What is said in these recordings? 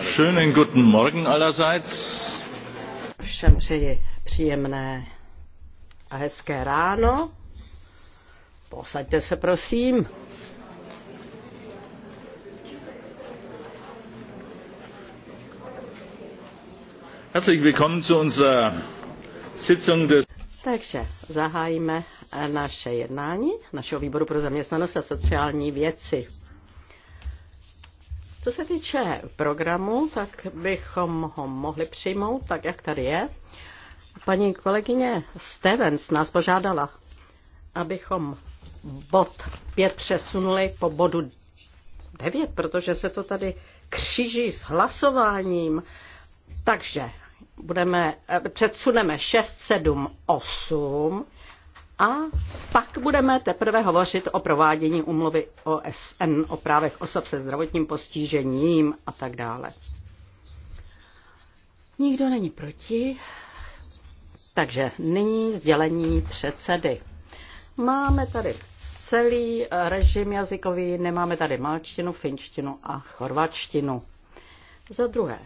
Schönen guten Morgen allerseits. Všem přeji příjemné a hezké ráno. Posaďte se prosím. Herzlich willkommen zu unserer Sitzung des takže zahájíme naše jednání našeho výboru pro zaměstnanost a sociální věci. Co se týče programu, tak bychom ho mohli přijmout tak, jak tady je. Paní kolegyně Stevens nás požádala, abychom bod 5 přesunuli po bodu 9, protože se to tady kříží s hlasováním. Takže budeme, eh, předsuneme 6, 7, 8 a pak budeme teprve hovořit o provádění umluvy OSN o právech osob se zdravotním postižením a tak dále. Nikdo není proti, takže nyní sdělení předsedy. Máme tady celý režim jazykový, nemáme tady malčtinu, finštinu a chorvačtinu. Za druhé,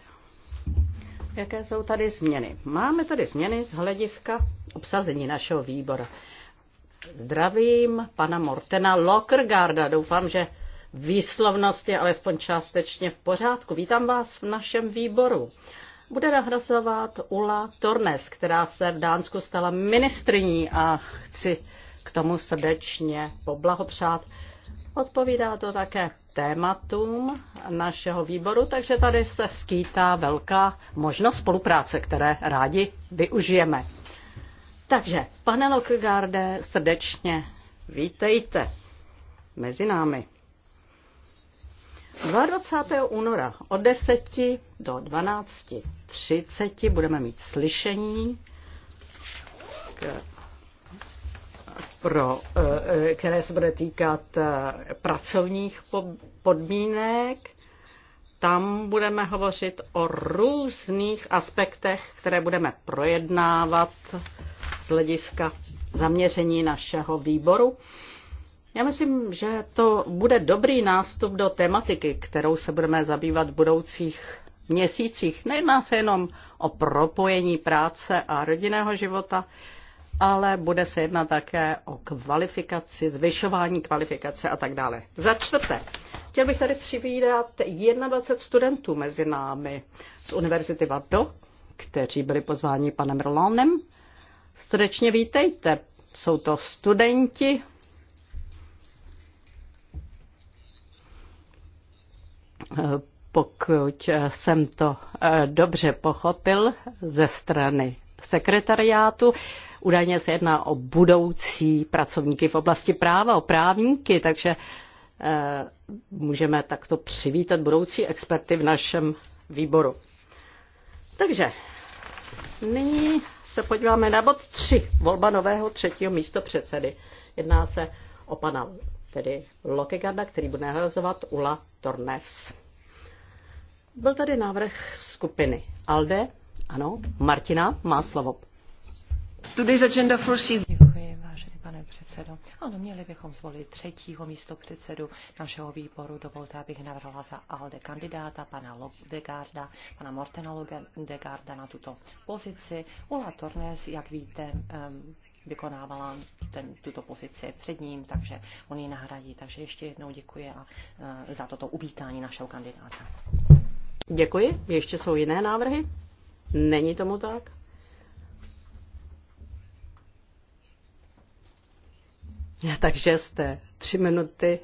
jaké jsou tady změny? Máme tady změny z hlediska obsazení našeho výboru. Zdravím pana Mortena Lockergarda. Doufám, že výslovnost je alespoň částečně v pořádku. Vítám vás v našem výboru. Bude nahrazovat Ula Tornes, která se v Dánsku stala ministriní a chci k tomu srdečně poblahopřát. Odpovídá to také tématům našeho výboru, takže tady se skýtá velká možnost spolupráce, které rádi využijeme. Takže, pane Lockgarde, srdečně vítejte mezi námi. 22. února od 10 do 12.30 budeme mít slyšení k, pro, eh, které se bude týkat eh, pracovních podmínek. Tam budeme hovořit o různých aspektech, které budeme projednávat z hlediska zaměření našeho výboru. Já myslím, že to bude dobrý nástup do tematiky, kterou se budeme zabývat v budoucích měsících. Nejedná se jenom o propojení práce a rodinného života, ale bude se jednat také o kvalifikaci, zvyšování kvalifikace a tak dále. Za čtvrté, chtěl bych tady přivídat 21 studentů mezi námi z Univerzity Vardo, kteří byli pozváni panem Rolandem Srdečně vítejte. Jsou to studenti. Pokud jsem to eh, dobře pochopil ze strany sekretariátu, údajně se jedná o budoucí pracovníky v oblasti práva, o právníky, takže eh, můžeme takto přivítat budoucí experty v našem výboru. Takže nyní se podíváme na bod 3, volba nového třetího místo předsedy. Jedná se o pana tedy Lokegarda, který bude nahrazovat Ula Tornes. Byl tady návrh skupiny Alde, ano, Martina má slovo. Today's agenda for season předsedo. Ano, měli bychom zvolit třetího místo předsedu našeho výboru. Dovolte, abych navrhla za ALDE kandidáta, pana Lodegarda, pana Mortena Lodegarda na tuto pozici. Ula Tornes, jak víte, vykonávala ten, tuto pozici před ním, takže on ji nahradí. Takže ještě jednou děkuji a, e, za toto uvítání našeho kandidáta. Děkuji. Ještě jsou jiné návrhy? Není tomu tak? Takže jste tři minuty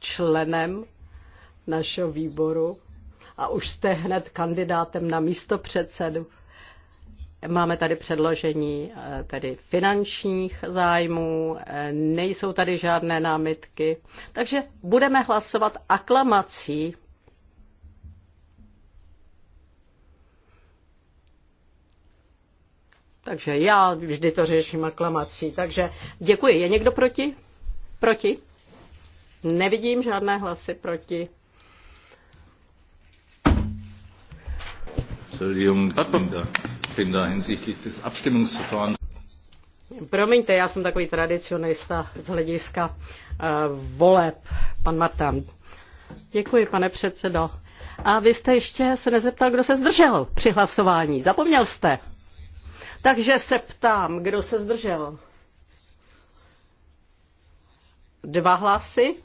členem našeho výboru a už jste hned kandidátem na místo předsedu. Máme tady předložení eh, tedy finančních zájmů, eh, nejsou tady žádné námitky, takže budeme hlasovat aklamací Takže já vždy to řeším aklamací. Takže děkuji. Je někdo proti? Proti? Nevidím žádné hlasy proti. Promiňte, já jsem takový tradicionista z hlediska uh, voleb, pan Martán. Děkuji, pane předsedo. A vy jste ještě se nezeptal, kdo se zdržel při hlasování. Zapomněl jste. Takže se ptám, kdo se zdržel? Dva hlasy.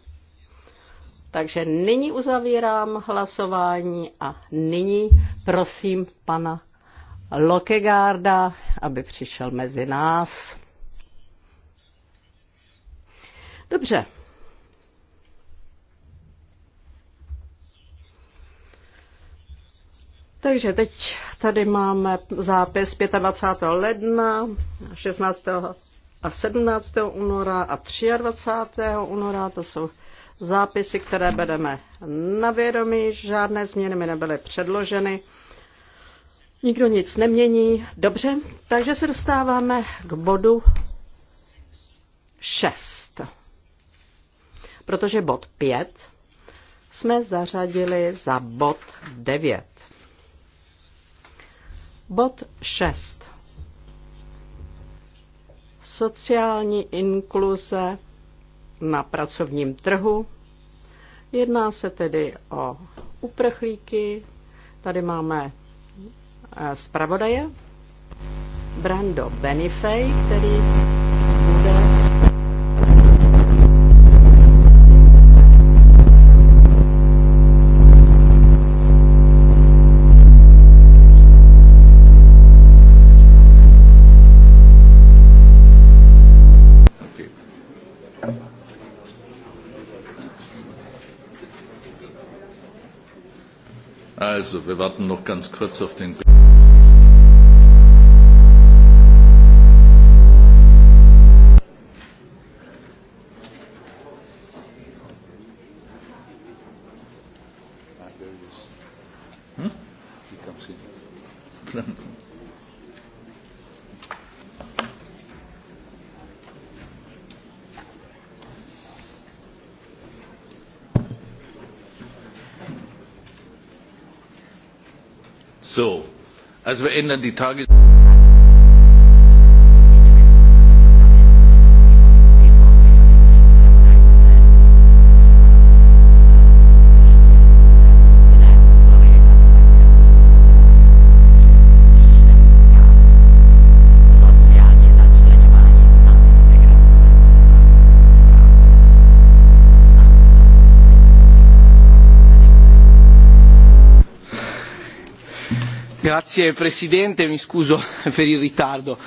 Takže nyní uzavírám hlasování a nyní prosím pana Lokegarda, aby přišel mezi nás. Dobře, Takže teď tady máme zápis 25. ledna, 16. a 17. února a 23. února. To jsou zápisy, které bereme na vědomí. Žádné změny mi nebyly předloženy. Nikdo nic nemění. Dobře, takže se dostáváme k bodu 6. Protože bod 5 jsme zařadili za bod 9. Bod 6. Sociální inkluze na pracovním trhu. Jedná se tedy o uprchlíky. Tady máme eh, zpravodaje Brando Benifej, který Also, wir warten noch ganz kurz auf den. also wir ändern die tagesordnung. signor presidente mi scuso per il ritardo.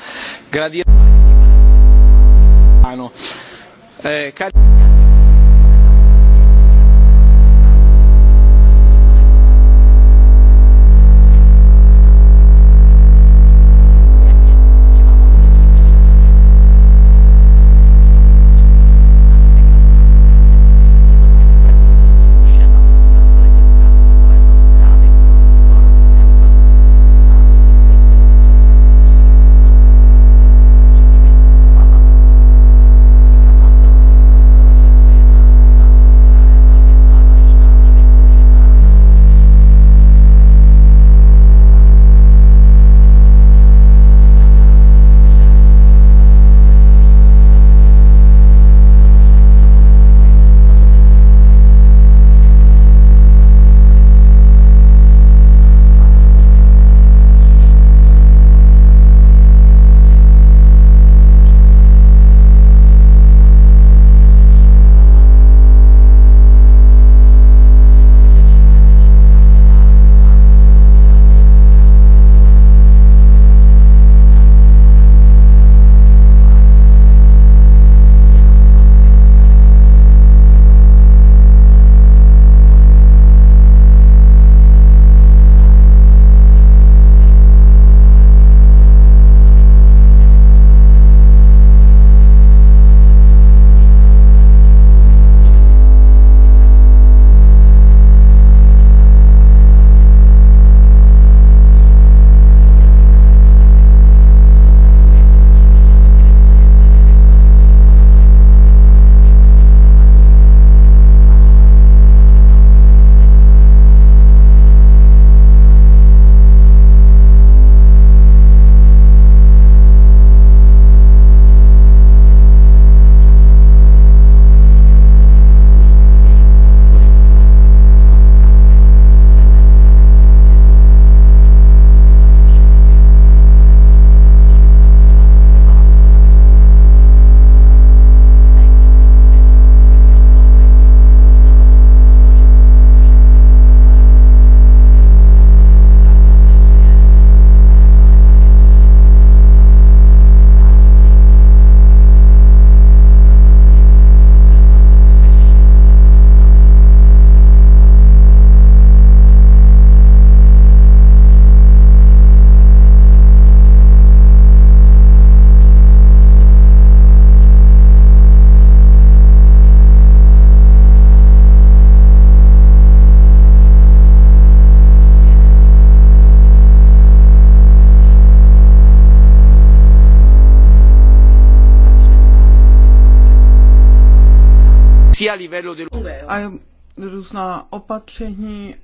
a různá opatření,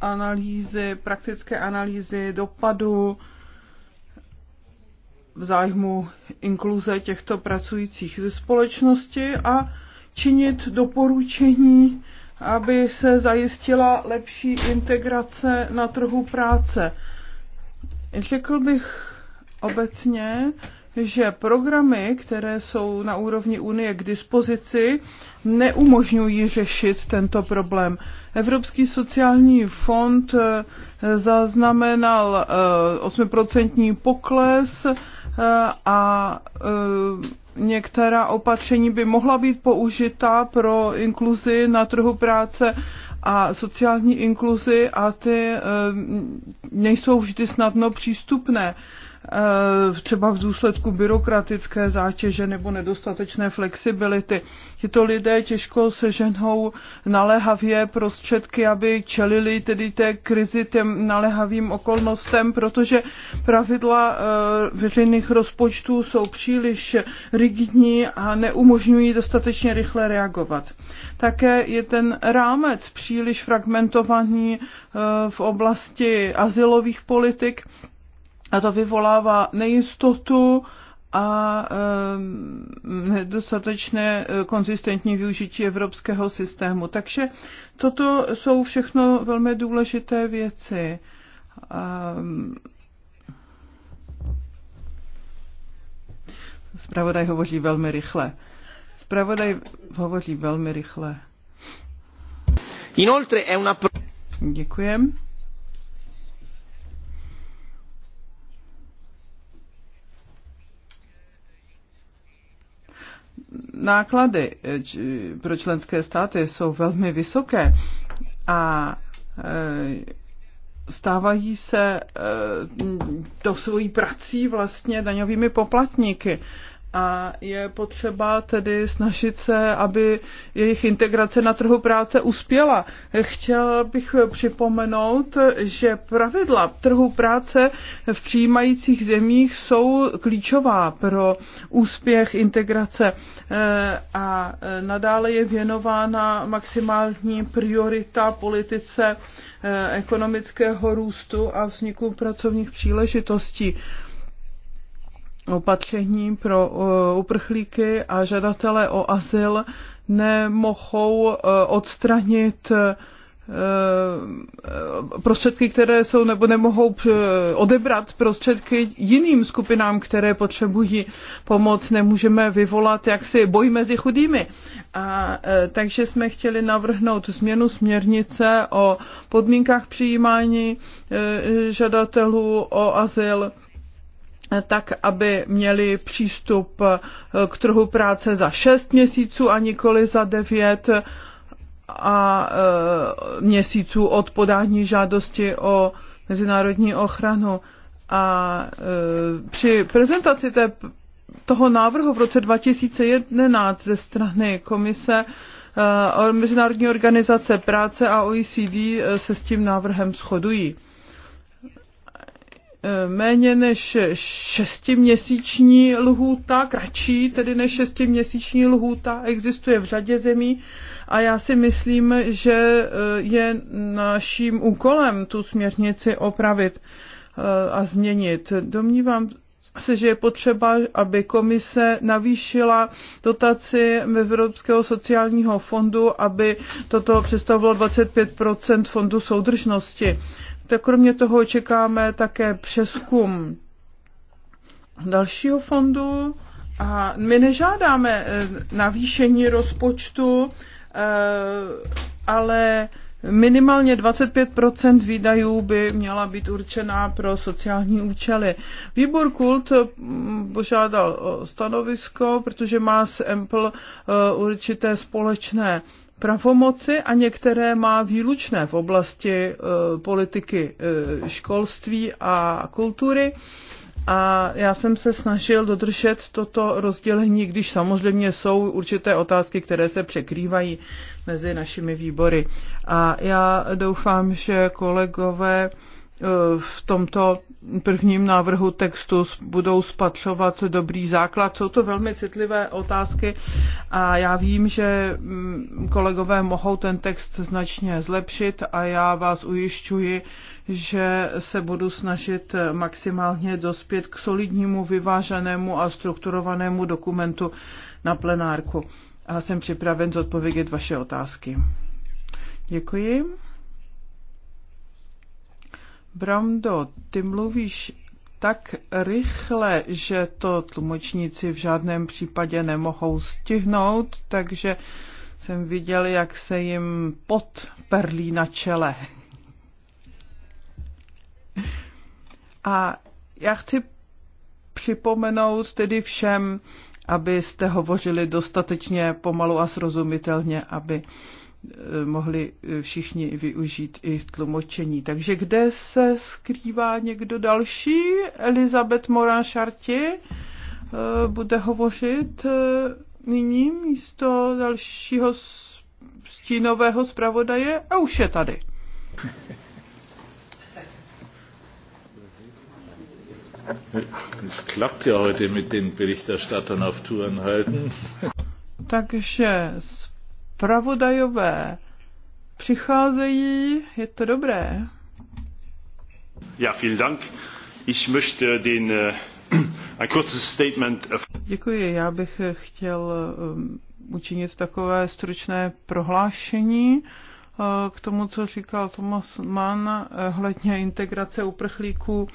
analýzy, praktické analýzy dopadu v zájmu inkluze těchto pracujících ze společnosti a činit doporučení, aby se zajistila lepší integrace na trhu práce. Řekl bych obecně, že programy, které jsou na úrovni Unie k dispozici, neumožňují řešit tento problém. Evropský sociální fond eh, zaznamenal 8% eh, pokles eh, a některá opatření by mohla být použita pro inkluzi na trhu práce a sociální inkluzi a ty nejsou vždy snadno přístupné. Eh, třeba v důsledku byrokratické zátěže nebo nedostatečné flexibility. Tito lidé těžko seženou naléhavě prostředky, aby čelili tedy té krizi těm naléhavým okolnostem, protože pravidla eh, veřejných rozpočtů jsou příliš rigidní a neumožňují dostatečně rychle reagovat. Také je ten rámec příliš fragmentovaný eh, v oblasti asilových politik, a to vyvolává nejistotu a nedostatečné eh, konzistentní využití evropského systému. Takže toto jsou všechno velmi důležité věci. Spravodaj hovoří velmi rychle. Spravodaj hovoří velmi rychle. Inoltre è una... Děkujem. náklady eh, pro členské státy jsou velmi vysoké a eh, stávají se eh, to svojí prací vlastně daňovými poplatníky a je potřeba tedy snažit se, aby jejich integrace na trhu práce uspěla. Chtěl bych připomenout, že pravidla trhu práce v přijímajících zemích jsou klíčová pro úspěch integrace eh, a nadále je věnována maximální priorita politice eh, ekonomického růstu a vzniku pracovních příležitostí opatření pro uh, uprchlíky a žadatele o azyl nemohou uh, odstranit uh, prostředky, které jsou nebo nemohou odebrat prostředky jiným skupinám, které potřebují pomoc, nemůžeme vyvolat jaksi boj mezi chudými. A, eh, takže jsme chtěli navrhnout změnu směrnice o podmínkách přijímání eh, žadatelů o azyl tak, aby měli přístup eh, k trhu práce za 6 měsíců a nikoli za 9 eh, a eh, měsíců od podání žádosti o mezinárodní ochranu. A při prezentaci té, toho návrhu v roce 2011 ze strany komise Mezinárodní organizace práce a OECD se s tím návrhem shodují. Eh, méně než šestiměsíční lhůta, kratší tedy než šestiměsíční lhůta, existuje v řadě zemí a já si myslím, že eh, je naším úkolem tu směrnici opravit eh, a změnit. Domnívám se, že je potřeba, aby komise navýšila dotaci Evropského sociálního fondu, aby toto představovalo 25 fondu soudržnosti tak kromě toho čekáme také přeskum dalšího fondu a my nežádáme eh, navýšení rozpočtu, eh, ale Minimálně 25 výdajů by měla být určená pro sociální účely. Výbor Kult eh, požádal o stanovisko, protože má s EMPL určité společné pravomoci a některé má výlučné v oblasti eh, politiky eh, školství a kultury. A já jsem se snažil dodržet toto rozdělení, když samozřejmě jsou určité otázky, které se překrývají mezi našimi výbory. A já doufám, že kolegové eh, v tomto prvním návrhu textu budou spatřovat dobrý základ. Jsou to velmi citlivé otázky a já vím, že mm, kolegové mohou ten text značně zlepšit a já vás ujišťuji, že se budu snažit maximálně dospět k solidnímu, vyváženému a strukturovanému dokumentu na plenárku. A jsem připraven zodpovědět vaše otázky. Děkuji. Bramdo, ty mluvíš tak rychle, že to tlumočníci v žádném případě nemohou stihnout, takže jsem viděl, jak se jim pot perlí na čele. A já chci připomenout tedy všem, abyste hovořili dostatečně pomalu a srozumitelně, aby Eh, mohli eh, všichni využít i tlumočení. Takže kde se skrývá někdo další? Elizabeth Moran Šarti eh, bude hovořit nyní místo dalšího stínového zpravodaje a už je tady. Es klappt ja heute mit den Berichterstattern auf Touren halten. Takže pravodajové přicházejí, je to dobré. Ja, vielen Dank. Ich möchte den, uh, ein kurzes Statement. Äh, Děkuji, já bych chtěl um, učinit takové stručné prohlášení uh, k tomu, co říkal Thomas Mann eh, hledně integrace uprchlíků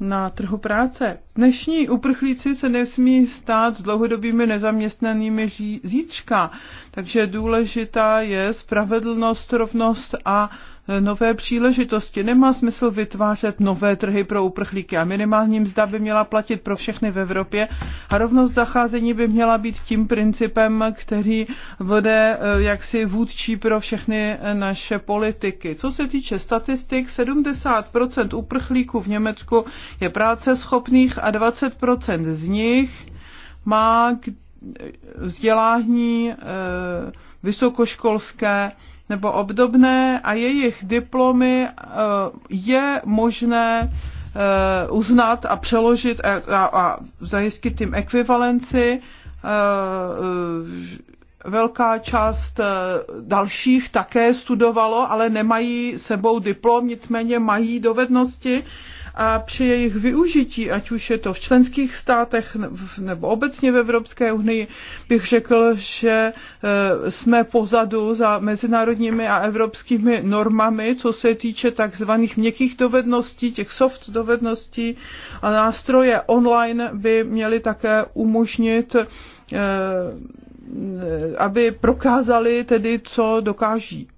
na trhu práce. Dnešní uprchlíci se nesmí stát dlouhodobými nezaměstnanými zítřka, takže důležitá je spravedlnost, rovnost a nové příležitosti. Nemá smysl vytvářet nové trhy pro uprchlíky a minimální mzda by měla platit pro všechny v Evropě a rovnost zacházení by měla být tím principem, který bude eh, jaksi vůdčí pro všechny eh, naše politiky. Co se týče statistik, 70% uprchlíků v Německu je práce schopných a 20% z nich má vzdělání eh, vysokoškolské nebo obdobné a jejich diplomy eh, je možné eh, uznat a přeložit a, a, a zajistit tím ekvivalenci. Eh, velká část dalších také studovalo, ale nemají sebou diplom, nicméně mají dovednosti a při jejich využití, ať už je to v členských státech nebo obecně v Evropské unii, bych řekl, že e, jsme pozadu za mezinárodními a evropskými normami, co se týče takzvaných měkkých dovedností, těch soft dovedností a nástroje online by měly také umožnit e, aby prokázali tedy, co dokáží.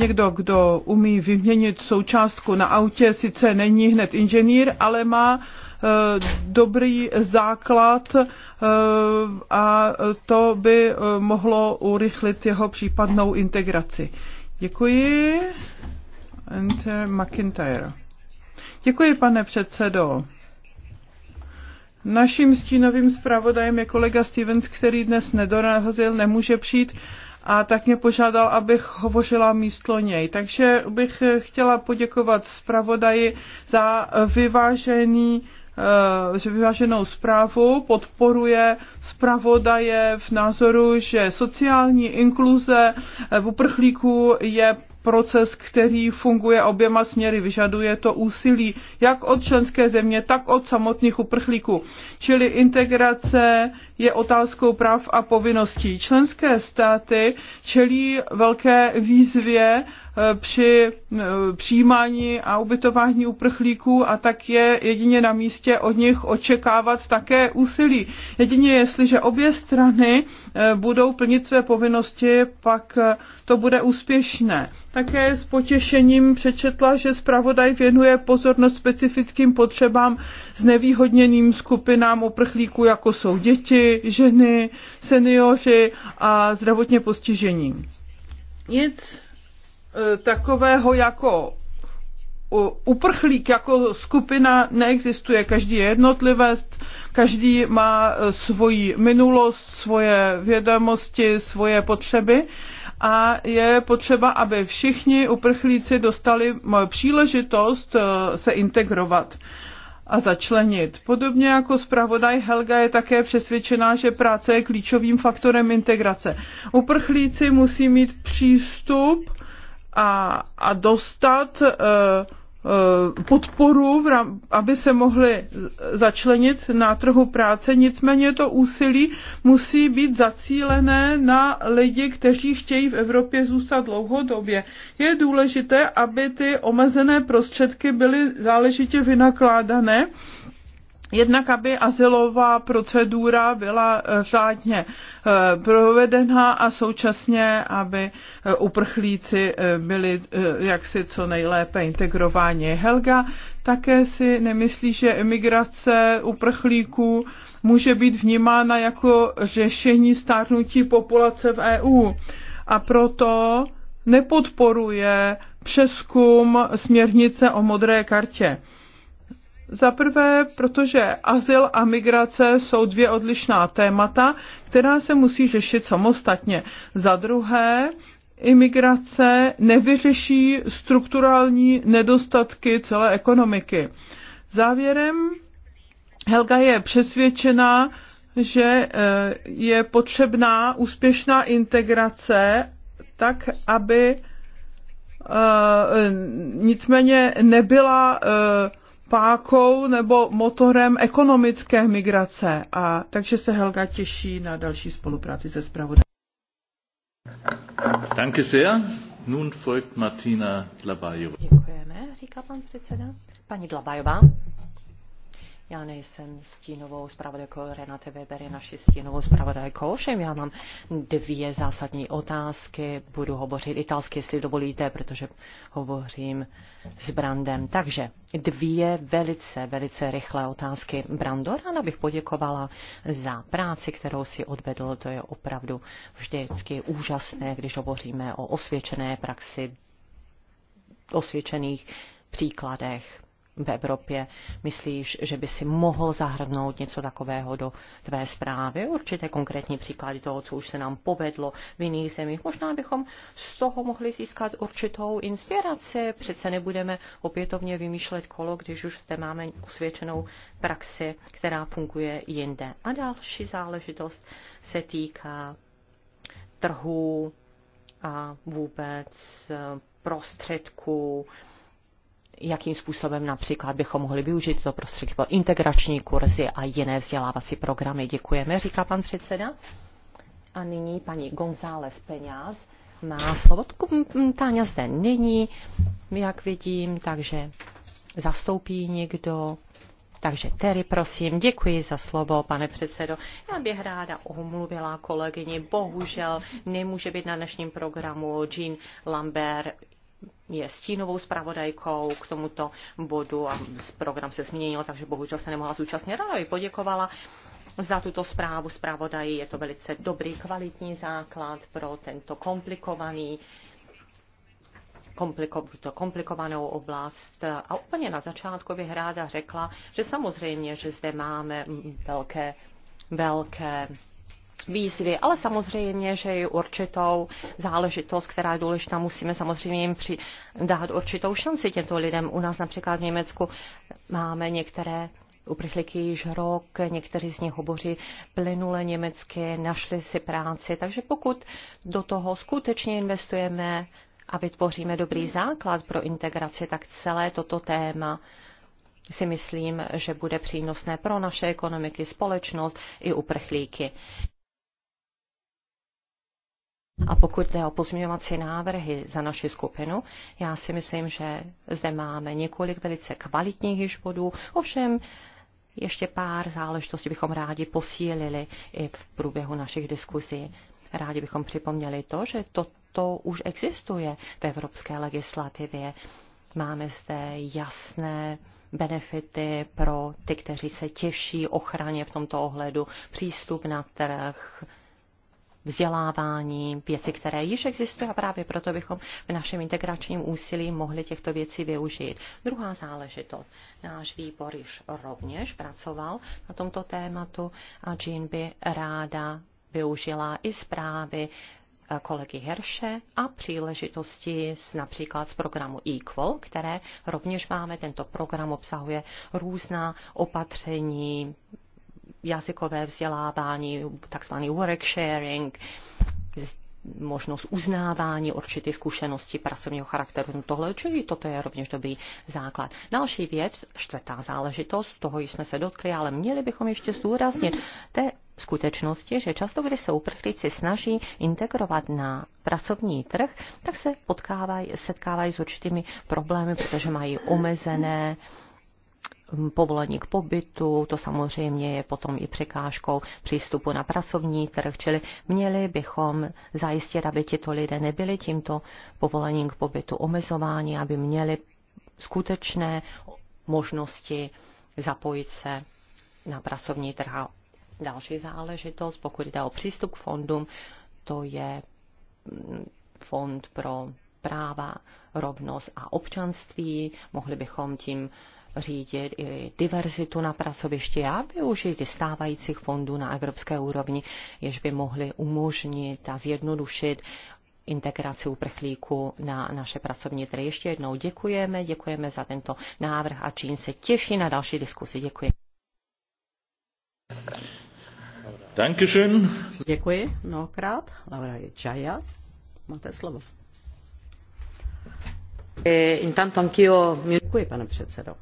Někdo, kdo umí vyměnit součástku na autě, sice není hned inženýr, ale má e, dobrý základ e, a to by e, mohlo urychlit jeho případnou integraci. Děkuji. Enter McIntyre. Děkuji, pane předsedo. Naším stínovým zpravodajem je kolega Stevens, který dnes nedorazil, nemůže přijít a tak mě požádal, abych hovořila místo něj. Takže bych chtěla poděkovat zpravodaji za vyvážený že eh, vyváženou zprávu podporuje zpravodaje v názoru, že sociální inkluze eh, uprchlíků je proces, který funguje oběma směry. Vyžaduje to úsilí jak od členské země, tak od samotných uprchlíků. Čili integrace je otázkou práv a povinností. Členské státy čelí velké výzvě při eh, přijímání a ubytování uprchlíků a tak je jedině na místě od nich očekávat také úsilí. Jedině jestliže obě strany eh, budou plnit své povinnosti, pak eh, to bude úspěšné. Také s potěšením přečetla, že zpravodaj věnuje pozornost specifickým potřebám znevýhodněným skupinám uprchlíků, jako jsou děti, ženy, seniori a zdravotně postižení. Nic Eh, takového jako uprchlík jako skupina neexistuje. Každý je jednotlivec, každý má eh, svoji minulost, svoje vědomosti, svoje potřeby a je potřeba, aby všichni uprchlíci dostali eh, příležitost se integrovat a začlenit. Podobně jako zpravodaj Helga je také přesvědčená, že práce je klíčovým faktorem integrace. Uprchlíci musí mít přístup a, a dostat e, e, podporu, aby se mohli začlenit na trhu práce. Nicméně to úsilí musí být zacílené na lidi, kteří chtějí v Evropě zůstat dlouhodobě. Je důležité, aby ty omezené prostředky byly záležitě vynakládané Jednak, aby asilová procedura byla eh, řádně eh, provedena a současně, aby eh, uprchlíci byli jaksi co nejlépe integrováni. Helga také si nemyslí, že emigrace uprchlíků může být vnímána jako řešení stárnutí populace v EU. A proto nepodporuje přeskum směrnice o modré kartě za prvé, protože azyl a migrace jsou dvě odlišná témata, která se musí řešit samostatně. Za druhé, imigrace nevyřeší strukturální nedostatky celé ekonomiky. Závěrem, Helga je přesvědčená, že eh, je potřebná úspěšná integrace tak, aby eh, nicméně nebyla eh, pákou nebo motorem ekonomické migrace. A takže se Helga těší na další spolupráci se zpravodajem. Danke sehr. Nun folgt Martina Dlabajová. Děkujeme, říká pan předseda. Paní Dlabajová. Já nejsem stínovou zpravodajkou Renate Weber, je naši stínovou zpravodajkou, ovšem já mám dvě zásadní otázky. Budu hovořit italsky, jestli dovolíte, protože hovořím s Brandem. Takže dvě velice, velice rychlé otázky. Brando, ráda bych poděkovala za práci, kterou si odvedl. To je opravdu vždycky úžasné, když hovoříme o osvědčené praxi, osvědčených příkladech v Evropě, myslíš, že by si mohl zahrnout něco takového do tvé zprávy? Určité konkrétní příklady toho, co už se nám povedlo v jiných zemích. Možná bychom z toho mohli získat určitou inspiraci. Přece nebudeme opětovně vymýšlet kolo, když už zde máme usvědčenou praxi, která funguje jinde. A další záležitost se týká trhů a vůbec prostředků, jakým způsobem například bychom mohli využít to prostředky pro integrační kurzy a jiné vzdělávací programy. Děkujeme, říká pan předseda. A nyní paní González Peňáz má slovo. Táňa zde není, jak vidím, takže zastoupí někdo. Takže Terry, prosím, děkuji za slovo, pane předsedo. Já bych ráda omluvila kolegyni, bohužel nemůže být na dnešním programu Jean Lambert je stínovou zpravodajkou k tomuto bodu a program se změnil, takže bohužel se nemohla zúčastnit. Ráda bych poděkovala za tuto zprávu zpravodají. Je to velice dobrý, kvalitní základ pro tento komplikovaný to komplikovanou oblast. A úplně na začátku bych ráda řekla, že samozřejmě, že zde máme velké, velké výzvy, ale samozřejmě, že je určitou záležitost, která je důležitá, musíme samozřejmě jim při, dát určitou šanci těmto lidem. U nás například v Německu máme některé uprchlíky již rok, někteří z nich hovoří plynule německy, našli si práci, takže pokud do toho skutečně investujeme a vytvoříme dobrý základ pro integraci, tak celé toto téma si myslím, že bude přínosné pro naše ekonomiky, společnost i uprchlíky. A pokud jde o pozměňovací návrhy za naši skupinu, já si myslím, že zde máme několik velice kvalitních již bodů, ovšem ještě pár záležitostí bychom rádi posílili i v průběhu našich diskuzí. Rádi bychom připomněli to, že toto už existuje v evropské legislativě. Máme zde jasné benefity pro ty, kteří se těší ochraně v tomto ohledu, přístup na trh, vzdělávání, věci, které již existují a právě proto bychom v našem integračním úsilí mohli těchto věcí využít. Druhá záležitost. Náš výbor již rovněž pracoval na tomto tématu a Jean by ráda využila i zprávy kolegy Herše a příležitosti z, například z programu Equal, které rovněž máme. Tento program obsahuje různá opatření jazykové vzdělávání, takzvaný work sharing, možnost uznávání určitých zkušeností pracovního charakteru. Tohle, čili toto je rovněž dobrý základ. Další věc, čtvrtá záležitost, toho jsme se dotkli, ale měli bychom ještě zdůraznit té skutečnosti, že často, když se uprchlíci snaží integrovat na pracovní trh, tak se potkávají, setkávají s určitými problémy, protože mají omezené uh, povolení k pobytu, to samozřejmě je potom i překážkou přístupu na pracovní trh, čili měli bychom zajistit, aby tito lidé nebyli tímto povolením k pobytu omezováni, aby měli skutečné možnosti zapojit se na pracovní trh. A další záležitost, pokud jde o přístup k fondům, to je mm, fond pro práva, rovnost a občanství. Mohli bychom tím řídit i diverzitu na pracovišti a využít stávajících fondů na evropské úrovni, jež by mohly umožnit a zjednodušit integraci uprchlíků na naše pracovní trhy. Ještě jednou děkujeme, děkujeme za tento návrh a Čín se těší na další diskusi. Děkuji. Dankeschön. Děkuji mnohokrát. Laura Jaya, máte slovo. Eh, Děkuji, pane předsedo.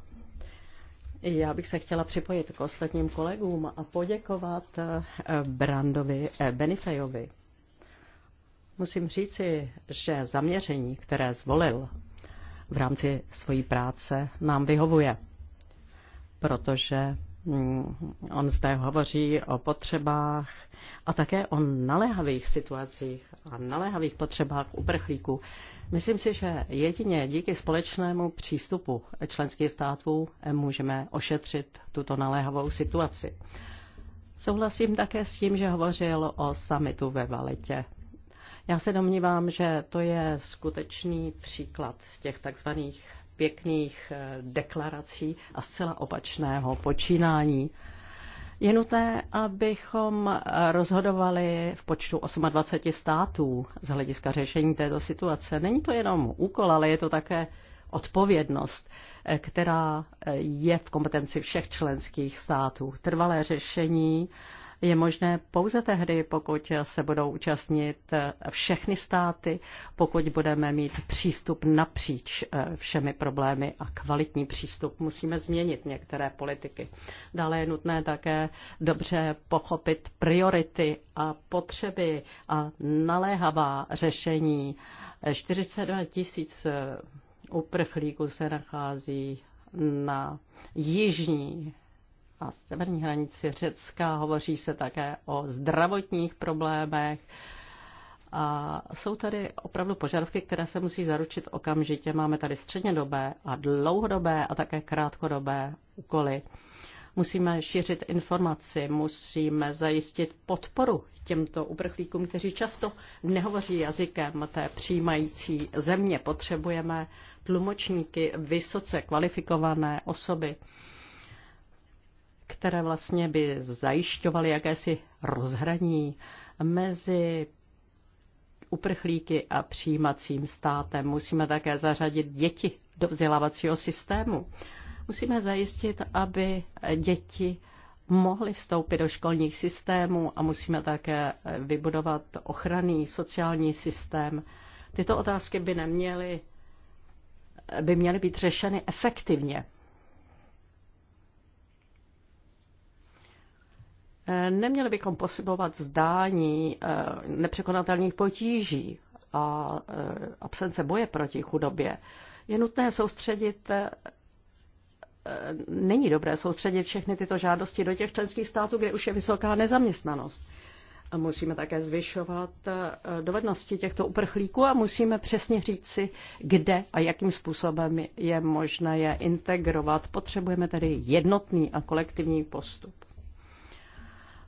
Já bych se chtěla připojit k ostatním kolegům a poděkovat eh, Brandovi eh, Benifejovi. Musím říci, že zaměření, které zvolil v rámci svojí práce, nám vyhovuje, protože On zde hovoří o potřebách a také o naléhavých situacích a naléhavých potřebách uprchlíků. Myslím si, že jedině díky společnému přístupu členských států můžeme ošetřit tuto naléhavou situaci. Souhlasím také s tím, že hovořil o samitu ve Valetě. Já se domnívám, že to je skutečný příklad těch takzvaných pěkných eh, deklarací a zcela opačného počínání. Je nutné, abychom eh, rozhodovali v počtu 28 států z hlediska řešení této situace. Není to jenom úkol, ale je to také odpovědnost, eh, která je v kompetenci všech členských států. Trvalé řešení je možné pouze tehdy, pokud se budou účastnit všechny státy, pokud budeme mít přístup napříč eh, všemi problémy a kvalitní přístup. Musíme změnit některé politiky. Dále je nutné také dobře pochopit priority a potřeby a naléhavá řešení. 42 tisíc eh, uprchlíků se nachází na jižní a severní hranici Řecka. Hovoří se také o zdravotních problémech. A jsou tady opravdu požadavky, které se musí zaručit okamžitě. Máme tady střednědobé a dlouhodobé a také krátkodobé úkoly. Musíme šířit informaci, musíme zajistit podporu těmto uprchlíkům, kteří často nehovoří jazykem té přijímající země. Potřebujeme tlumočníky, vysoce kvalifikované osoby které vlastně by zajišťovaly jakési rozhraní mezi uprchlíky a přijímacím státem. Musíme také zařadit děti do vzdělávacího systému. Musíme zajistit, aby děti mohly vstoupit do školních systémů a musíme také vybudovat ochranný sociální systém. Tyto otázky by neměly by měly být řešeny efektivně. Neměli bychom posibovat zdání eh, nepřekonatelných potíží a eh, absence boje proti chudobě. Je nutné soustředit eh, není dobré soustředit všechny tyto žádosti do těch členských států, kde už je vysoká nezaměstnanost. A musíme také zvyšovat dovednosti těchto uprchlíků a musíme přesně říct si, kde a jakým způsobem je možné je integrovat. Potřebujeme tedy jednotný a kolektivní postup.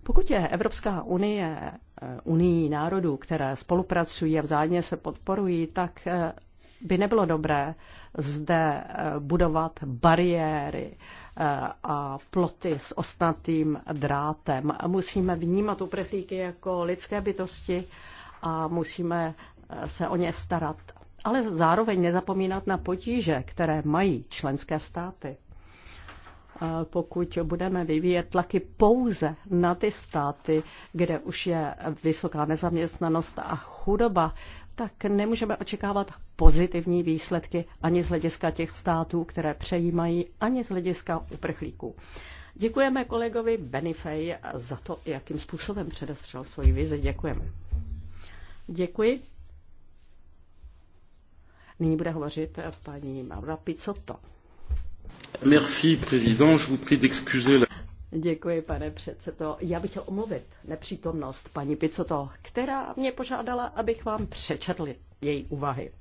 Pokud je Evropská unie eh, unii národů, které spolupracují a vzájemně se podporují, tak eh, by nebylo dobré zde eh, budovat bariéry a ploty s ostnatým drátem. Musíme vnímat uprchlíky jako lidské bytosti a musíme se o ně starat. Ale zároveň nezapomínat na potíže, které mají členské státy pokud budeme vyvíjet tlaky pouze na ty státy, kde už je vysoká nezaměstnanost a chudoba, tak nemůžeme očekávat pozitivní výsledky ani z hlediska těch států, které přejímají, ani z hlediska uprchlíků. Děkujeme kolegovi Benifej za to, jakým způsobem předestřel svoji vizi. Děkujeme. Děkuji. Nyní bude hovořit paní Maura Picotto. Merci, président. Je vous prie d'excuser la... Děkuji, pane předsedo. Já bych chtěl omluvit nepřítomnost paní Picoto, která mě požádala, abych vám přečetl její úvahy.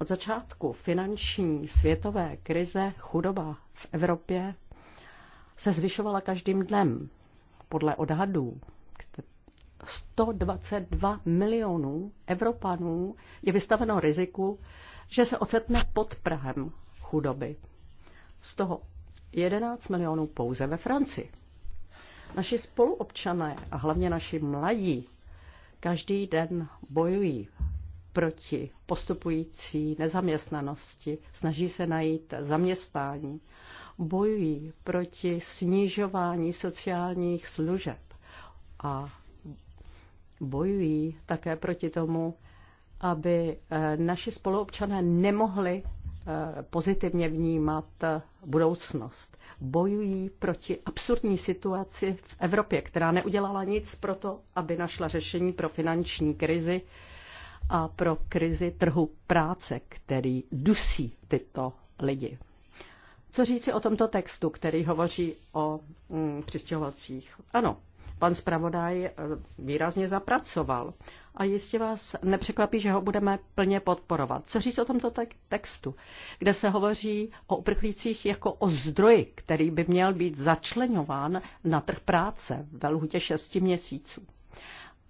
Od začátku finanční světové krize chudoba v Evropě se zvyšovala každým dnem. Podle odhadů 122 milionů Evropanů je vystaveno riziku, že se ocetne pod Prahem chudoby z toho 11 milionů pouze ve Francii. Naši spoluobčané a hlavně naši mladí každý den bojují proti postupující nezaměstnanosti, snaží se najít zaměstnání, bojují proti snižování sociálních služeb a bojují také proti tomu, aby eh, naši spoluobčané nemohli pozitivně vnímat eh, budoucnost. Bojují proti absurdní situaci v Evropě, která neudělala nic pro to, aby našla řešení pro finanční krizi a pro krizi trhu práce, který dusí tyto lidi. Co říci o tomto textu, který hovoří o mm, přistěhovacích? Ano, pan zpravodaj eh, výrazně zapracoval. A jistě vás nepřekvapí, že ho budeme plně podporovat. Co říct o tomto textu, kde se hovoří o uprchlících jako o zdroji, který by měl být začlenován na trh práce ve lhutě 6 měsíců.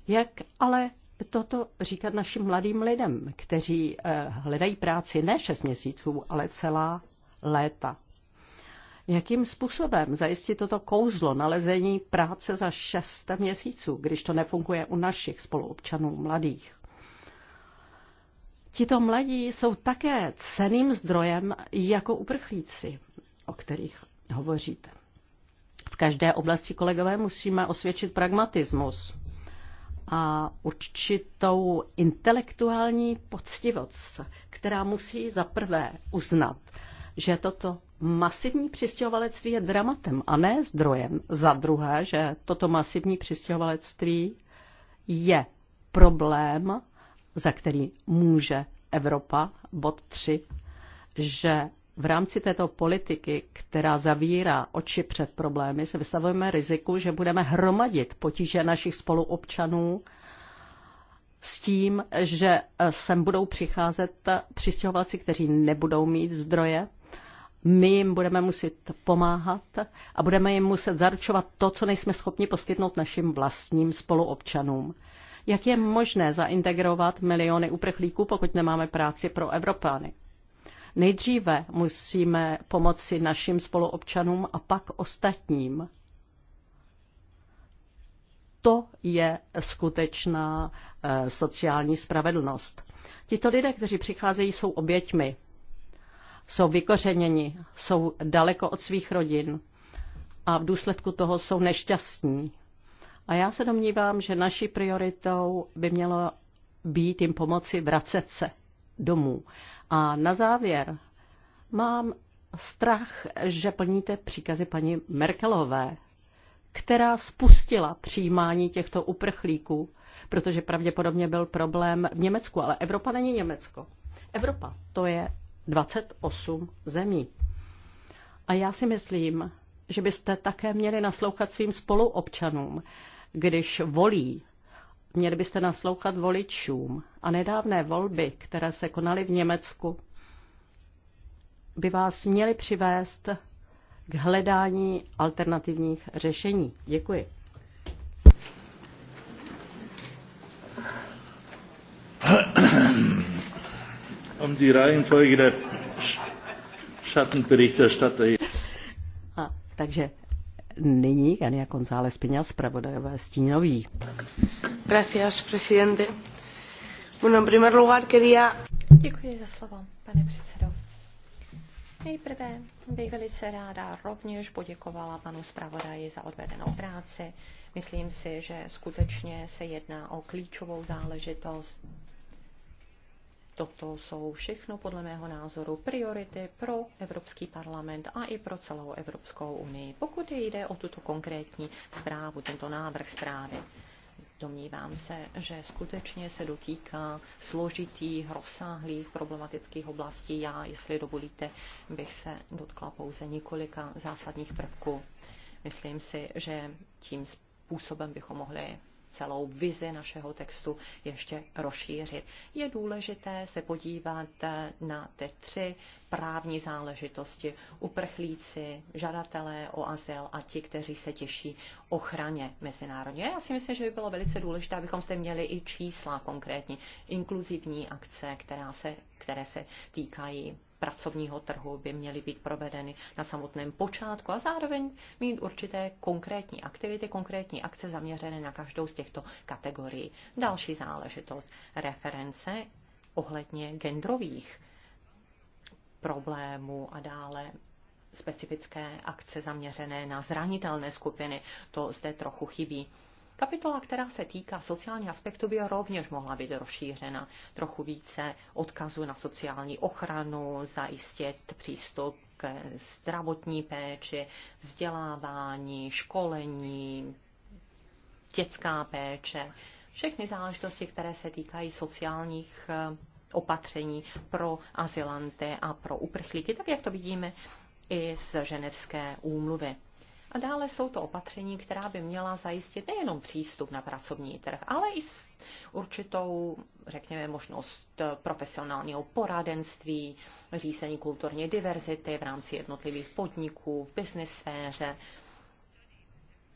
Jak ale toto říkat našim mladým lidem, kteří eh, hledají práci ne 6 měsíců, ale celá léta. Jakým způsobem zajistit toto kouzlo nalezení práce za 6 měsíců, když to nefunguje u našich spoluobčanů mladých? Tito mladí jsou také ceným zdrojem jako uprchlíci, o kterých hovoříte. V každé oblasti, kolegové, musíme osvědčit pragmatismus a určitou intelektuální poctivost, která musí za prvé uznat, že toto masivní přistěhovalectví je dramatem a ne zdrojem. Za druhé, že toto masivní přistěhovalectví je problém, za který může Evropa, bod 3, že v rámci této politiky, která zavírá oči před problémy, se vystavujeme riziku, že budeme hromadit potíže našich spoluobčanů s tím, že sem budou přicházet přistěhovalci, kteří nebudou mít zdroje my jim budeme muset pomáhat a budeme jim muset zaručovat to, co nejsme schopni poskytnout našim vlastním spoluobčanům. Jak je možné zaintegrovat miliony uprchlíků, pokud nemáme práci pro Evropány? Nejdříve musíme pomoci našim spoluobčanům a pak ostatním. To je skutečná eh, sociální spravedlnost. Tito lidé, kteří přicházejí, jsou oběťmi jsou vykořeněni, jsou daleko od svých rodin a v důsledku toho jsou nešťastní. A já se domnívám, že naší prioritou by mělo být jim pomoci vracet se domů. A na závěr mám strach, že plníte příkazy paní Merkelové, která spustila přijímání těchto uprchlíků, protože pravděpodobně byl problém v Německu, ale Evropa není Německo. Evropa to je 28 zemí. A já si myslím, že byste také měli naslouchat svým spoluobčanům, když volí. Měli byste naslouchat voličům. A nedávné volby, které se konaly v Německu, by vás měly přivést k hledání alternativních řešení. Děkuji. um die Reihenfolge der Schattenberichterstatter. A, takže nyní Jania González Piña, zpravodajové stínový. Gracias, presidente. Bueno, en primer lugar quería... Děkuji za slovo, pane předsedo. Nejprve bych velice ráda rovněž poděkovala panu zpravodaji za odvedenou práci. Myslím si, že skutečně se jedná o klíčovou záležitost Toto jsou všechno podle mého názoru priority pro Evropský parlament a i pro celou Evropskou unii. Pokud jde o tuto konkrétní zprávu, tento návrh zprávy, domnívám se, že skutečně se dotýká složitých, rozsáhlých problematických oblastí. Já, jestli dovolíte, bych se dotkla pouze několika zásadních prvků. Myslím si, že tím způsobem bychom mohli celou vizi našeho textu ještě rozšířit. Je důležité se podívat na ty tři právní záležitosti. Uprchlíci, žadatelé o azyl a ti, kteří se těší ochraně mezinárodně. Já si myslím, že by bylo velice důležité, abychom zde měli i čísla konkrétní, inkluzivní akce, která se, které se týkají pracovního trhu by měly být provedeny na samotném počátku a zároveň mít určité konkrétní aktivity, konkrétní akce zaměřené na každou z těchto kategorií. Další záležitost, reference ohledně genderových problémů a dále specifické akce zaměřené na zranitelné skupiny. To zde trochu chybí. Kapitola, která se týká sociálního aspektu, by rovněž mohla být rozšířena. Trochu více odkazu na sociální ochranu, zajistit přístup k zdravotní péči, vzdělávání, školení, dětská péče, všechny záležitosti, které se týkají sociálních eh, opatření pro azylanty a pro uprchlíky, tak jak to vidíme i z ženevské úmluvy. A dále jsou to opatření, která by měla zajistit nejenom přístup na pracovní trh, ale i s určitou, řekněme, možnost profesionálního poradenství, řízení kulturní diverzity v rámci jednotlivých podniků, v business sféře,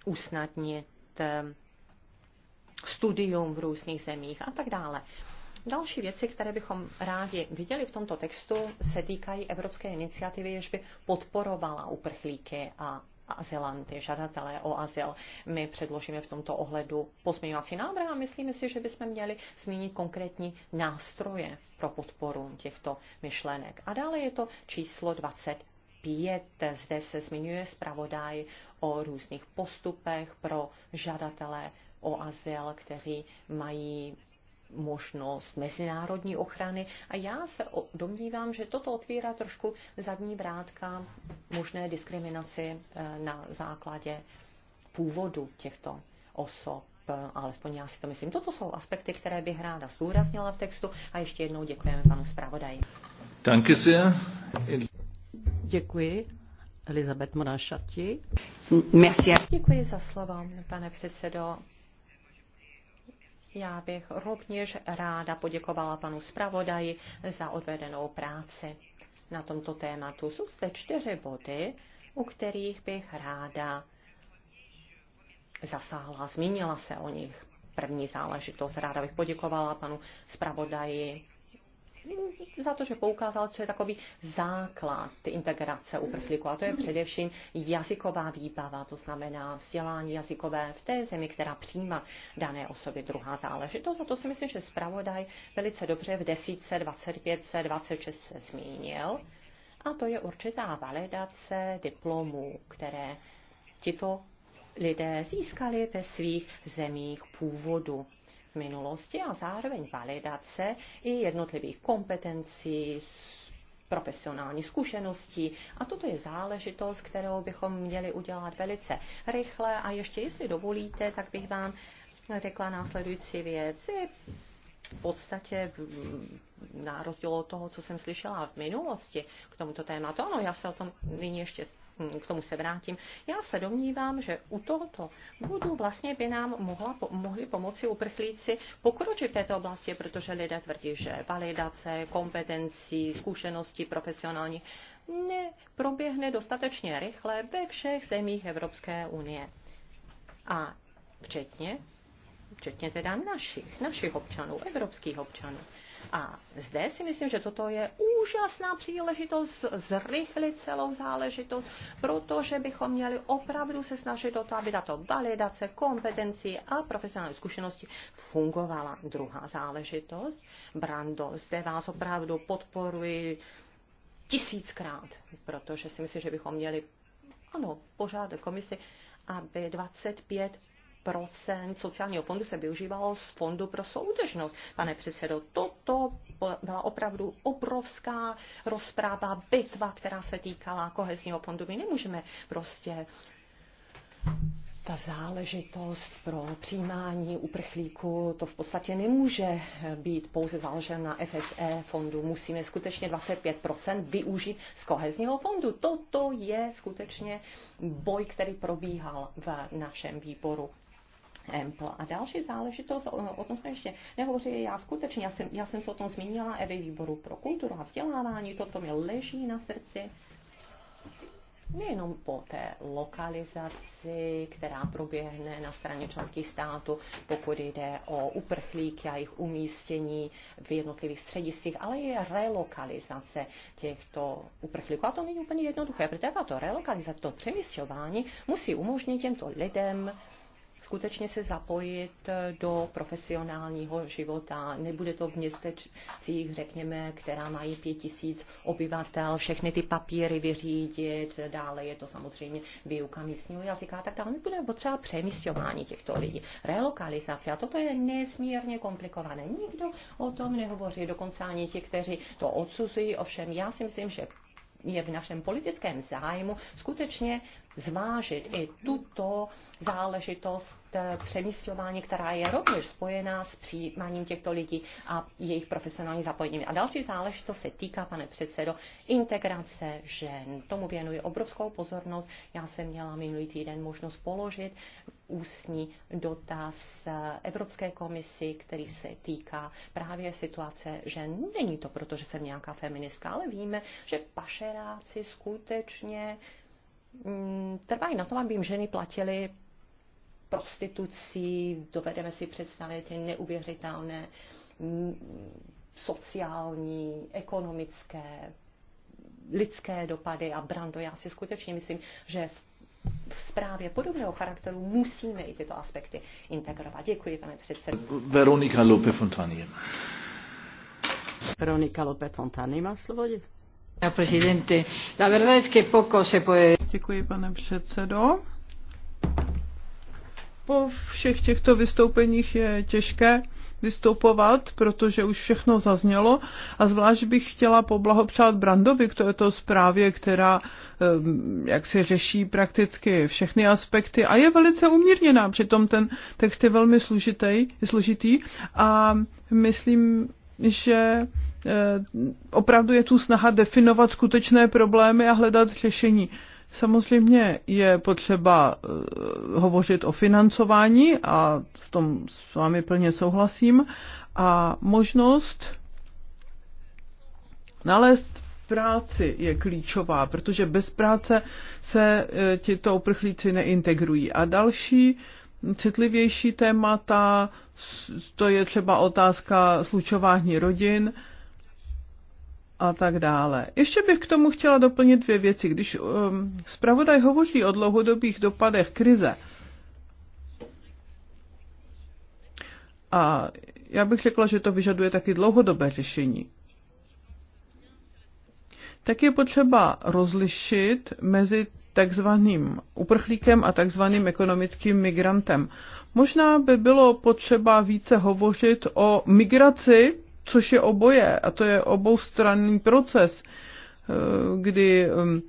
usnadnit eh, studium v různých zemích a tak dále. Další věci, které bychom rádi viděli v tomto textu, se týkají Evropské iniciativy, jež by podporovala uprchlíky a azylanty, žadatelé o azyl. My předložíme v tomto ohledu pozměňovací návrh a myslíme si, že bychom měli zmínit konkrétní nástroje pro podporu těchto myšlenek. A dále je to číslo 25. Zde se zmiňuje zpravodaj o různých postupech pro žadatele o azyl, kteří mají možnost mezinárodní ochrany. A já se domnívám, že toto otvírá trošku zadní vrátka možné diskriminaci eh, na základě původu těchto osob eh, alespoň já si to myslím. Toto jsou aspekty, které bych ráda zdůraznila v textu a ještě jednou děkujeme panu zpravodaji. Danke sehr. Děkuji. Elizabeth Monášati. Děkuji za slovo, pane předsedo. Já bych rovněž ráda poděkovala panu zpravodaji za odvedenou práci na tomto tématu. Jsou zde čtyři body, u kterých bych ráda zasáhla, zmínila se o nich. První záležitost. Ráda bych poděkovala panu zpravodaji za to, že poukázal, co je takový základ integrace uprchlíků, a to je především jazyková výbava, to znamená vzdělání jazykové v té zemi, která přijímá dané osoby. Druhá záležitost, a to si myslím, že zpravodaj velice dobře v 10, 25, 26 se zmínil, a to je určitá validace diplomů, které tito lidé získali ve svých zemích původu v minulosti a zároveň validace i jednotlivých kompetencí, profesionální zkušenosti. A toto je záležitost, kterou bychom měli udělat velice rychle. A ještě, jestli dovolíte, tak bych vám řekla následující věci v podstatě mm, na rozdíl od toho, co jsem slyšela v minulosti k tomuto tématu, ano, já se o tom nyní ještě mm, k tomu se vrátím. Já se domnívám, že u tohoto bodu vlastně by nám mohla, mohli pomoci uprchlíci pokročit v této oblasti, protože lidé tvrdí, že validace, kompetenci, zkušenosti, profesionální neproběhne dostatečně rychle ve všech zemích Evropské unie. A včetně včetně teda našich, našich občanů, evropských občanů. A zde si myslím, že toto je úžasná příležitost zrychlit celou záležitost, protože bychom měli opravdu se snažit o to, aby tato validace kompetencí a profesionální zkušenosti fungovala. Druhá záležitost, Brando, zde vás opravdu podporuji tisíckrát, protože si myslím, že bychom měli ano, pořád komisi, aby 25 procent sociálního fondu se využívalo z fondu pro soudržnost. Pane předsedo, toto byla opravdu obrovská rozpráva, bitva, která se týkala kohezního fondu. My nemůžeme prostě ta záležitost pro přijímání uprchlíků, to v podstatě nemůže být pouze založen na FSE fondu. Musíme skutečně 25% využít z kohezního fondu. Toto je skutečně boj, který probíhal v našem výboru. EMPL. A další záležitost, o, o tom jsme ještě nehovořili, já skutečně, já jsem, já jsem se o tom zmínila, EVI výboru pro kulturu a vzdělávání, toto mi leží na srdci nejenom po té lokalizaci, která proběhne na straně členských států, pokud jde o uprchlíky a jejich umístění v jednotlivých střediscích, ale je relokalizace těchto uprchlíků. A to není úplně jednoduché, protože to relokalizace, to přemysťování musí umožnit těmto lidem skutečně se zapojit eh, do profesionálního života. Nebude to v městecích, řekněme, která mají pět tisíc obyvatel, všechny ty papíry vyřídit, dále je to samozřejmě výuka místního jazyka a tak dále. Nebude potřeba přemysťování těchto lidí, relokalizace. A toto je nesmírně komplikované. Nikdo o tom nehovoří, dokonce ani ti, kteří to odsuzují. Ovšem, já si myslím, že je v našem politickém zájmu skutečně zvážit i tuto záležitost eh, přemístování, která je rovněž spojená s přijímáním těchto lidí a jejich profesionální zapojením. A další záležitost se týká, pane předsedo, integrace žen. Tomu věnuji obrovskou pozornost. Já jsem měla minulý týden možnost položit ústní dotaz eh, Evropské komisi, který se týká právě situace žen. Není to proto, že jsem nějaká feministka, ale víme, že pašeráci skutečně Mm, trvají na tom, aby jim ženy platily prostitucí, dovedeme si představit ty neuvěřitelné mm, sociální, ekonomické, lidské dopady a Brando, já si skutečně myslím, že v v zprávě podobného charakteru musíme i tyto aspekty integrovat. Děkuji, pane předsedo. Veronika Lope Fontanie. Veronika Lope Fontanie má slovo. Děkuji, pane předsedo. Po všech těchto vystoupeních je těžké vystupovat, protože už všechno zaznělo a zvlášť bych chtěla poblahopřát Brandovi k této zprávě, která jak se řeší prakticky všechny aspekty a je velice umírněná. Přitom ten text je velmi složitý, složitý a myslím, že Eh, opravdu je tu snaha definovat skutečné problémy a hledat řešení. Samozřejmě je potřeba eh, hovořit o financování a v tom s vámi plně souhlasím a možnost nalézt práci je klíčová, protože bez práce se eh, tito uprchlíci neintegrují. A další hm, citlivější témata, to je třeba otázka slučování rodin, a tak dále. Ještě bych k tomu chtěla doplnit dvě věci. Když um, zpravodaj hovoří o dlouhodobých dopadech krize, a já bych řekla, že to vyžaduje taky dlouhodobé řešení, tak je potřeba rozlišit mezi takzvaným uprchlíkem a takzvaným ekonomickým migrantem. Možná by bylo potřeba více hovořit o migraci což je oboje a to je oboustranný proces, eh, kdy hm,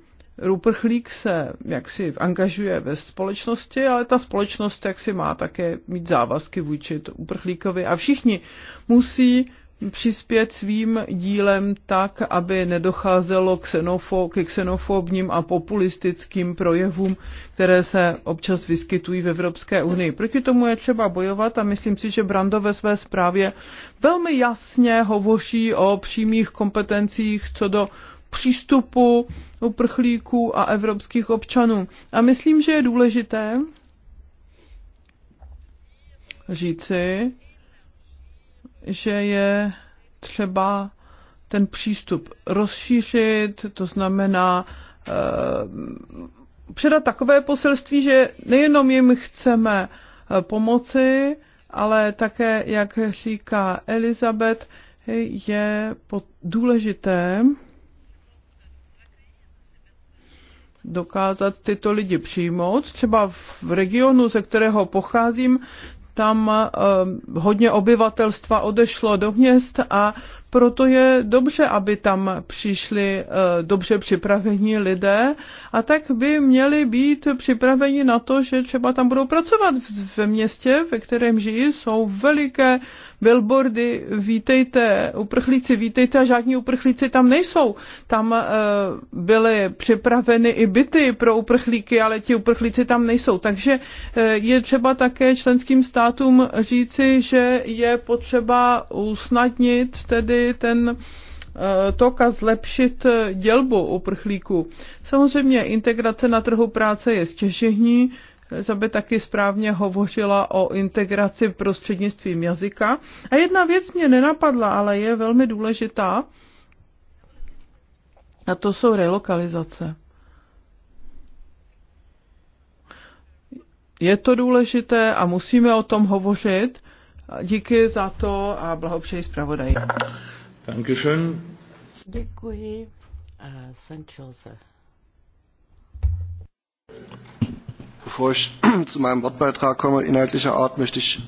Ruprchlík se jaksi angažuje ve společnosti, ale ta společnost jaksi má také mít závazky vůči uprchlíkovi a všichni musí přispět svým dílem tak, aby nedocházelo ksenofo, ke xenofobním a populistickým projevům, které se občas vyskytují v Evropské unii. Proti tomu je třeba bojovat a myslím si, že Brando ve své zprávě velmi jasně hovoří o přímých kompetencích co do přístupu uprchlíků a evropských občanů. A myslím, že je důležité říci, že je třeba ten přístup rozšířit, to znamená eh, předat takové poselství, že nejenom jim chceme eh, pomoci, ale také, jak říká Elizabeth, je důležité dokázat tyto lidi přijmout. Třeba v regionu, ze kterého pocházím, tam eh, hodně obyvatelstva odešlo do měst a proto je dobře, aby tam přišli eh, dobře připravení lidé a tak by měli být připraveni na to, že třeba tam budou pracovat ve městě, ve kterém žijí, jsou veliké billboardy, vítejte uprchlíci, vítejte a žádní uprchlíci tam nejsou. Tam eh, byly připraveny i byty pro uprchlíky, ale ti uprchlíci tam nejsou. Takže eh, je třeba také členským státům říci, že je potřeba usnadnit tedy ten eh, to zlepšit eh, dělbu uprchlíků. Samozřejmě integrace na trhu práce je stěžení, by taky správně hovořila o integraci prostřednictvím jazyka. A jedna věc mě nenapadla, ale je velmi důležitá, a to jsou relokalizace. Je to důležité a musíme o tom hovořit, Díky za to a blahopřeji zpravodaji. Dankeschön. Děkuji. Uh, Bevor ich zu meinem Wortbeitrag komme, inhaltlicher Art, möchte ich...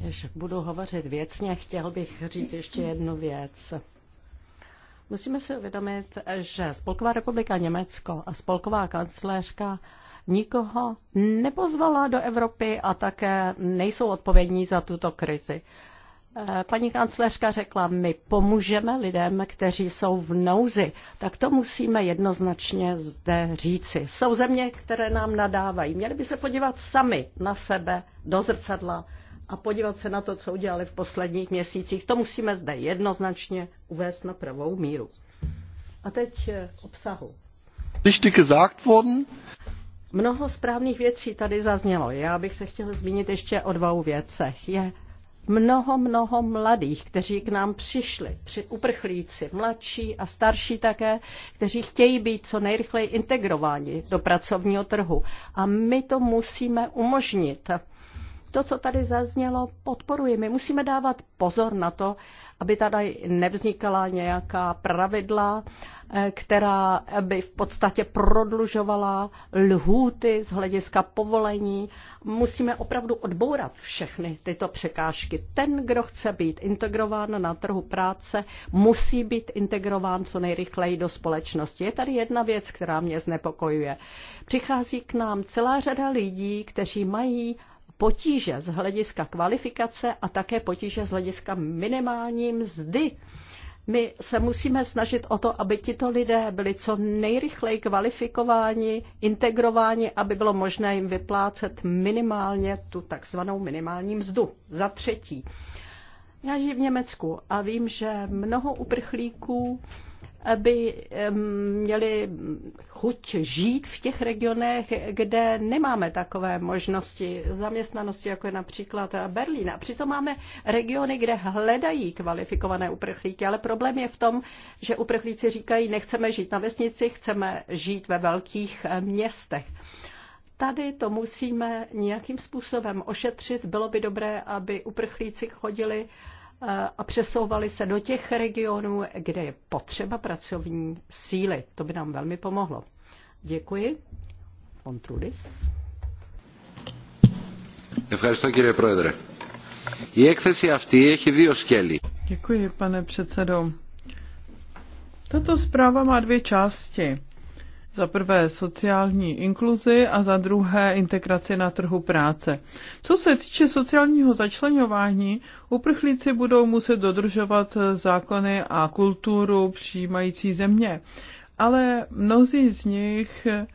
Jež budu hovořit věcně, chtěl bych říct ještě jednu věc. Musíme si uvědomit, že Spolková republika Německo a Spolková kancléřka nikoho nepozvala do Evropy a také nejsou odpovědní za tuto krizi. Eh, paní kancléřka řekla, my pomůžeme lidem, kteří jsou v nouzi. Tak to musíme jednoznačně zde říci. Jsou země, které nám nadávají. Měli by se podívat sami na sebe, do zrcadla a podívat se na to, co udělali v posledních měsících. To musíme zde jednoznačně uvést na pravou míru. A teď eh, obsahu. Richtig gesagt worden. Mnoho správných věcí tady zaznělo. Já bych se chtěla zmínit ještě o dvou věcech. Je mnoho, mnoho mladých, kteří k nám přišli, při uprchlíci, mladší a starší také, kteří chtějí být co nejrychleji integrováni do pracovního trhu. A my to musíme umožnit. To, co tady zaznělo, podporuji. My musíme dávat pozor na to, aby tady nevznikala nějaká pravidla, eh, která by v podstatě prodlužovala lhůty z hlediska povolení. Musíme opravdu odbourat všechny tyto překážky. Ten, kdo chce být integrován na trhu práce, musí být integrován co nejrychleji do společnosti. Je tady jedna věc, která mě znepokojuje. Přichází k nám celá řada lidí, kteří mají potíže z hlediska kvalifikace a také potíže z hlediska minimální mzdy. My se musíme snažit o to, aby tito lidé byli co nejrychleji kvalifikováni, integrováni, aby bylo možné jim vyplácet minimálně tu takzvanou minimální mzdu. Za třetí, já žiju v Německu a vím, že mnoho uprchlíků aby měli chuť žít v těch regionech, kde nemáme takové možnosti zaměstnanosti, jako je například Berlín. A přitom máme regiony, kde hledají kvalifikované uprchlíky, ale problém je v tom, že uprchlíci říkají, nechceme žít na vesnici, chceme žít ve velkých městech tady to musíme nějakým způsobem ošetřit. Bylo by dobré, aby uprchlíci chodili Eh, a přesouvali se do těch regionů, kde je potřeba pracovní síly. To by nám velmi pomohlo. Děkuji. Von Trudis. Ευχαριστώ κύριε Πρόεδρε. Η έκθεση αυτή έχει δύο σκέλη. Děkuji, pane předsedo. Tato zpráva má dvě části za prvé sociální inkluzi a za druhé integraci na trhu práce. Co se týče sociálního začlenování, uprchlíci budou muset dodržovat zákony a kulturu přijímající země. Ale mnozí z nich eh,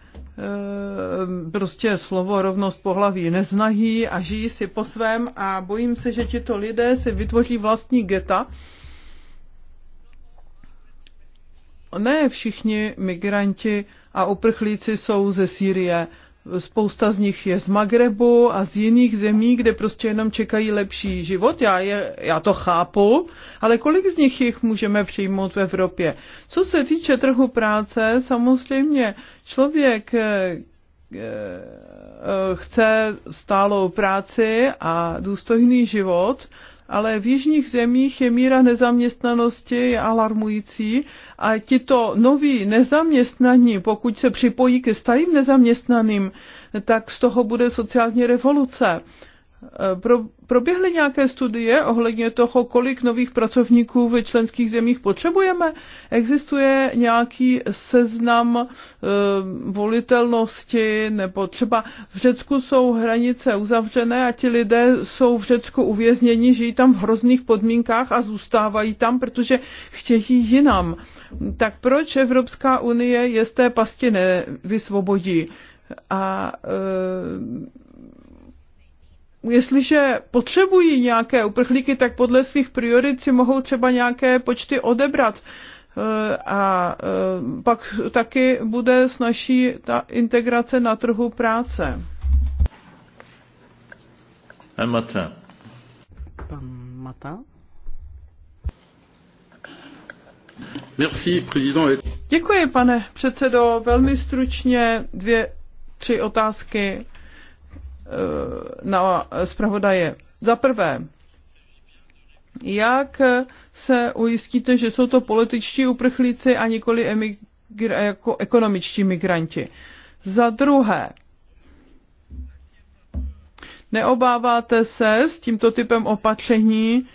prostě slovo rovnost pohlaví neznají a žijí si po svém a bojím se, že tito lidé si vytvoří vlastní geta. Ne všichni migranti a uprchlíci jsou ze Sýrie. Spousta z nich je z Magrebu a z jiných zemí, kde prostě jenom čekají lepší život. Já, je, já to chápu, ale kolik z nich jich můžeme přijmout v Evropě? Co se týče trhu práce, samozřejmě člověk, eh, eh, chce stálou práci a důstojný život ale v jižních zemích je míra nezaměstnanosti alarmující a tito noví nezaměstnaní, pokud se připojí ke starým nezaměstnaným, tak z toho bude sociální revoluce. Eh, proběhly nějaké studie ohledně toho, kolik nových pracovníků v členských zemích potřebujeme? Existuje nějaký seznam eh, volitelnosti nebo třeba v Řecku jsou hranice uzavřené a ti lidé jsou v Řecku uvězněni, žijí tam v hrozných podmínkách a zůstávají tam, protože chtějí jinam. Tak proč Evropská unie je z té pasti nevysvobodí? A e, jestliže potřebují nějaké uprchlíky, tak podle svých priorit si mohou třeba nějaké počty odebrat. Eh, a eh, pak taky bude snažší ta integrace na trhu práce. Pan Mata. Pan Mata. Merci, Děkuji, pane předsedo. Velmi stručně dvě, tři otázky Eh, na zpravodaje. Za prvé, jak se ujistíte, že jsou to političtí uprchlíci a nikoli emigr- jako ekonomičtí migranti? Za druhé, neobáváte se s tímto typem opatření,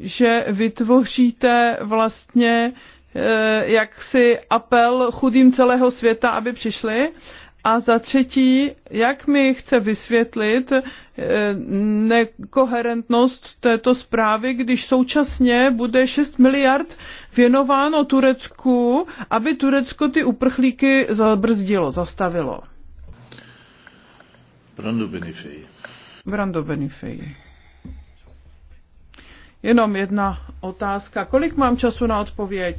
že vytvoříte vlastně eh, jaksi apel chudým celého světa, aby přišli? A za třetí, jak mi chce vysvětlit eh, nekoherentnost této zprávy, když současně bude 6 miliard věnováno Turecku, aby Turecko ty uprchlíky zabrzdilo, zastavilo. Brando Benifej. Brando Benifej. Jenom jedna otázka. Kolik mám času na odpověď?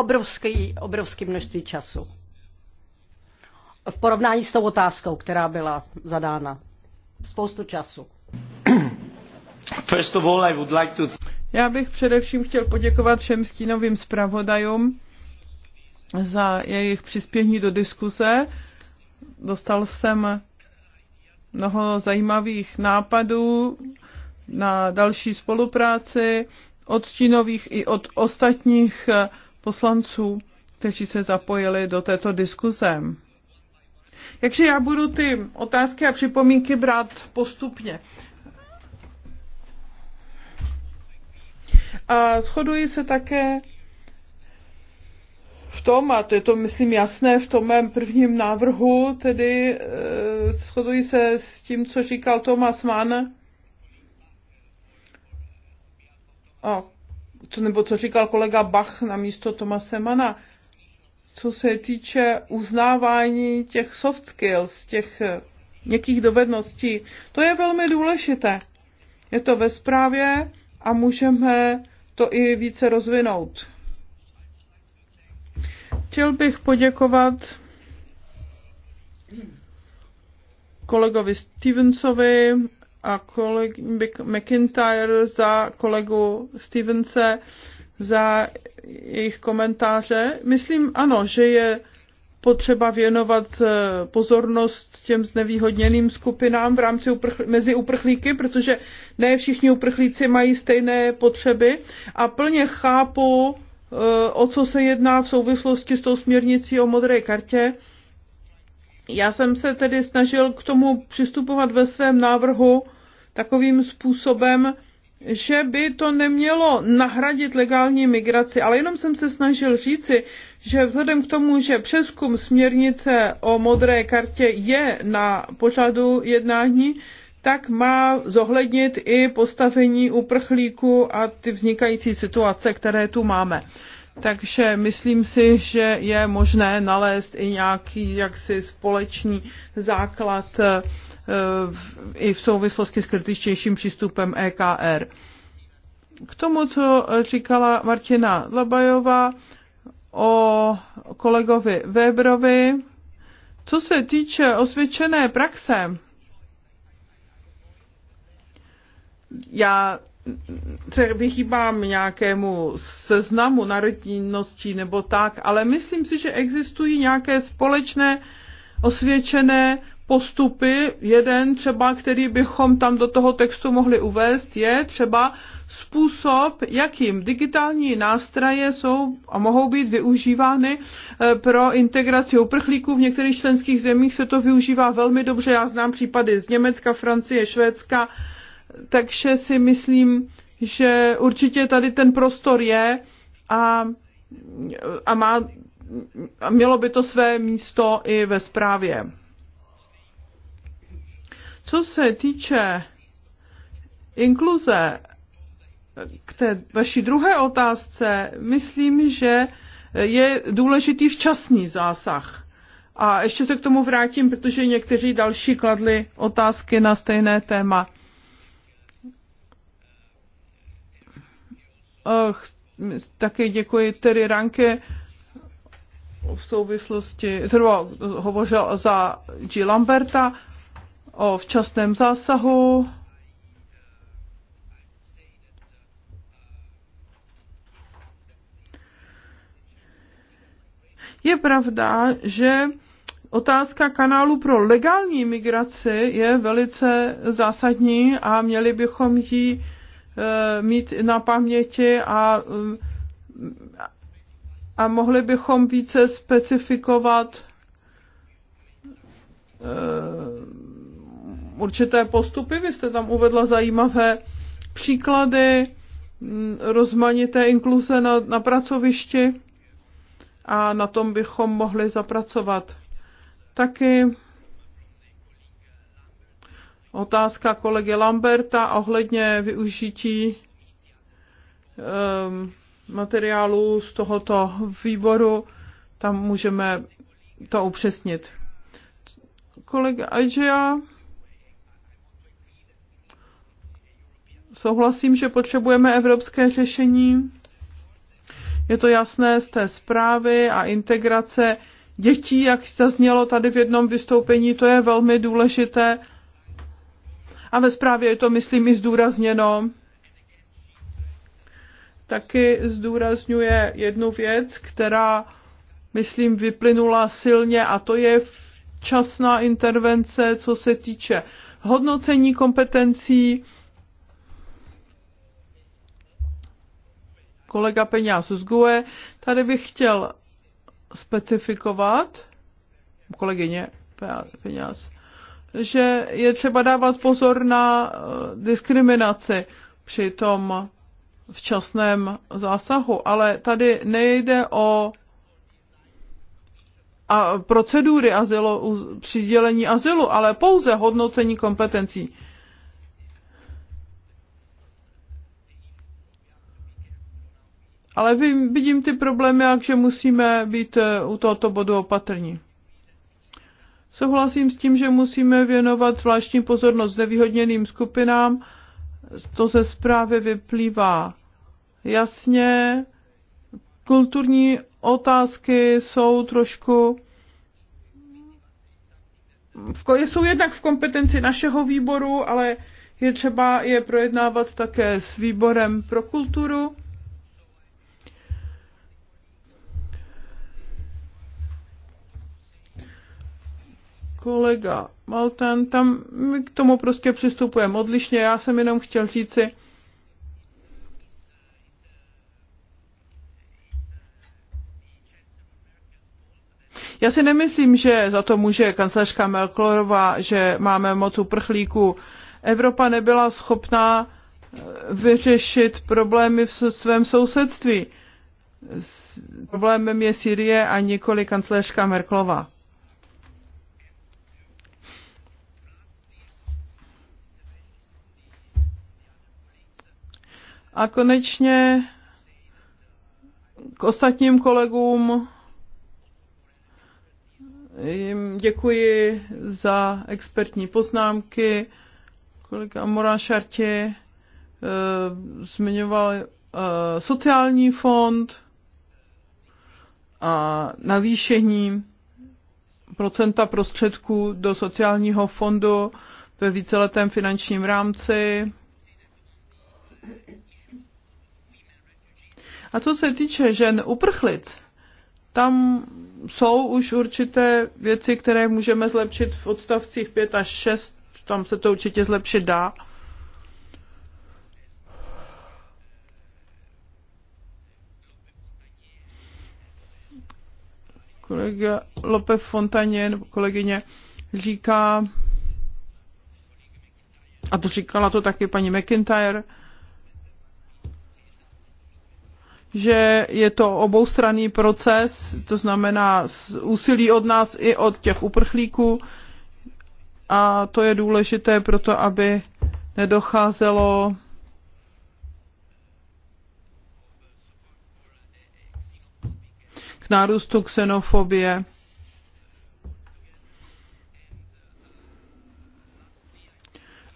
obrovské obrovský množství času. V porovnání s tou otázkou, která byla zadána. Spoustu času. First of all, I would like to... Já bych především chtěl poděkovat všem stínovým zpravodajům za jejich přispění do diskuse. Dostal jsem mnoho zajímavých nápadů na další spolupráci od stínových i od ostatních poslanců, kteří se zapojili do této diskuze. Takže já budu ty otázky a připomínky brát postupně. A shoduji se také v tom, a to je to myslím jasné v tom mém prvním návrhu, tedy eh, shoduji se s tím, co říkal Thomas Mann A co, nebo co říkal kolega Bach na místo Tomase Mana, co se týče uznávání těch soft skills, těch někých eh, dovedností, to je velmi důležité. Je to ve zprávě a můžeme to i více rozvinout. Chtěl bych poděkovat kolegovi Stevensovi a koleg, McIntyre za kolegu Stevense za jejich komentáře. Myslím ano, že je potřeba věnovat eh, pozornost těm znevýhodněným skupinám v rámci uprchl- mezi uprchlíky, protože ne všichni uprchlíci mají stejné potřeby a plně chápu, eh, o co se jedná v souvislosti s tou směrnicí o modré kartě já jsem se tedy snažil k tomu přistupovat ve svém návrhu takovým způsobem, že by to nemělo nahradit legální migraci, ale jenom jsem se snažil říci, že vzhledem k tomu, že přeskum směrnice o modré kartě je na pořadu jednání, tak má zohlednit i postavení uprchlíků a ty vznikající situace, které tu máme takže myslím si, že je možné nalézt i nějaký jaksi společný základ eh, i v souvislosti s kritičtějším přístupem EKR. K tomu, co říkala Martina Labajová o kolegovi Weberovi, co se týče osvědčené praxe, já se vychýbám nějakému seznamu narodinností nebo tak, ale myslím si, že existují nějaké společné osvědčené postupy. Jeden třeba, který bychom tam do toho textu mohli uvést, je třeba způsob, jakým digitální nástroje jsou a mohou být využívány eh, pro integraci uprchlíků. V některých členských zemích se to využívá velmi dobře. Já znám případy z Německa, Francie, Švédska, takže si myslím, že určitě tady ten prostor je a, a, má, a mělo by to své místo i ve zprávě. Co se týče inkluze, k té vaší druhé otázce, myslím, že je důležitý včasný zásah. A ještě se k tomu vrátím, protože někteří další kladli otázky na stejné téma. také děkuji Terry Ranke v souvislosti, třeba hovořil za G. Lamberta o včasném zásahu. Je pravda, že otázka kanálu pro legální migraci je velice zásadní a měli bychom ji Eh, mít na paměti a, eh, a mohli bychom více specifikovat eh, určité postupy. Vy jste tam uvedla zajímavé příklady mm, rozmanité inkluze na, na pracovišti a na tom bychom mohli zapracovat. Taky otázka kolegy Lamberta ohledně využití ehm, materiálu z tohoto výboru, tam můžeme to upřesnit. Kolega Ajžia, souhlasím, že potřebujeme evropské řešení. Je to jasné z té zprávy a integrace dětí, jak zaznělo tady v jednom vystoupení, to je velmi důležité a ve zprávě je to, myslím, i zdůrazněno. Taky zdůrazňuje jednu věc, která, myslím, vyplynula silně a to je včasná intervence, co se týče hodnocení kompetencí. Kolega Peňáz z GUE, tady bych chtěl specifikovat, kolegyně Peňáz, že je třeba dávat pozor na eh, diskriminaci při tom včasném zásahu, ale tady nejde o a procedury azylo, přidělení azylu, ale pouze hodnocení kompetencí. Ale vidím ty problémy, jakže musíme být eh, u tohoto bodu opatrní. Souhlasím s tím, že musíme věnovat zvláštní pozornost nevýhodněným skupinám. To ze zprávy vyplývá jasně. Kulturní otázky jsou trošku v, jsou jednak v kompetenci našeho výboru, ale je třeba je projednávat také s výborem pro kulturu. kolega Malten, tam my k tomu prostě přistupujeme odlišně. Já jsem jenom chtěl říci, Já si nemyslím, že za to může kancelářka Melklorová, že máme moc uprchlíků. Evropa nebyla schopná eh, vyřešit problémy v svém sousedství. S problémem je Syrie a nikoli kancelářka Merklová. A konečně k ostatním kolegům jim děkuji za expertní poznámky. Kolega Mora Šartě e, eh, zmiňoval e, sociální fond a navýšení procenta prostředků do sociálního fondu ve víceletém finančním rámci. A co se týče žen uprchlic, tam jsou už určité věci, které můžeme zlepšit v odstavcích 5 až 6, tam se to určitě zlepšit dá. Kolega Lope Fontaně, nebo kolegyně, říká, a to říkala to taky paní McIntyre, že je to oboustranný proces, to znamená úsilí od nás i od těch uprchlíků a to je důležité proto, aby nedocházelo k nárůstu xenofobie.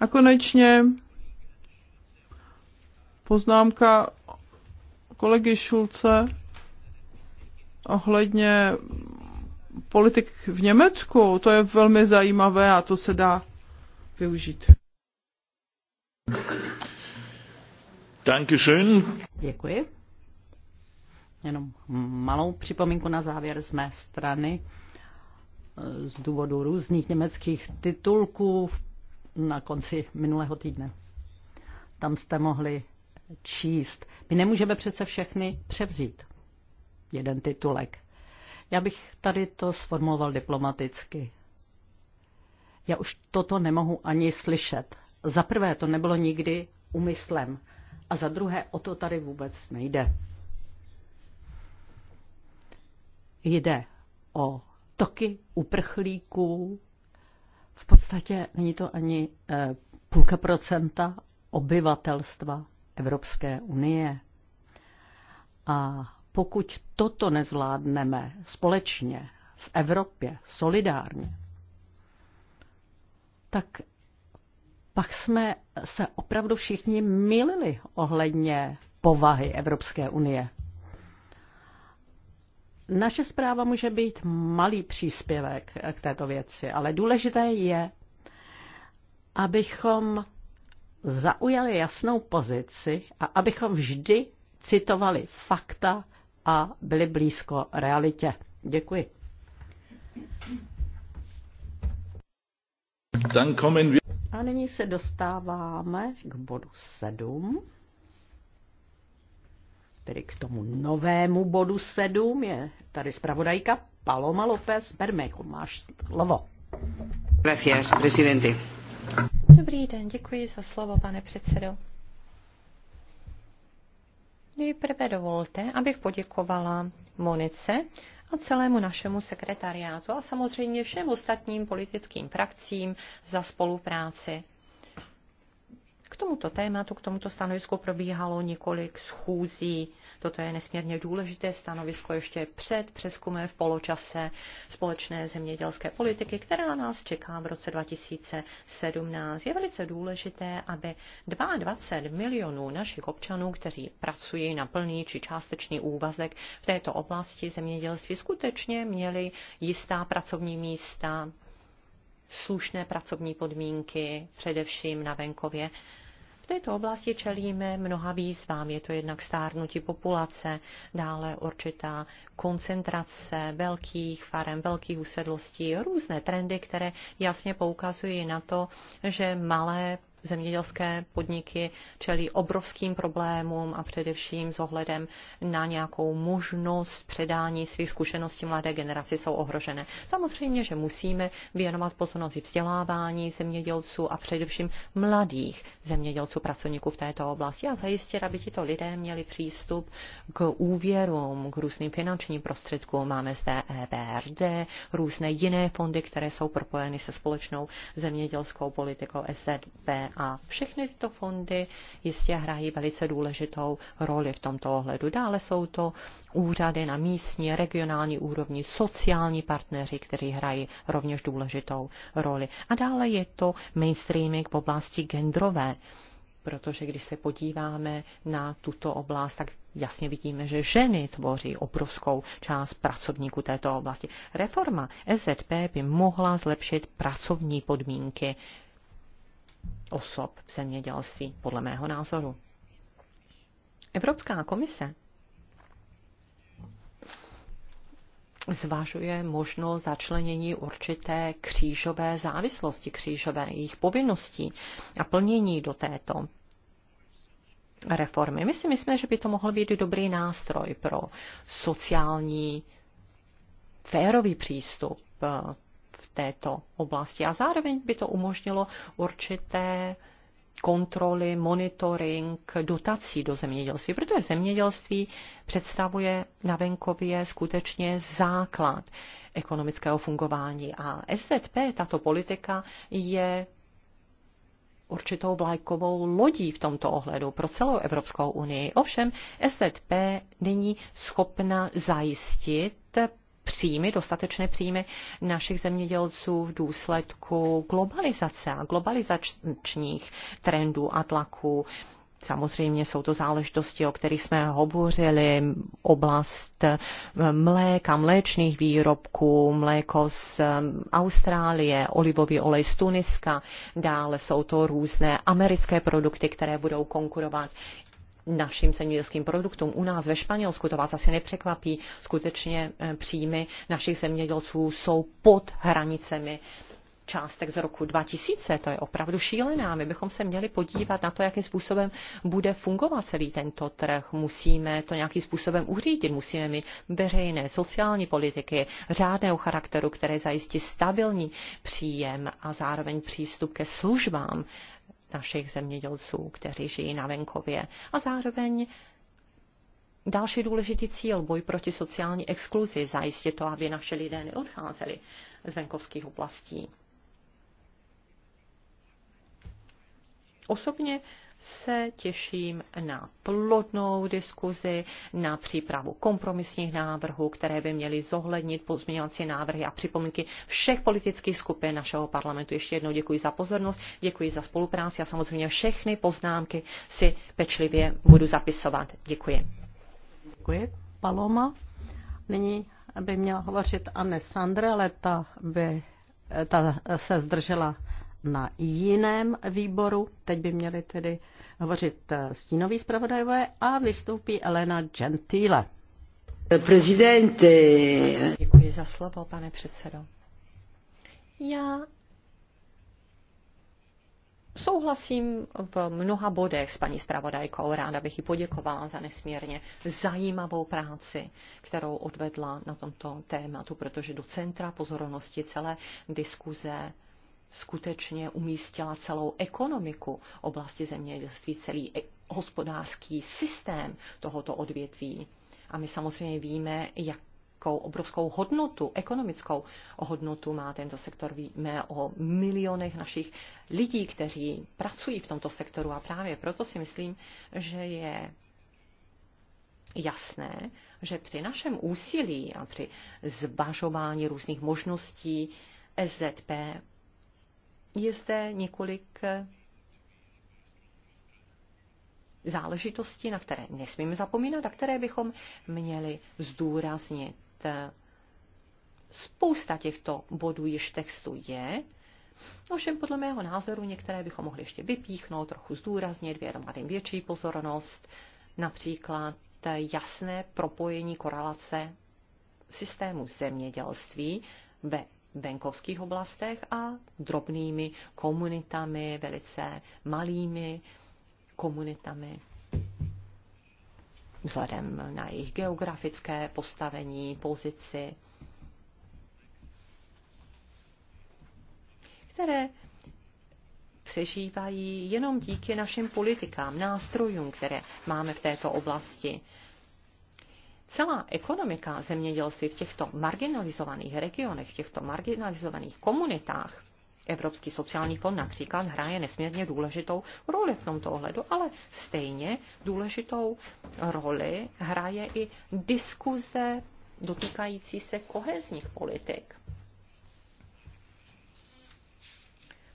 A konečně poznámka kolegy Šulce ohledně politik v Německu. To je velmi zajímavé a to se dá využít. schön. Děkuji. Jenom malou připomínku na závěr z mé strany. Z důvodu různých německých titulků na konci minulého týdne. Tam jste mohli číst. My nemůžeme přece všechny převzít. Jeden titulek. Já bych tady to sformuloval diplomaticky. Já už toto nemohu ani slyšet. Za prvé, to nebylo nikdy úmyslem. A za druhé, o to tady vůbec nejde. Jde o toky uprchlíků. V podstatě není to ani eh, půlka procenta obyvatelstva Evropské unie. A pokud toto nezvládneme společně v Evropě, solidárně, tak pak jsme se opravdu všichni milili ohledně povahy Evropské unie. Naše zpráva může být malý příspěvek k této věci, ale důležité je, abychom zaujali jasnou pozici a abychom vždy citovali fakta a byli blízko realitě. Děkuji. A nyní se dostáváme k bodu 7. Tedy k tomu novému bodu 7 je tady zpravodajka Paloma López Bermejo. Máš slovo. Gracias, presidente. Dobrý den, děkuji za slovo, pane předsedo. Nejprve dovolte, abych poděkovala Monice a celému našemu sekretariátu a samozřejmě všem ostatním politickým frakcím za spolupráci. K tomuto tématu, k tomuto stanovisku probíhalo několik schůzí Toto je nesmírně důležité stanovisko ještě před přeskumem v poločase společné zemědělské politiky, která nás čeká v roce 2017. Je velice důležité, aby 22 milionů našich občanů, kteří pracují na plný či částečný úvazek v této oblasti zemědělství, skutečně měli jistá pracovní místa, slušné pracovní podmínky, především na venkově v této oblasti čelíme mnoha výzvám. Je to jednak stárnutí populace, dále určitá koncentrace velkých farem, velkých usedlostí, různé trendy, které jasně poukazují na to, že malé zemědělské podniky čelí obrovským problémům a především s ohledem na nějakou možnost předání svých zkušeností mladé generaci jsou ohrožené. Samozřejmě, že musíme věnovat pozornost i vzdělávání zemědělců a především mladých zemědělců pracovníků v této oblasti a zajistit, aby tito lidé měli přístup k úvěrům, k různým finančním prostředkům. Máme zde EBRD, různé jiné fondy, které jsou propojeny se společnou zemědělskou politikou SZP a všechny tyto fondy jistě hrají velice důležitou roli v tomto ohledu. Dále jsou to úřady na místní, regionální úrovni, sociální partneři, kteří hrají rovněž důležitou roli. A dále je to mainstreaming v oblasti genderové protože když se podíváme na tuto oblast, tak jasně vidíme, že ženy tvoří obrovskou část pracovníků této oblasti. Reforma SZP by mohla zlepšit pracovní podmínky osob v zemědělství, podle mého názoru. Evropská komise zvažuje možnost začlenění určité křížové závislosti, křížové jejich povinností a plnění do této reformy. My si myslíme, že by to mohl být dobrý nástroj pro sociální férový přístup této oblasti. A zároveň by to umožnilo určité kontroly, monitoring dotací do zemědělství, protože zemědělství představuje na venkově skutečně základ ekonomického fungování. A SZP, tato politika, je určitou vlajkovou lodí v tomto ohledu pro celou Evropskou unii. Ovšem SZP není schopna zajistit příjmy, dostatečné příjmy našich zemědělců v důsledku globalizace a globalizačních trendů a tlaků. Samozřejmě jsou to záležitosti, o kterých jsme hovořili, oblast mléka, mléčných výrobků, mléko z um, Austrálie, olivový olej z Tuniska, dále jsou to různé americké produkty, které budou konkurovat našim zemědělským produktům. U nás ve Španělsku, to vás asi nepřekvapí, skutečně eh, příjmy našich zemědělců jsou pod hranicemi částek z roku 2000. To je opravdu šílená. My bychom se měli podívat na to, jakým způsobem bude fungovat celý tento trh. Musíme to nějakým způsobem uřídit. Musíme mít veřejné sociální politiky řádného charakteru, které zajistí stabilní příjem a zároveň přístup ke službám našich zemědělců, kteří žijí na venkově. A zároveň další důležitý cíl, boj proti sociální exkluzi, zajistit to, aby naše lidé neodcházeli z venkovských oblastí. Osobně se těším na plodnou diskuzi, na přípravu kompromisních návrhů, které by měly zohlednit pozměňovací návrhy a připomínky všech politických skupin našeho parlamentu. Ještě jednou děkuji za pozornost, děkuji za spolupráci a samozřejmě všechny poznámky si pečlivě budu zapisovat. Děkuji. Děkuji. Paloma. Nyní by měla hovořit Anne Sandra, ale ta, by, ta se zdržela na jiném výboru. Teď by měli tedy hovořit eh, stínoví zpravodajové a vystoupí Elena Gentile. Prezidente. Děkuji za slovo, pane předsedo. Já souhlasím v mnoha bodech s paní zpravodajkou. Ráda bych ji poděkovala za nesmírně zajímavou práci, kterou odvedla na tomto tématu, protože do centra pozornosti celé diskuze skutečně umístila celou ekonomiku oblasti zemědělství, celý e- hospodářský systém tohoto odvětví. A my samozřejmě víme, jak jakou obrovskou hodnotu, ekonomickou hodnotu má tento sektor. Víme o milionech našich lidí, kteří pracují v tomto sektoru a právě proto si myslím, že je jasné, že při našem úsilí a při zvažování různých možností SZP je zde několik eh, záležitostí, na které nesmíme zapomínat a které bychom měli zdůraznit. Spousta těchto bodů již textu je, ovšem podle mého názoru některé bychom mohli ještě vypíchnout, trochu zdůraznit, věnovat jim větší pozornost, například eh, jasné propojení korelace systému zemědělství ve venkovských oblastech a drobnými komunitami, velice malými komunitami vzhledem na jejich geografické postavení, pozici, které přežívají jenom díky našim politikám, nástrojům, které máme v této oblasti celá ekonomika zemědělství v těchto marginalizovaných regionech, v těchto marginalizovaných komunitách, Evropský sociální fond například hraje nesmírně důležitou roli v tomto ohledu, ale stejně důležitou roli hraje i diskuze dotýkající se kohezních politik.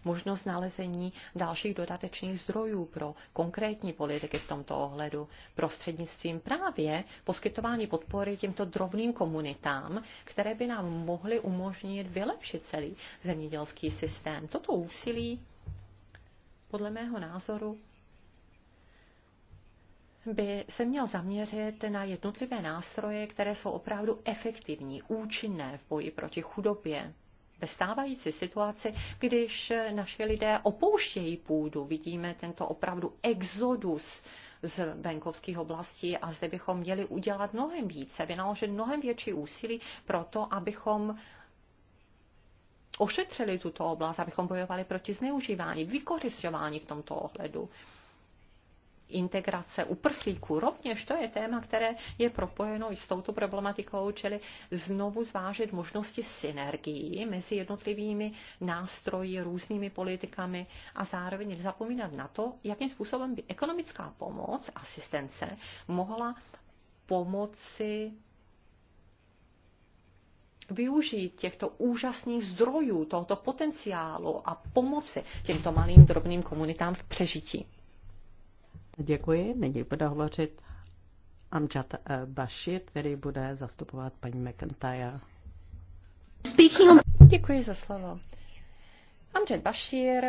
možnost nalezení dalších dodatečných zdrojů pro konkrétní politiky v tomto ohledu prostřednictvím právě poskytování podpory těmto drobným komunitám, které by nám mohly umožnit vylepšit celý zemědělský systém. Toto úsilí podle mého názoru by se měl zaměřit na jednotlivé nástroje, které jsou opravdu efektivní, účinné v boji proti chudobě, ve stávající situaci, když naši lidé opouštějí půdu. Vidíme tento opravdu exodus z venkovských oblastí a zde bychom měli udělat mnohem více, vynaložit mnohem větší úsilí pro to, abychom ošetřili tuto oblast, abychom bojovali proti zneužívání, vykořišťování v tomto ohledu integrace uprchlíků. Rovněž to je téma, které je propojeno i s touto problematikou, čili znovu zvážit možnosti synergií mezi jednotlivými nástroji, různými politikami a zároveň zapomínat na to, jakým způsobem by ekonomická pomoc, asistence, mohla pomoci využít těchto úžasných zdrojů, tohoto potenciálu a pomoci těmto malým drobným komunitám v přežití. Děkuji. Nyní bude hovořit Amjad eh, Bashir, který bude zastupovat paní McIntyre. Speaking... Děkuji za slovo. Amjad Bashir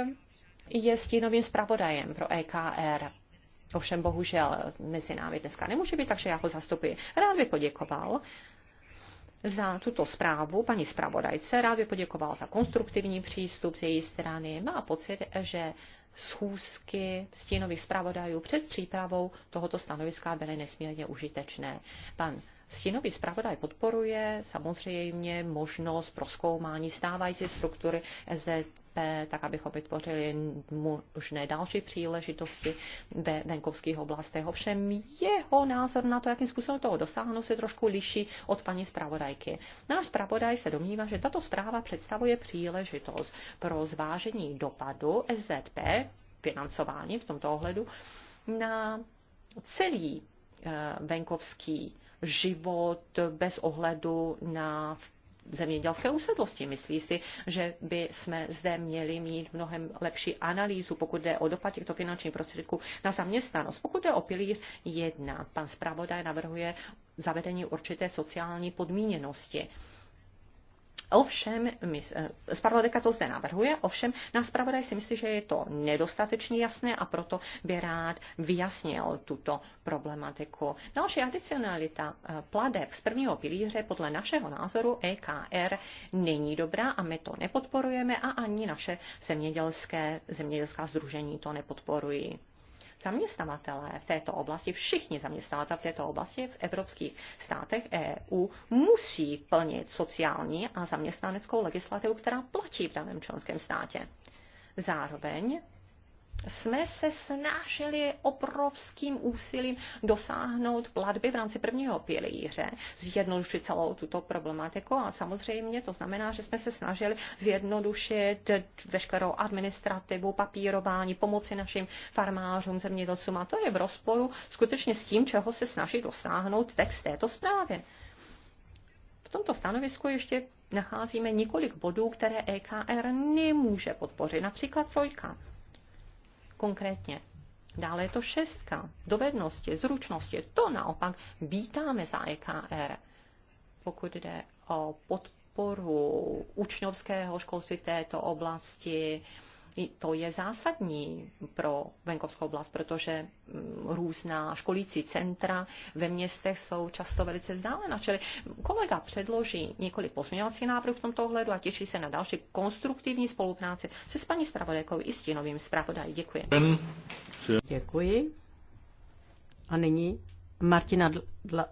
je stínovým zpravodajem pro EKR. Ovšem bohužel mezi námi dneska nemůže být, takže já ho zastupuji. Rád bych poděkoval za tuto zprávu paní zpravodajce. Rád bych poděkoval za konstruktivní přístup z její strany. Má pocit, že schůzky stínových zpravodajů před přípravou tohoto stanoviska byly nesmírně užitečné. Pan Stínový zpravodaj podporuje samozřejmě možnost proskoumání stávající struktury lépe, tak abychom vytvořili možné další příležitosti ve venkovských oblastech. Ovšem jeho názor na to, jakým způsobem toho dosáhnout, se trošku liší od paní zpravodajky. Náš zpravodaj se domnívá, že tato zpráva představuje příležitost pro zvážení dopadu SZP, financování v tomto ohledu, na celý e, venkovský život bez ohledu na zemědělské usedlosti. Myslí si, že by jsme zde měli mít mnohem lepší analýzu, pokud jde o dopad těchto finančních prostředků na zaměstnanost. Pokud jde o pilíř jedna, pan zpravodaj navrhuje zavedení určité sociální podmíněnosti Ovšem, eh, zpravodajka to zde navrhuje, ovšem na zpravodaj si myslí, že je to nedostatečně jasné a proto by rád vyjasnil tuto problematiku. Další adicionalita eh, pladeb z prvního pilíře podle našeho názoru EKR není dobrá a my to nepodporujeme a ani naše zemědělské, zemědělská združení to nepodporují. Zaměstnavatelé v této oblasti, všichni zaměstnavatelé v této oblasti v evropských státech EU musí plnit sociální a zaměstnaneckou legislativu, která platí v daném členském státě. Zároveň jsme se snažili obrovským úsilím dosáhnout platby v rámci prvního pilíře, zjednodušit celou tuto problematiku a samozřejmě to znamená, že jsme se snažili zjednodušit veškerou administrativu, papírování, pomoci našim farmářům, zemědělcům a to je v rozporu skutečně s tím, čeho se snaží dosáhnout text této zprávy. V tomto stanovisku ještě nacházíme několik bodů, které EKR nemůže podpořit, například trojka konkrétně. Dále je to šestka. Dovednosti, zručnosti, to naopak vítáme za EKR. Pokud jde o podporu učňovského školství této oblasti, to je zásadní pro venkovskou oblast, protože mm, různá školící centra ve městech jsou často velice vzdálená. Čili kolega předloží několik pozměňovacích návrhů v tomto ohledu a těší se na další konstruktivní spolupráci se s paní zpravodajkou i s novým zpravodají. Děkuji. Děkuji. A nyní Martina Dla...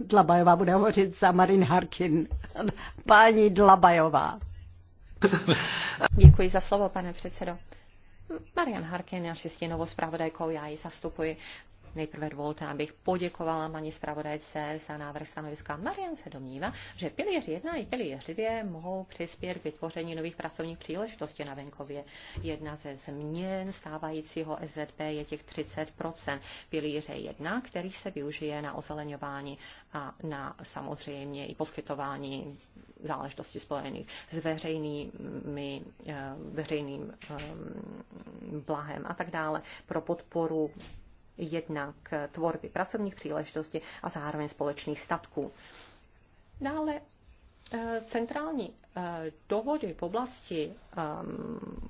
Dlabajová bude hovořit za Marin Harkin. Paní Dlabajová. Děkuji za slovo, pane předsedo. Marian Harkin, naši stěnovou zpravodajkou, já ji zastupuji. Nejprve dovolte, abych poděkovala paní zpravodajce za návrh stanoviska. Marian se domnívá, že pilíř 1 i pilíř 2 mohou přispět k vytvoření nových pracovních příležitostí na venkově. Jedna ze změn stávajícího SZP je těch 30 pilíře 1, který se využije na ozeleňování a na samozřejmě i poskytování záležitostí spojených s veřejnými, eh, veřejným ehm, blahem a tak dále pro podporu jednak tvorby pracovních příležitostí a zároveň společných statků. Dále eh, centrální eh, dohody v oblasti ehm,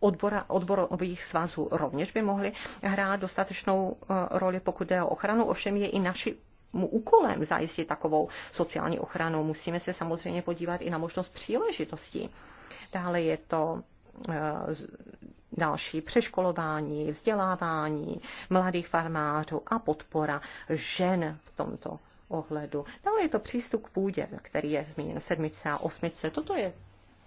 odbora, odborových svazů rovněž by mohly hrát dostatečnou eh, roli, pokud jde o ochranu, ovšem je i naši úkolem zajistit takovou sociální ochranu. Musíme se samozřejmě podívat i na možnost příležitostí. Dále je to Eh, další přeškolování, vzdělávání mladých farmářů a podpora žen v tomto ohledu. Dále je to přístup k půdě, který je zmíněn sedmice a osmice. Toto je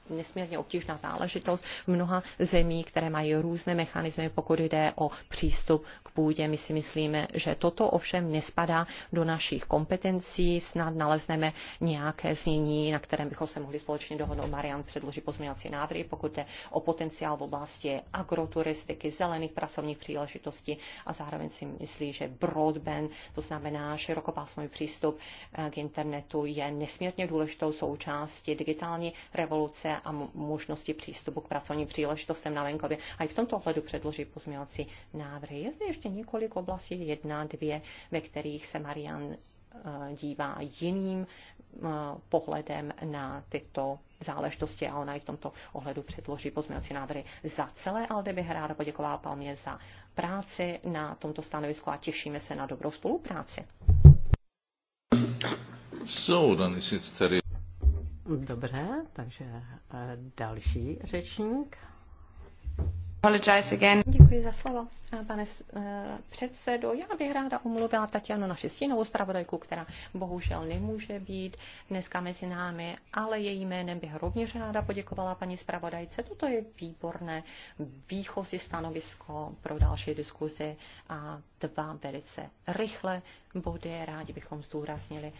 nesmírně obtížná záležitost v mnoha zemí, které mají různé mechanismy, pokud jde o přístup k půdě. My si myslíme, že toto ovšem nespadá do našich kompetencí. Snad nalezneme nějaké znění, na kterém bychom se mohli společně dohodnout. Marian předloží pozměňovací návrhy, pokud jde o potenciál v oblasti agroturistiky, zelených pracovních příležitostí a zároveň si myslí, že broadband, to znamená širokopásmový přístup eh, k internetu, je nesmírně důležitou součástí digitální revoluce a možnosti přístupu k pracovním příležitostem na venkově. A i v tomto ohledu předloží pozměňovací návrhy. Je zde ještě několik oblastí, jedna, dvě, ve kterých se Marian eh, dívá jiným eh, pohledem na tyto záležitosti a ona i v tomto ohledu předloží pozměňovací návrhy. Za celé Alde bych ráda poděkovala Palmě za práci na tomto stanovisku a těšíme se na dobrou spolupráci. So, dann ist jetzt der Dobře, takže eh, další řečník. again. Děkuji za slovo, eh, pane eh, předsedo. Já bych ráda omluvila Tatianu naši stínovou zpravodajku, která bohužel nemůže být dneska mezi námi, ale její jménem bych rovněž ráda poděkovala paní zpravodajce. Toto je výborné výchozí stanovisko pro další diskuzi a dva velice rychle body. Rádi bychom zdůraznili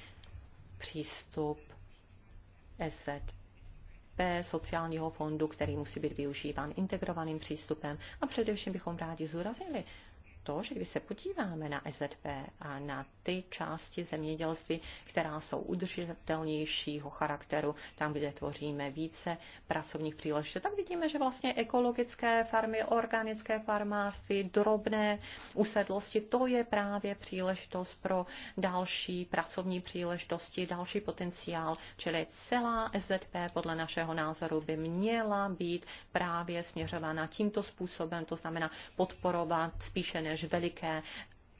přístup P sociálního fondu, který musí být využíván integrovaným přístupem. A především bychom rádi zúraznili, to, že když se podíváme na SZP a na ty části zemědělství, která jsou udržitelnějšího charakteru, tam, kde tvoříme více pracovních příležitostí, tak vidíme, že vlastně ekologické farmy, organické farmářství, drobné usedlosti, to je právě příležitost pro další pracovní příležitosti, další potenciál, čili celá SZP podle našeho názoru by měla být právě směřována tímto způsobem, to znamená podporovat spíše než než veliké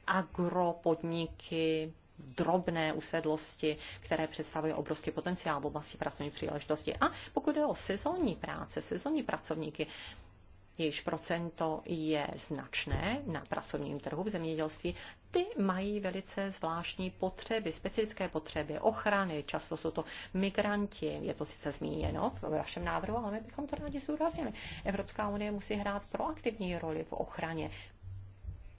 agropodniky, drobné usedlosti, které představují obrovský potenciál v oblasti pracovní příležitosti. A pokud je o sezónní práce, sezónní pracovníky, jejichž procento je značné na pracovním trhu v zemědělství, ty mají velice zvláštní potřeby, specifické potřeby, ochrany, často jsou to migranti, je to sice zmíněno v vašem návrhu, ale my bychom to rádi zúraznili. Evropská unie musí hrát proaktivní roli v ochraně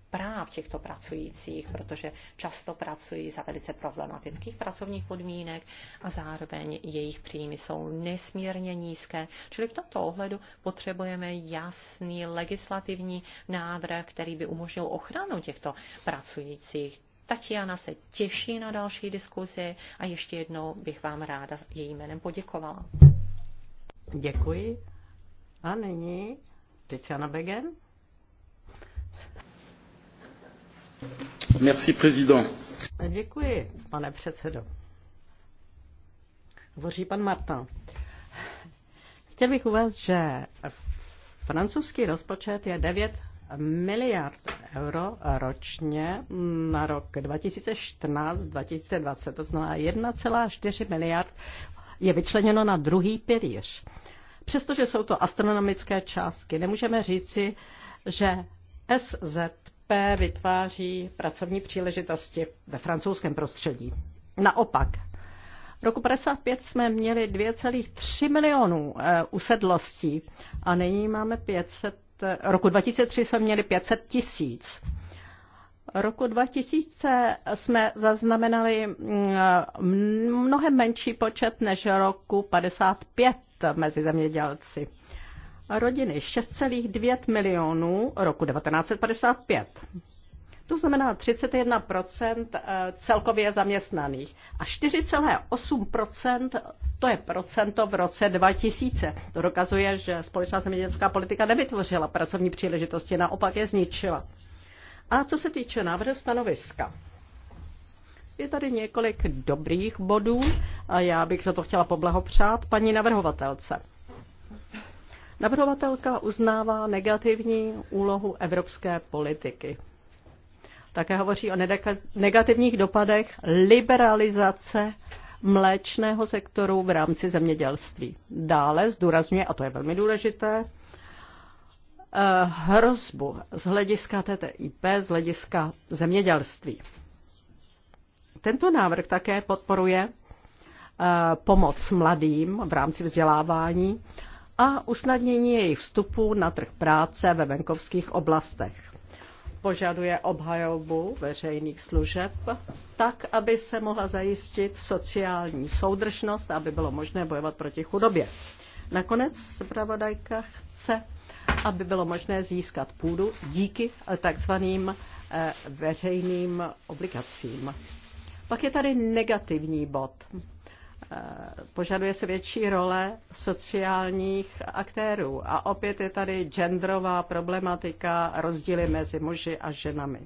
práv těchto pracujících, protože často pracují za velice problematických pracovních podmínek a zároveň jejich příjmy jsou nesmírně nízké. Čili v tomto ohledu potřebujeme jasný legislativní návrh, který by umožnil ochranu těchto pracujících. Tatiana se těší na další diskuzi a ještě jednou bych vám ráda její jménem poděkovala. Děkuji. A nyní Tiziana Begen. Merci, président. Děkuji, pane předsedo. Hovoří pan Martin. Chtěl bych uvést, že francouzský rozpočet je 9 miliard euro ročně na rok 2014-2020, to znamená 1,4 miliard je vyčleněno na druhý pilíř. Přestože jsou to astronomické částky, nemůžeme říci, že SZP lépe vytváří pracovní příležitosti ve francouzském prostředí. Naopak, v roku 55 jsme měli 2,3 milionů eh, usedlostí a nyní máme 500, eh, roku 2003 jsme měli 500 tisíc. Roku 2000 jsme zaznamenali mm, eh, mnohem menší počet než roku 55 mezi zemědělci rodiny 6,9 milionů roku 1955. To znamená 31 eh, celkově zaměstnaných a 4,8 to je procento v roce 2000. To dokazuje, že společná zemědělská politika nevytvořila pracovní příležitosti, naopak je zničila. A co se týče návrhu stanoviska, je tady několik dobrých bodů a já bych za to chtěla poblahopřát paní navrhovatelce. Navrhovatelka uznává negativní úlohu evropské politiky. Také hovoří o negativních dopadech liberalizace mléčného sektoru v rámci zemědělství. Dále zdůrazňuje, a to je velmi důležité, eh, hrozbu z hlediska TTIP, z hlediska zemědělství. Tento návrh také podporuje eh, pomoc mladým v rámci vzdělávání a usnadnění jejich vstupu na trh práce ve venkovských oblastech. Požaduje obhajobu veřejných služeb tak, aby se mohla zajistit sociální soudržnost, aby bylo možné bojovat proti chudobě. Nakonec zpravodajka chce, aby bylo možné získat půdu díky takzvaným eh, veřejným obligacím. Pak je tady negativní bod. Eh, požaduje se větší role sociálních aktérů. A opět je tady genderová problematika, rozdíly mezi muži a ženami.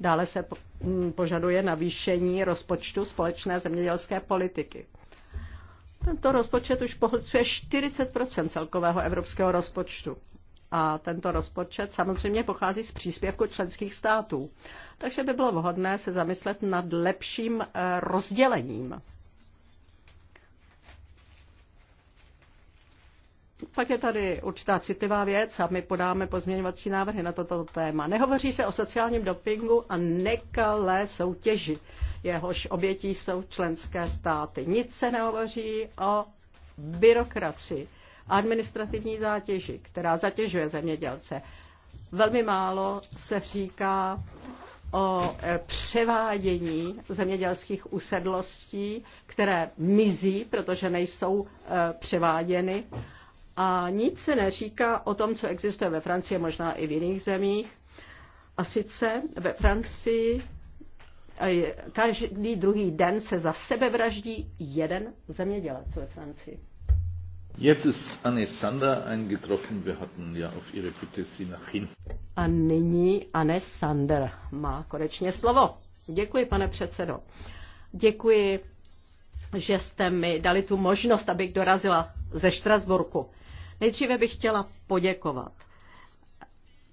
Dále se mm, požaduje navýšení rozpočtu společné zemědělské politiky. Tento rozpočet už pohlcuje 40 celkového evropského rozpočtu. A tento rozpočet samozřejmě pochází z příspěvku členských států. Takže by bylo vhodné se zamyslet nad lepším eh, rozdělením Pak je tady určitá citlivá věc a my podáme pozměňovací návrhy na toto téma. Nehovoří se o sociálním dopingu a nekalé soutěži, jehož obětí jsou členské státy. Nic se nehovoří o byrokracii, administrativní zátěži, která zatěžuje zemědělce. Velmi málo se říká o e, převádění zemědělských usedlostí, které mizí, protože nejsou e, převáděny a nic se neříká o tom, co existuje ve Francii, možná i v jiných zemích. A sice ve Francii každý druhý den se za sebe vraždí jeden zemědělec ve Francii. Jetzt ist Anne Sander eingetroffen. Wir hatten ja auf ihre Bitte sie nach A nyní Anne Sander má konečně slovo. Děkuji, pane předsedo. Děkuji že jste mi dali tu možnost, abych dorazila ze Štrasburku. Nejdříve bych chtěla poděkovat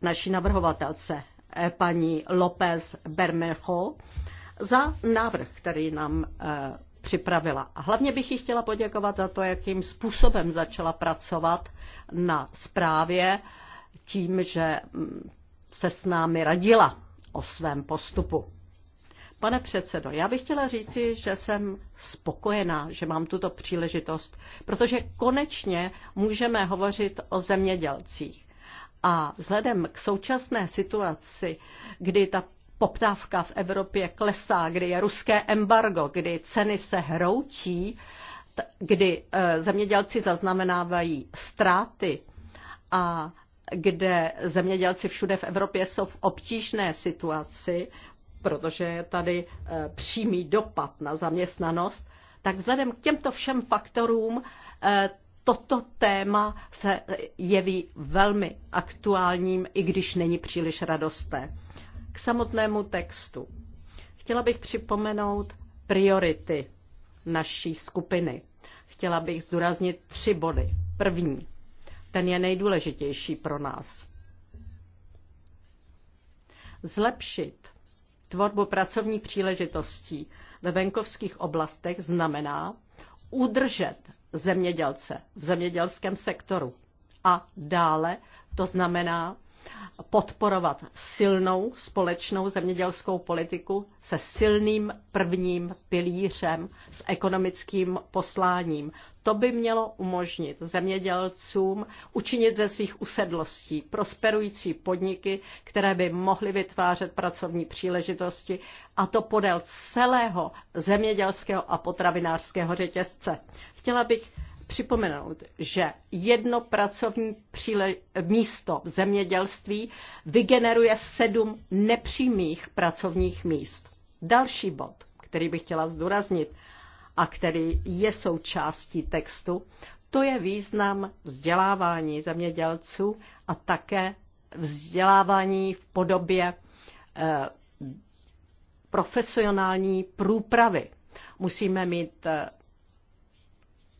naší navrhovatelce, eh, paní López Bermejo, za návrh, který nám eh, připravila. A hlavně bych jí chtěla poděkovat za to, jakým způsobem začala pracovat na zprávě, tím, že mm, se s námi radila o svém postupu. Pane předsedo, já bych chtěla říci, že jsem spokojená, že mám tuto příležitost, protože konečně můžeme hovořit o zemědělcích. A vzhledem k současné situaci, kdy ta poptávka v Evropě klesá, kdy je ruské embargo, kdy ceny se hroutí, kdy e, zemědělci zaznamenávají ztráty a kde zemědělci všude v Evropě jsou v obtížné situaci, protože je tady eh, přímý dopad na zaměstnanost, tak vzhledem k těmto všem faktorům eh, toto téma se jeví velmi aktuálním, i když není příliš radosté. K samotnému textu. Chtěla bych připomenout priority naší skupiny. Chtěla bych zdůraznit tři body. První, ten je nejdůležitější pro nás. Zlepšit tvorbu pracovních příležitostí ve venkovských oblastech znamená udržet zemědělce v zemědělském sektoru. A dále to znamená podporovat silnou společnou zemědělskou politiku se silným prvním pilířem s ekonomickým posláním. To by mělo umožnit zemědělcům učinit ze svých usedlostí prosperující podniky, které by mohly vytvářet pracovní příležitosti, a to podél celého zemědělského a potravinářského řetězce. Chtěla bych připomenout, že jedno pracovní příle- místo v zemědělství vygeneruje sedm nepřímých pracovních míst. Další bod, který bych chtěla zdůraznit a který je součástí textu, to je význam vzdělávání zemědělců a také vzdělávání v podobě eh, profesionální průpravy. Musíme mít eh,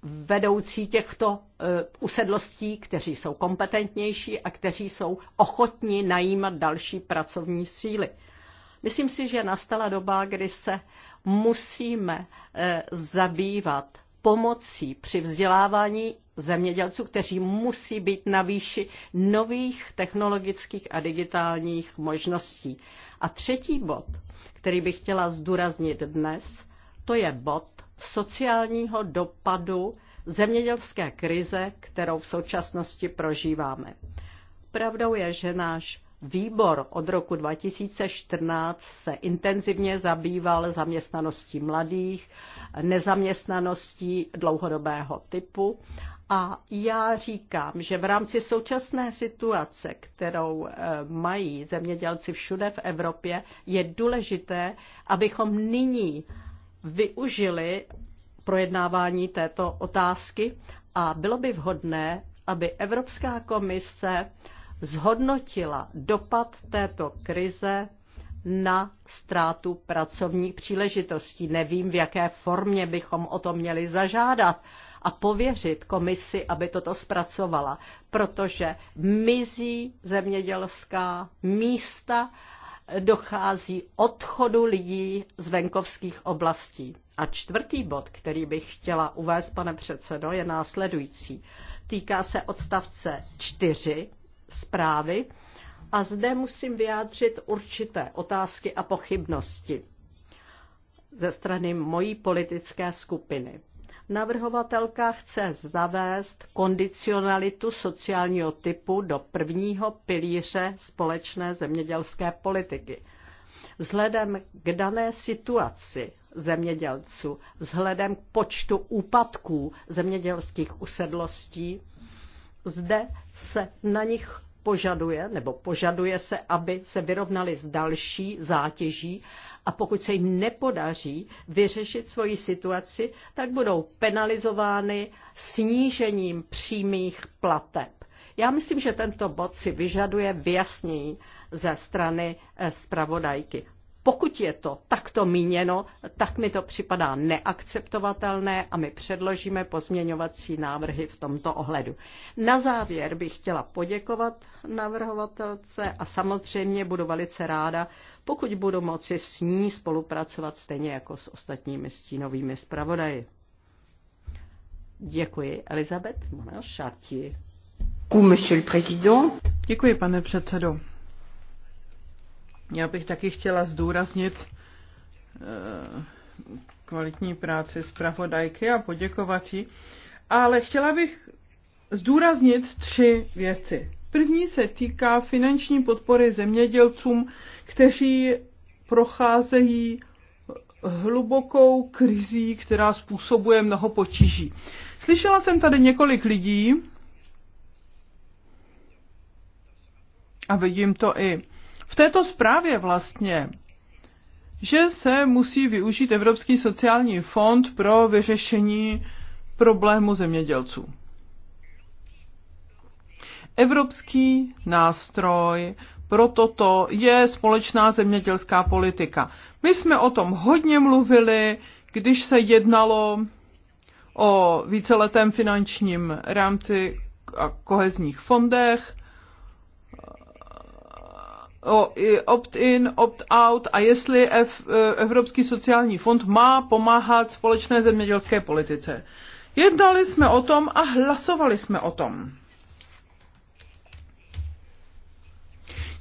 vedoucí těchto eh, usedlostí, kteří jsou kompetentnější a kteří jsou ochotní najímat další pracovní síly. Myslím si, že nastala doba, kdy se musíme eh, zabývat pomocí při vzdělávání zemědělců, kteří musí být na výši nových technologických a digitálních možností. A třetí bod, který bych chtěla zdůraznit dnes, to je bod, sociálního dopadu zemědělské krize, kterou v současnosti prožíváme. Pravdou je, že náš výbor od roku 2014 se intenzivně zabýval zaměstnaností mladých, nezaměstnaností dlouhodobého typu a já říkám, že v rámci současné situace, kterou eh, mají zemědělci všude v Evropě, je důležité, abychom nyní využili projednávání této otázky a bylo by vhodné, aby Evropská komise zhodnotila dopad této krize na ztrátu pracovních příležitostí. Nevím, v jaké formě bychom o to měli zažádat a pověřit komisi, aby toto zpracovala, protože mizí zemědělská místa dochází odchodu lidí z venkovských oblastí. A čtvrtý bod, který bych chtěla uvést, pane předsedo, je následující. Týká se odstavce 4 zprávy a zde musím vyjádřit určité otázky a pochybnosti ze strany mojí politické skupiny. Navrhovatelka chce zavést kondicionalitu sociálního typu do prvního pilíře společné zemědělské politiky. Vzhledem k dané situaci zemědělců, vzhledem k počtu úpadků zemědělských usedlostí, zde se na nich požaduje, nebo požaduje se, aby se vyrovnali s další zátěží a pokud se jim nepodaří vyřešit svoji situaci, tak budou penalizovány snížením přímých plateb. Já myslím, že tento bod si vyžaduje vyjasnění ze strany eh, zpravodajky. Pokud je to takto míněno, tak mi to připadá neakceptovatelné a my předložíme pozměňovací návrhy v tomto ohledu. Na závěr bych chtěla poděkovat navrhovatelce a samozřejmě budu velice ráda, pokud budu moci s ní spolupracovat stejně jako s ostatními stínovými zpravodaji. Děkuji, Elizabeth Monel Šarti. Děkuji, pane předsedo. Já bych taky chtěla zdůraznit eh, kvalitní práci zpravodajky a poděkovat jí, ale chtěla bych zdůraznit tři věci. První se týká finanční podpory zemědělcům, kteří procházejí hlubokou krizí, která způsobuje mnoho potíží. Slyšela jsem tady několik lidí, a vidím to i v této zprávě vlastně, že se musí využít Evropský sociální fond pro vyřešení problému zemědělců. Evropský nástroj pro toto je společná zemědělská politika. My jsme o tom hodně mluvili, když se jednalo o víceletém finančním rámci a kohezních fondech opt-in, opt-out a jestli e, Evropský sociální fond má pomáhat společné zemědělské politice. Jednali jsme o tom a hlasovali jsme o tom.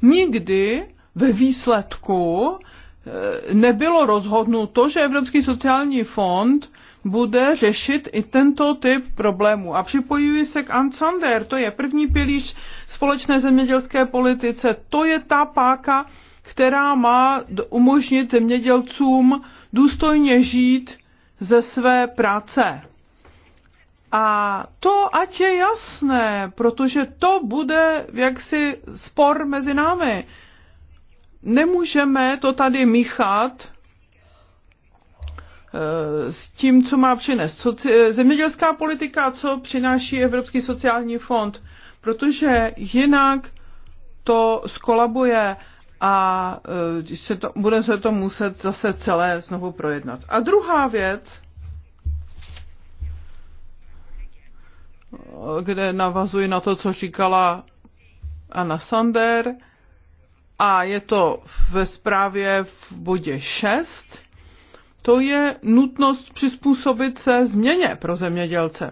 Nikdy ve výsledku e, nebylo rozhodnuto, že Evropský sociální fond bude řešit i tento typ problémů. A připojuji se k Ansander, to je první pilíř společné zemědělské politice, to je ta páka, která má umožnit zemědělcům důstojně žít ze své práce. A to ať je jasné, protože to bude jaksi spor mezi námi. Nemůžeme to tady míchat Eh, s tím, co má přinést eh, zemědělská politika a co přináší Evropský sociální fond, protože jinak to skolabuje a eh, se to, bude se to muset zase celé znovu projednat. A druhá věc, kde navazuji na to, co říkala Anna Sander, a je to ve zprávě v bodě 6, to je nutnost přizpůsobit se změně pro zemědělce.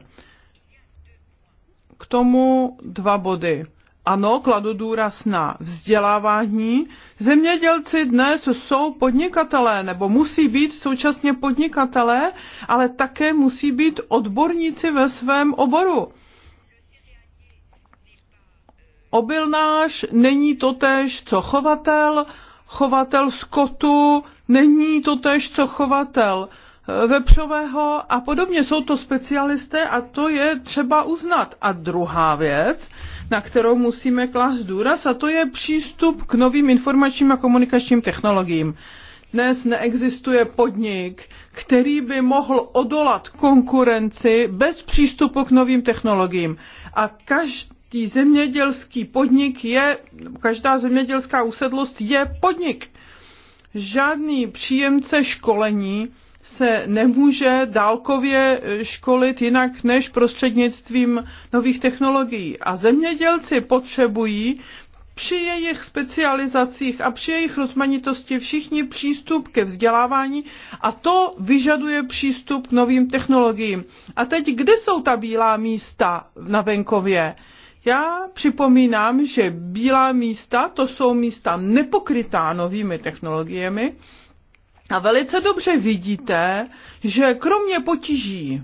K tomu dva body. Ano, kladu důraz na vzdělávání. Zemědělci dnes jsou podnikatelé, nebo musí být současně podnikatelé, ale také musí být odborníci ve svém oboru. Obilnář není totéž co chovatel, chovatel skotu, není to tež co chovatel eh, vepřového a podobně. Jsou to specialisté a to je třeba uznat. A druhá věc, na kterou musíme klást důraz, a to je přístup k novým informačním a komunikačním technologiím. Dnes neexistuje podnik, který by mohl odolat konkurenci bez přístupu k novým technologiím. A každý zemědělský podnik je, každá zemědělská usedlost je podnik žádný příjemce školení se nemůže dálkově školit jinak než prostřednictvím nových technologií. A zemědělci potřebují při jejich specializacích a při jejich rozmanitosti všichni přístup ke vzdělávání a to vyžaduje přístup k novým technologiím. A teď, kde jsou ta bílá místa na venkově? Já připomínám, že bílá místa to jsou místa nepokrytá novými technologiemi a velice dobře vidíte, že kromě potíží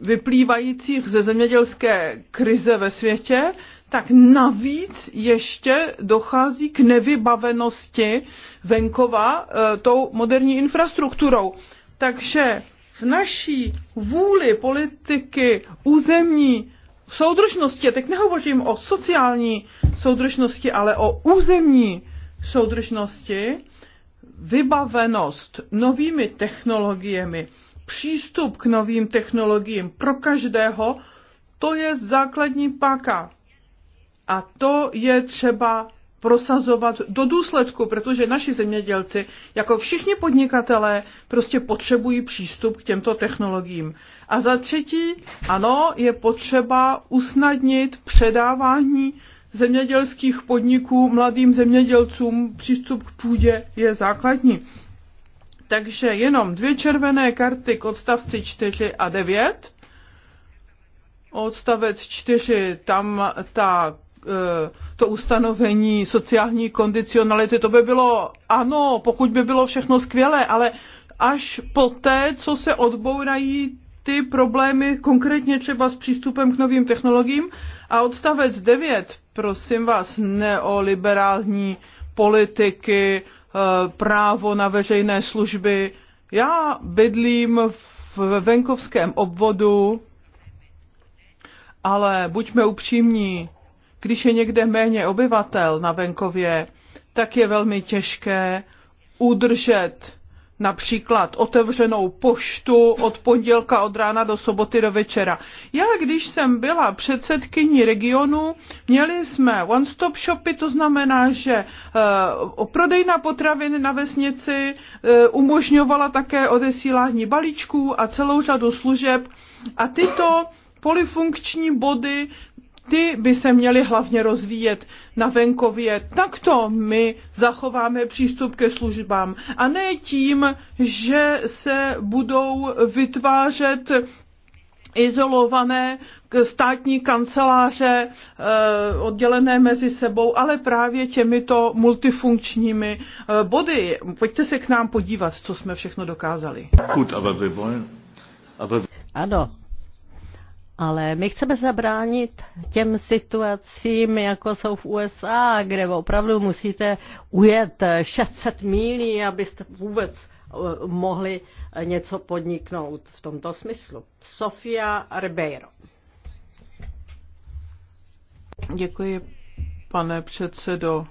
vyplývajících ze zemědělské krize ve světě, tak navíc ještě dochází k nevybavenosti venkova e, tou moderní infrastrukturou. Takže v naší vůli politiky územní soudržnosti, teď nehovořím o sociální soudržnosti, ale o územní soudržnosti, vybavenost novými technologiemi, přístup k novým technologiím pro každého, to je základní páka. A to je třeba prosazovat do důsledku, protože naši zemědělci, jako všichni podnikatelé, prostě potřebují přístup k těmto technologiím. A za třetí, ano, je potřeba usnadnit předávání zemědělských podniků mladým zemědělcům. Přístup k půdě je základní. Takže jenom dvě červené karty k odstavci 4 a 9 odstavec 4, tam ta Eh, to ustanovení sociální kondicionality, to by bylo ano, pokud by bylo všechno skvělé, ale až po té, co se odbourají ty problémy konkrétně třeba s přístupem k novým technologiím. A odstavec 9, prosím vás, neoliberální politiky, eh, právo na veřejné služby. Já bydlím v venkovském obvodu, ale buďme upřímní, když je někde méně obyvatel na venkově, tak je velmi těžké udržet například otevřenou poštu od pondělka od rána do soboty do večera. Já, když jsem byla předsedkyní regionu, měli jsme one-stop shopy, to znamená, že e, prodejna potravin na vesnici e, umožňovala také odesílání balíčků a celou řadu služeb a tyto polifunkční body ty by se měly hlavně rozvíjet na venkově. Takto my zachováme přístup ke službám. A ne tím, že se budou vytvářet izolované státní kanceláře eh, oddělené mezi sebou, ale právě těmito multifunkčními eh, body. Pojďte se k nám podívat, co jsme všechno dokázali. Ano, ale my chceme zabránit těm situacím, jako jsou v USA, kde opravdu musíte ujet 600 mílí, abyste vůbec eh, mohli eh, něco podniknout v tomto smyslu. Sofia Ribeiro. Děkuji, pane předsedo.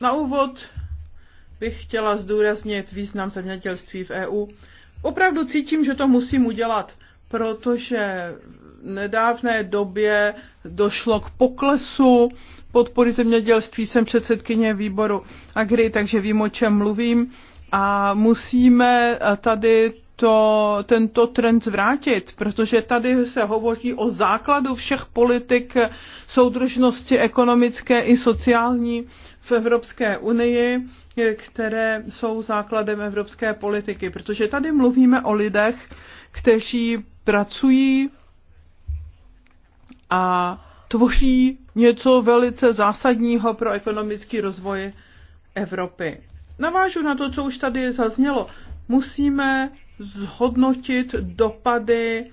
Na úvod bych chtěla zdůraznit význam zemědělství v EU opravdu cítím, že to musím udělat, protože v nedávné době došlo k poklesu podpory zemědělství, jsem předsedkyně výboru Agri, takže vím, o čem mluvím. A musíme tady to, tento trend zvrátit, protože tady se hovoří o základu všech politik soudržnosti ekonomické i sociální v Evropské unii, které jsou základem evropské politiky. Protože tady mluvíme o lidech, kteří pracují a tvoří něco velice zásadního pro ekonomický rozvoj Evropy. Navážu na to, co už tady zaznělo. Musíme zhodnotit dopady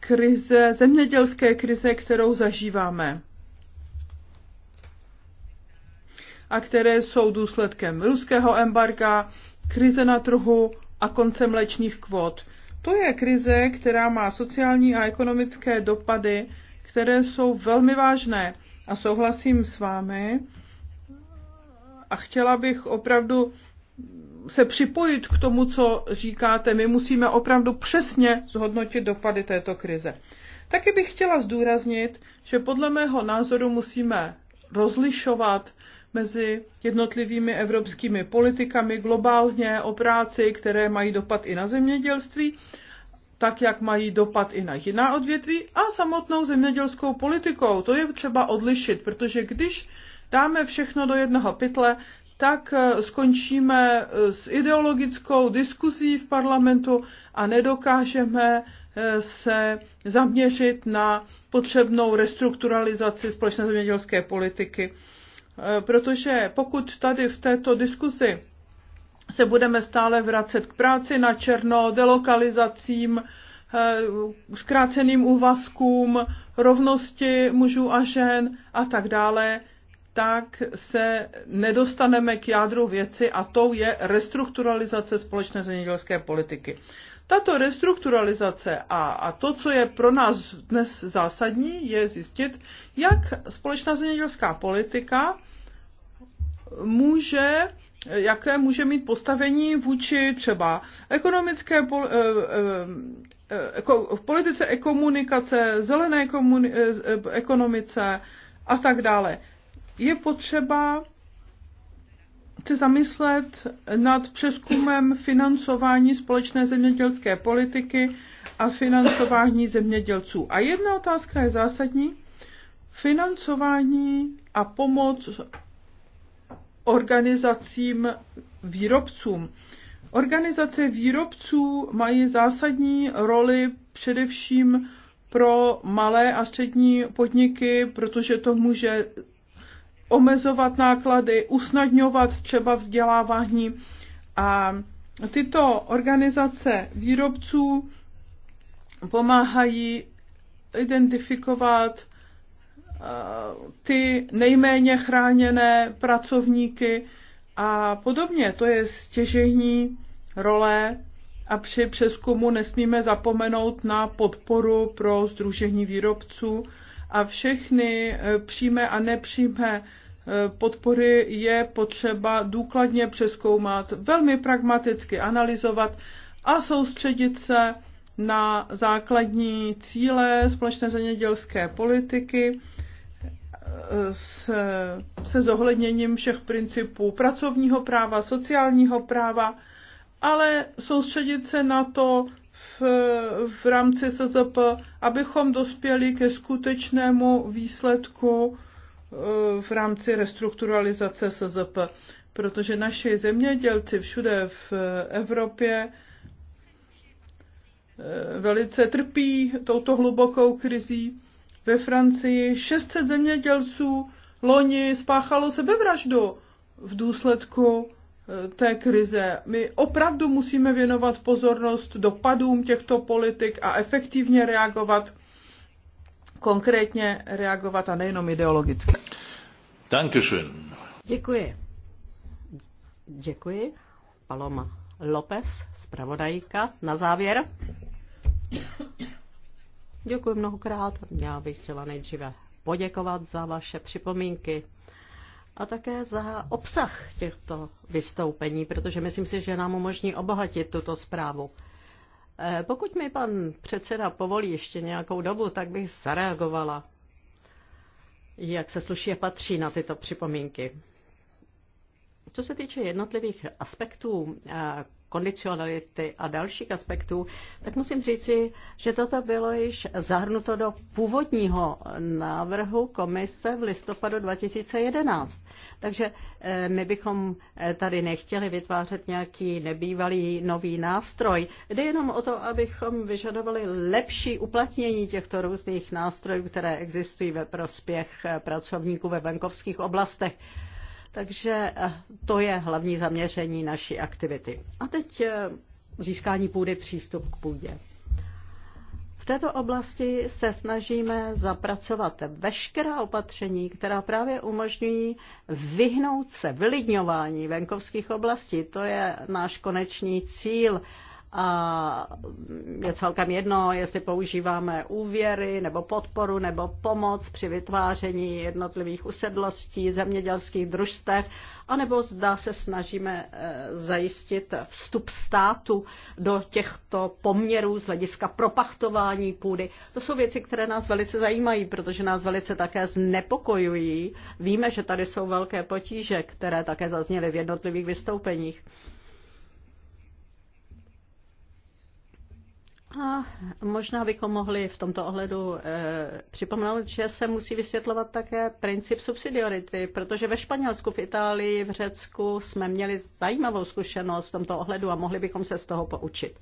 krize, zemědělské krize, kterou zažíváme. a které jsou důsledkem ruského embarga, krize na trhu a konce mlečních kvot. To je krize, která má sociální a ekonomické dopady, které jsou velmi vážné. A souhlasím s vámi a chtěla bych opravdu se připojit k tomu, co říkáte. My musíme opravdu přesně zhodnotit dopady této krize. Taky bych chtěla zdůraznit, že podle mého názoru musíme rozlišovat mezi jednotlivými evropskými politikami globálně o práci, které mají dopad i na zemědělství, tak jak mají dopad i na jiná odvětví a samotnou zemědělskou politikou. To je třeba odlišit, protože když dáme všechno do jednoho pytle, tak eh, skončíme eh, s ideologickou diskuzí v parlamentu a nedokážeme eh, se zaměřit na potřebnou restrukturalizaci společné zemědělské politiky Eh, protože pokud tady v této diskusi se budeme stále vracet k práci na černo, delokalizacím, eh, zkráceným úvazkům, rovnosti mužů a žen a tak dále, tak se nedostaneme k jádru věci a tou je restrukturalizace společné zemědělské politiky. Tato restrukturalizace a, a to, co je pro nás dnes zásadní, je zjistit, jak společná zemědělská politika může jaké může mít postavení vůči třeba ekonomické eh, eh, eh, v politice ekomunikace, zelené ekonomice a tak dále. Je potřeba chce zamyslet nad přeskumem financování společné zemědělské politiky a financování zemědělců. A jedna otázka je zásadní. Financování a pomoc organizacím výrobcům. Organizace výrobců mají zásadní roli především pro malé a střední podniky, protože to může omezovat náklady, usnadňovat třeba vzdělávání. A tyto organizace výrobců pomáhají identifikovat eh, ty nejméně chráněné pracovníky a podobně. To je stěžení role a při přeskumu nesmíme zapomenout na podporu pro Združení výrobců a všechny eh, přímé a nepřímé eh, podpory je potřeba důkladně přeskoumat, velmi pragmaticky analyzovat a soustředit se na základní cíle společné zemědělské politiky eh, se, zohledněním všech principů pracovního práva, sociálního práva, ale soustředit se na to, v, rámci SZP, abychom dospěli ke skutečnému výsledku eh, v rámci restrukturalizace SZP, protože naši zemědělci všude v Evropě eh, velice trpí touto hlubokou krizí. Ve Francii 600 zemědělců loni spáchalo sebevraždu v důsledku té krize. My opravdu musíme věnovat pozornost dopadům těchto politik a efektivně reagovat, konkrétně reagovat a nejenom ideologicky. Dankeschön. Děkuji. Děkuji. Paloma López, zpravodajka, na závěr. Děkuji mnohokrát. Já bych chtěla nejdříve poděkovat za vaše připomínky a také za obsah těchto vystoupení, protože myslím si, že nám umožní obohatit tuto zprávu. Eh, pokud mi pan předseda povolí ještě nějakou dobu, tak bych zareagovala, jak se sluší a patří na tyto připomínky. Co se týče jednotlivých aspektů eh, kondicionality a dalších aspektů, tak musím říci, že toto bylo již zahrnuto do původního návrhu komise v listopadu 2011. Takže eh, my bychom eh, tady nechtěli vytvářet nějaký nebývalý nový nástroj. Jde jenom o to, abychom vyžadovali lepší uplatnění těchto různých nástrojů, které existují ve prospěch eh, pracovníků ve venkovských oblastech. Takže eh, to je hlavní zaměření naší aktivity. A teď eh, získání půdy přístup k půdě. V této oblasti se snažíme zapracovat veškerá opatření, která právě umožňují vyhnout se vylidňování venkovských oblastí. To je náš konečný cíl a je celkem jedno, jestli používáme úvěry nebo podporu nebo pomoc při vytváření jednotlivých usedlostí, zemědělských družstev, anebo zda se snažíme eh, zajistit vstup státu do těchto poměrů z hlediska propachtování půdy. To jsou věci, které nás velice zajímají, protože nás velice také znepokojují. Víme, že tady jsou velké potíže, které také zazněly v jednotlivých vystoupeních. A možná bychom mohli v tomto ohledu e, připomenout, že se musí vysvětlovat také princip subsidiority, protože ve Španělsku, v Itálii, v Řecku jsme měli zajímavou zkušenost v tomto ohledu a mohli bychom se z toho poučit.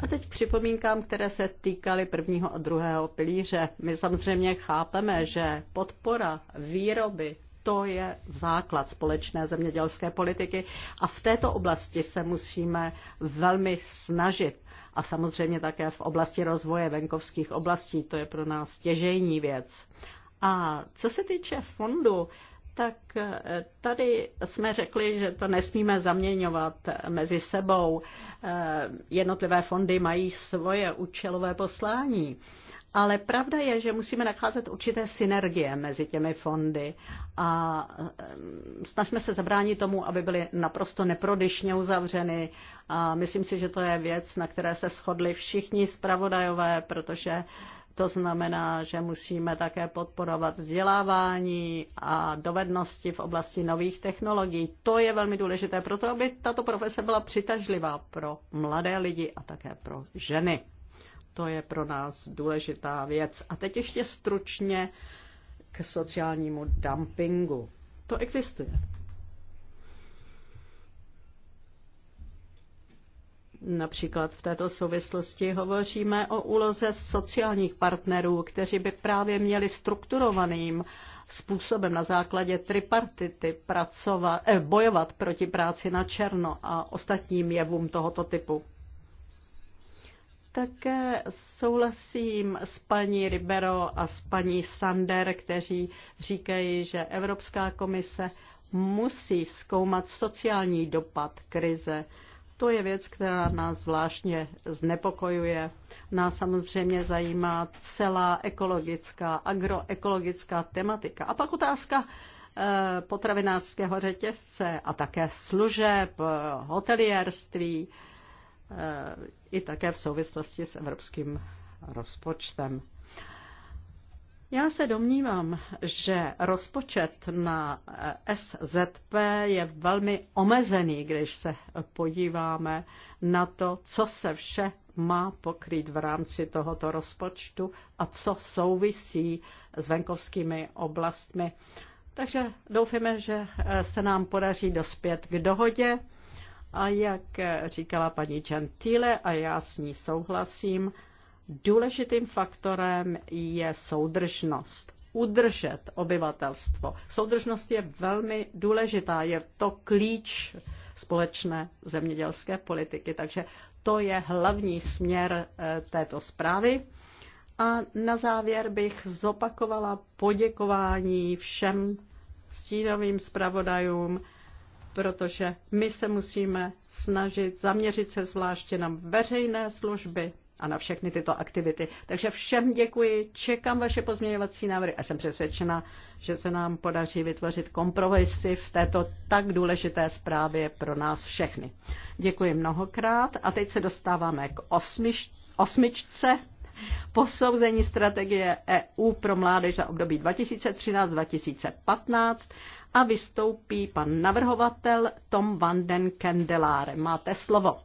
A teď k připomínkám, které se týkaly prvního a druhého pilíře. My samozřejmě chápeme, že podpora výroby to je základ společné zemědělské politiky a v této oblasti se musíme velmi snažit a samozřejmě také v oblasti rozvoje venkovských oblastí. To je pro nás těžejní věc. A co se týče fondu, tak eh, tady jsme řekli, že to nesmíme zaměňovat mezi sebou. Eh, jednotlivé fondy mají svoje účelové poslání. Ale pravda je, že musíme nacházet určité synergie mezi těmi fondy a snažíme se zabránit tomu, aby byly naprosto neprodyšně uzavřeny. A myslím si, že to je věc, na které se shodli všichni zpravodajové, protože to znamená, že musíme také podporovat vzdělávání a dovednosti v oblasti nových technologií. To je velmi důležité proto, aby tato profese byla přitažlivá pro mladé lidi a také pro ženy. To je pro nás důležitá věc. A teď ještě stručně k sociálnímu dumpingu. To existuje. Například v této souvislosti hovoříme o úloze sociálních partnerů, kteří by právě měli strukturovaným způsobem na základě tripartity pracovat, eh, bojovat proti práci na černo a ostatním jevům tohoto typu. Také souhlasím s paní Ribero a s paní Sander, kteří říkají, že Evropská komise musí zkoumat sociální dopad krize. To je věc, která nás zvláštně znepokojuje. Nás samozřejmě zajímá celá ekologická, agroekologická tematika. A pak otázka eh, potravinářského řetězce a také služeb, eh, hotelierství. Eh, i také v souvislosti s evropským rozpočtem. Já se domnívám, že rozpočet na SZP je velmi omezený, když se podíváme na to, co se vše má pokrýt v rámci tohoto rozpočtu a co souvisí s venkovskými oblastmi. Takže doufáme, že se nám podaří dospět k dohodě. A jak říkala paní Gentile, a já s ní souhlasím, důležitým faktorem je soudržnost. Udržet obyvatelstvo. Soudržnost je velmi důležitá, je to klíč společné zemědělské politiky. Takže to je hlavní směr eh, této zprávy. A na závěr bych zopakovala poděkování všem stínovým zpravodajům, protože my se musíme snažit zaměřit se zvláště na veřejné služby a na všechny tyto aktivity. Takže všem děkuji, čekám vaše pozměňovací návrhy a jsem přesvědčena, že se nám podaří vytvořit kompromisy v této tak důležité zprávě pro nás všechny. Děkuji mnohokrát a teď se dostáváme k osmiš, osmičce posouzení strategie EU pro mládež za období 2013-2015 a vystoupí pan navrhovatel Tom van den Kendeláre. Máte slovo.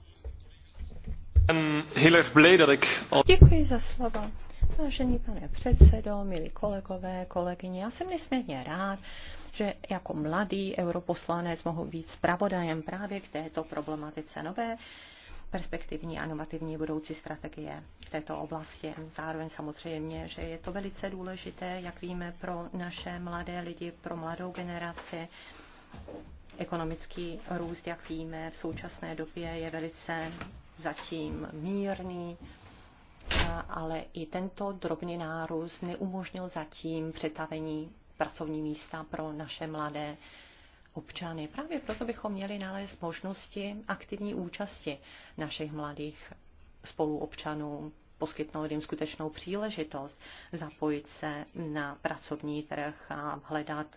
Děkuji za slovo. Vážený pane předsedo, milí kolegové, kolegyně, já jsem nesmírně rád, že jako mladý europoslanec mohu být zpravodajem právě k této problematice nové perspektivní a inovativní budoucí strategie v této oblasti. Zároveň samozřejmě, že je to velice důležité, jak víme, pro naše mladé lidi, pro mladou generaci. Ekonomický růst, jak víme, v současné době je velice zatím mírný, ale i tento drobný nárůst neumožnil zatím přetavení pracovní místa pro naše mladé občany. Právě proto bychom měli nalézt možnosti aktivní účasti našich mladých spoluobčanů, poskytnout jim skutečnou příležitost zapojit se na pracovní trh a hledat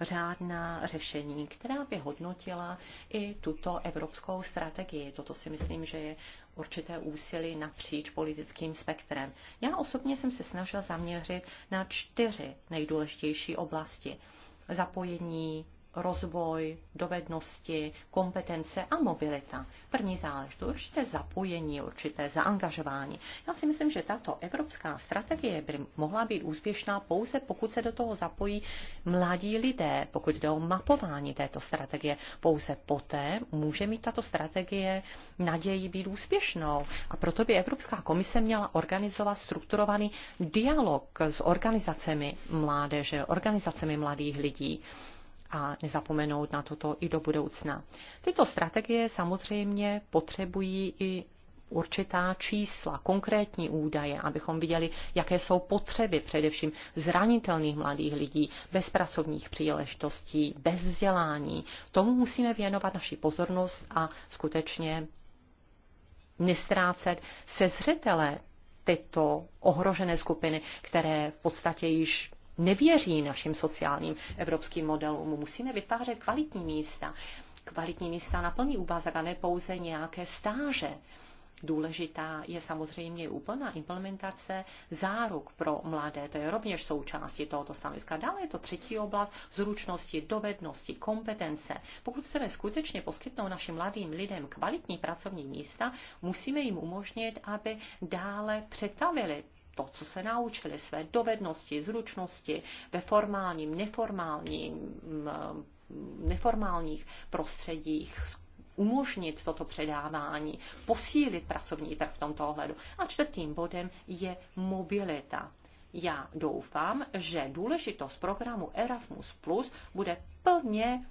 řádná řešení, která by hodnotila i tuto evropskou strategii. Toto si myslím, že je určité úsilí napříč politickým spektrem. Já osobně jsem se snažil zaměřit na čtyři nejdůležitější oblasti. Zapojení rozvoj, dovednosti, kompetence a mobilita. První záležitost, určité zapojení, určité zaangažování. Já si myslím, že tato evropská strategie by mohla být úspěšná pouze, pokud se do toho zapojí mladí lidé, pokud jde o mapování této strategie. Pouze poté může mít tato strategie naději být úspěšnou. A proto by Evropská komise měla organizovat strukturovaný dialog s organizacemi mládeže, organizacemi mladých lidí a nezapomenout na toto i do budoucna. Tyto strategie samozřejmě potřebují i určitá čísla, konkrétní údaje, abychom viděli, jaké jsou potřeby především zranitelných mladých lidí, bez pracovních příležitostí, bez vzdělání. Tomu musíme věnovat naši pozornost a skutečně nestrácet se zřetele tyto ohrožené skupiny, které v podstatě již nevěří našim sociálním evropským modelům. Musíme vytvářet kvalitní místa, kvalitní místa na plný úvazek a ne pouze nějaké stáže. Důležitá je samozřejmě úplná implementace záruk pro mladé. To je rovněž součástí tohoto stanoviska. Dále je to třetí oblast zručnosti, dovednosti, kompetence. Pokud chceme skutečně poskytnout našim mladým lidem kvalitní pracovní místa, musíme jim umožnit, aby dále přetavili to, co se naučili, své dovednosti, zručnosti ve formálním, neformálním, mm, mm, neformálních prostředích, umožnit toto předávání, posílit pracovní trh v tomto ohledu. A čtvrtým bodem je mobilita. Já doufám, že důležitost programu Erasmus Plus bude plně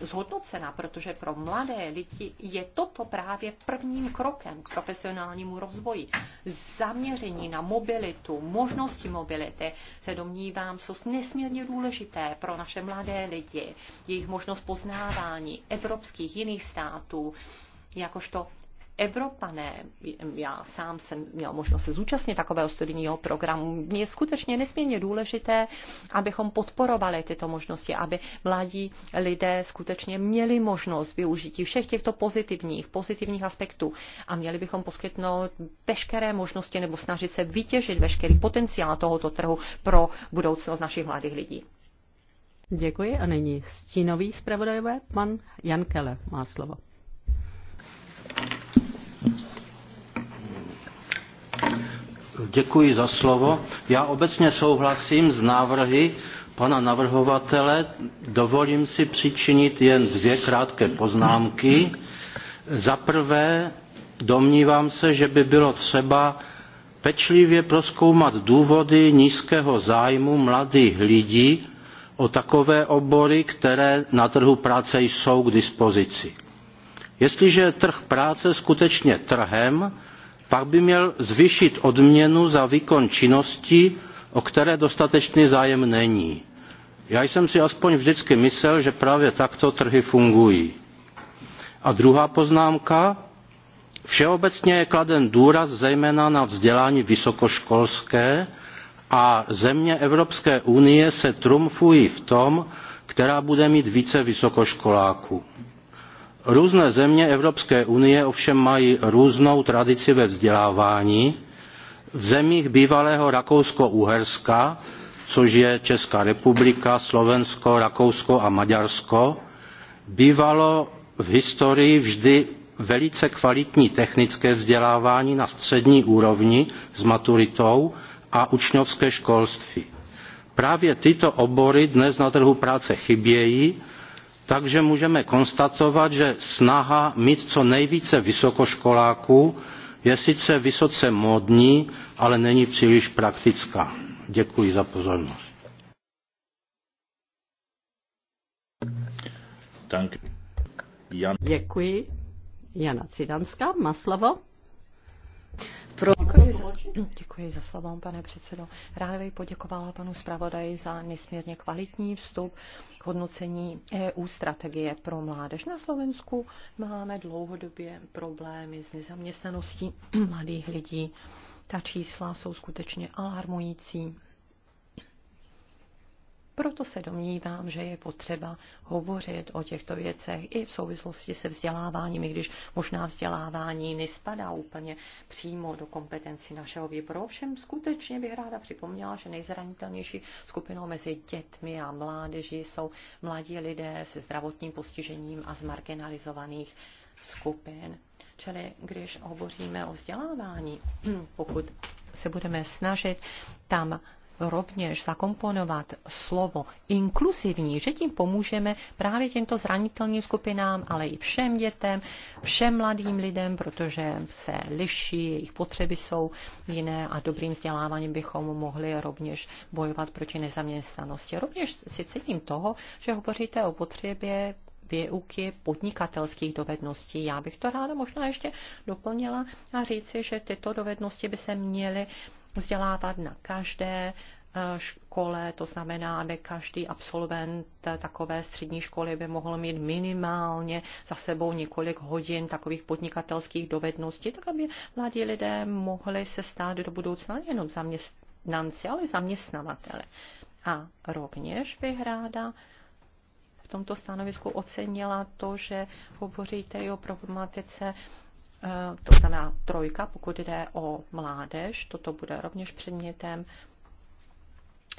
zhodnocena, protože pro mladé lidi je toto právě prvním krokem k profesionálnímu rozvoji. Zaměření na mobilitu, možnosti mobility, se domnívám, jsou nesmírně důležité pro naše mladé lidi, jejich možnost poznávání evropských jiných států, jakožto Evropané, já sám jsem měl možnost se zúčastnit takového studijního programu, je skutečně nesmírně důležité, abychom podporovali tyto možnosti, aby mladí lidé skutečně měli možnost využití všech těchto pozitivních, pozitivních aspektů a měli bychom poskytnout veškeré možnosti nebo snažit se vytěžit veškerý potenciál tohoto trhu pro budoucnost našich mladých lidí. Děkuji a nyní stínový zpravodajové, pan Jan Kele má slovo. Děkuji za slovo. Já obecně souhlasím s návrhy pana navrhovatele. Dovolím si přičinit jen dvě krátké poznámky. Za prvé, domnívám se, že by bylo třeba pečlivě prozkoumat důvody nízkého zájmu mladých lidí o takové obory, které na trhu práce jsou k dispozici. Jestliže je trh práce skutečně trhem, pak by měl zvýšit odměnu za výkon činnosti, o které dostatečný zájem není. Já jsem si aspoň vždycky myslel, že právě takto trhy fungují. A druhá poznámka. Všeobecně je kladen důraz zejména na vzdělání vysokoškolské a země Evropské unie se trumfují v tom, která bude mít více vysokoškoláků. Různé země Evropské unie ovšem mají různou tradici ve vzdělávání. V zemích bývalého Rakousko-Uherska, což je Česká republika, Slovensko, Rakousko a Maďarsko, bývalo v historii vždy velice kvalitní technické vzdělávání na střední úrovni s maturitou a učňovské školství. Právě tyto obory dnes na trhu práce chybějí takže můžeme konstatovat, že snaha mít co nejvíce vysokoškoláků je sice vysoce módní, ale není příliš praktická. Děkuji za pozornost. Děkuji. Jana Cidanská má slovo pro... Děkuji za, no, děkuji za slovo, pane předsedo. Ráda bych poděkovala panu zpravodaji za nesmírně kvalitní vstup k hodnocení EU strategie pro mládež. Na Slovensku máme dlouhodobě problémy s nezaměstnaností mladých lidí. Ta čísla jsou skutečně alarmující. Proto se domnívám, že je potřeba hovořit o těchto věcech i v souvislosti se vzděláváním, i když možná vzdělávání nespadá úplně přímo do kompetenci našeho výboru. Ovšem skutečně bych ráda připomněla, že nejzranitelnější skupinou mezi dětmi a mládeží jsou mladí lidé se zdravotním postižením a z marginalizovaných skupin. Čili když hovoříme o vzdělávání, pokud se budeme snažit tam rovněž zakomponovat slovo inkluzivní, že tím pomůžeme právě těmto zranitelným skupinám, ale i všem dětem, všem mladým lidem, protože se liší, jejich potřeby jsou jiné a dobrým vzděláváním bychom mohli rovněž bojovat proti nezaměstnanosti. Rovněž si cítím toho, že hovoříte o potřebě výuky podnikatelských dovedností. Já bych to ráda možná ještě doplnila a říci, že tyto dovednosti by se měly vzdělávat na každé eh, škole, to znamená, aby každý absolvent eh, takové střední školy by mohl mít minimálně za sebou několik hodin takových podnikatelských dovedností, tak aby mladí lidé mohli se stát do budoucna jenom zaměstnanci, ale zaměstnavateli. A rovněž bych ráda v tomto stanovisku ocenila to, že hovoříte i o problematice Eh, to znamená trojka, pokud jde o mládež, toto bude rovněž předmětem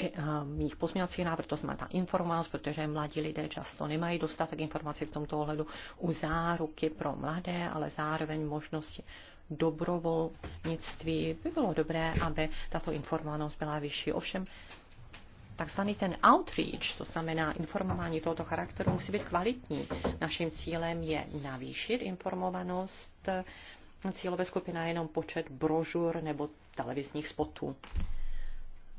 eh, mých pozměňovacích návrhů, to znamená ta informovanost, protože mladí lidé často nemají dostatek informací v tomto ohledu u záruky pro mladé, ale zároveň možnosti dobrovolnictví. By bylo dobré, aby tato informovanost byla vyšší. Ovšem, takzvaný ten outreach, to znamená informování tohoto charakteru, musí být kvalitní. Naším cílem je navýšit informovanost cílové skupiny jenom počet brožur nebo televizních spotů.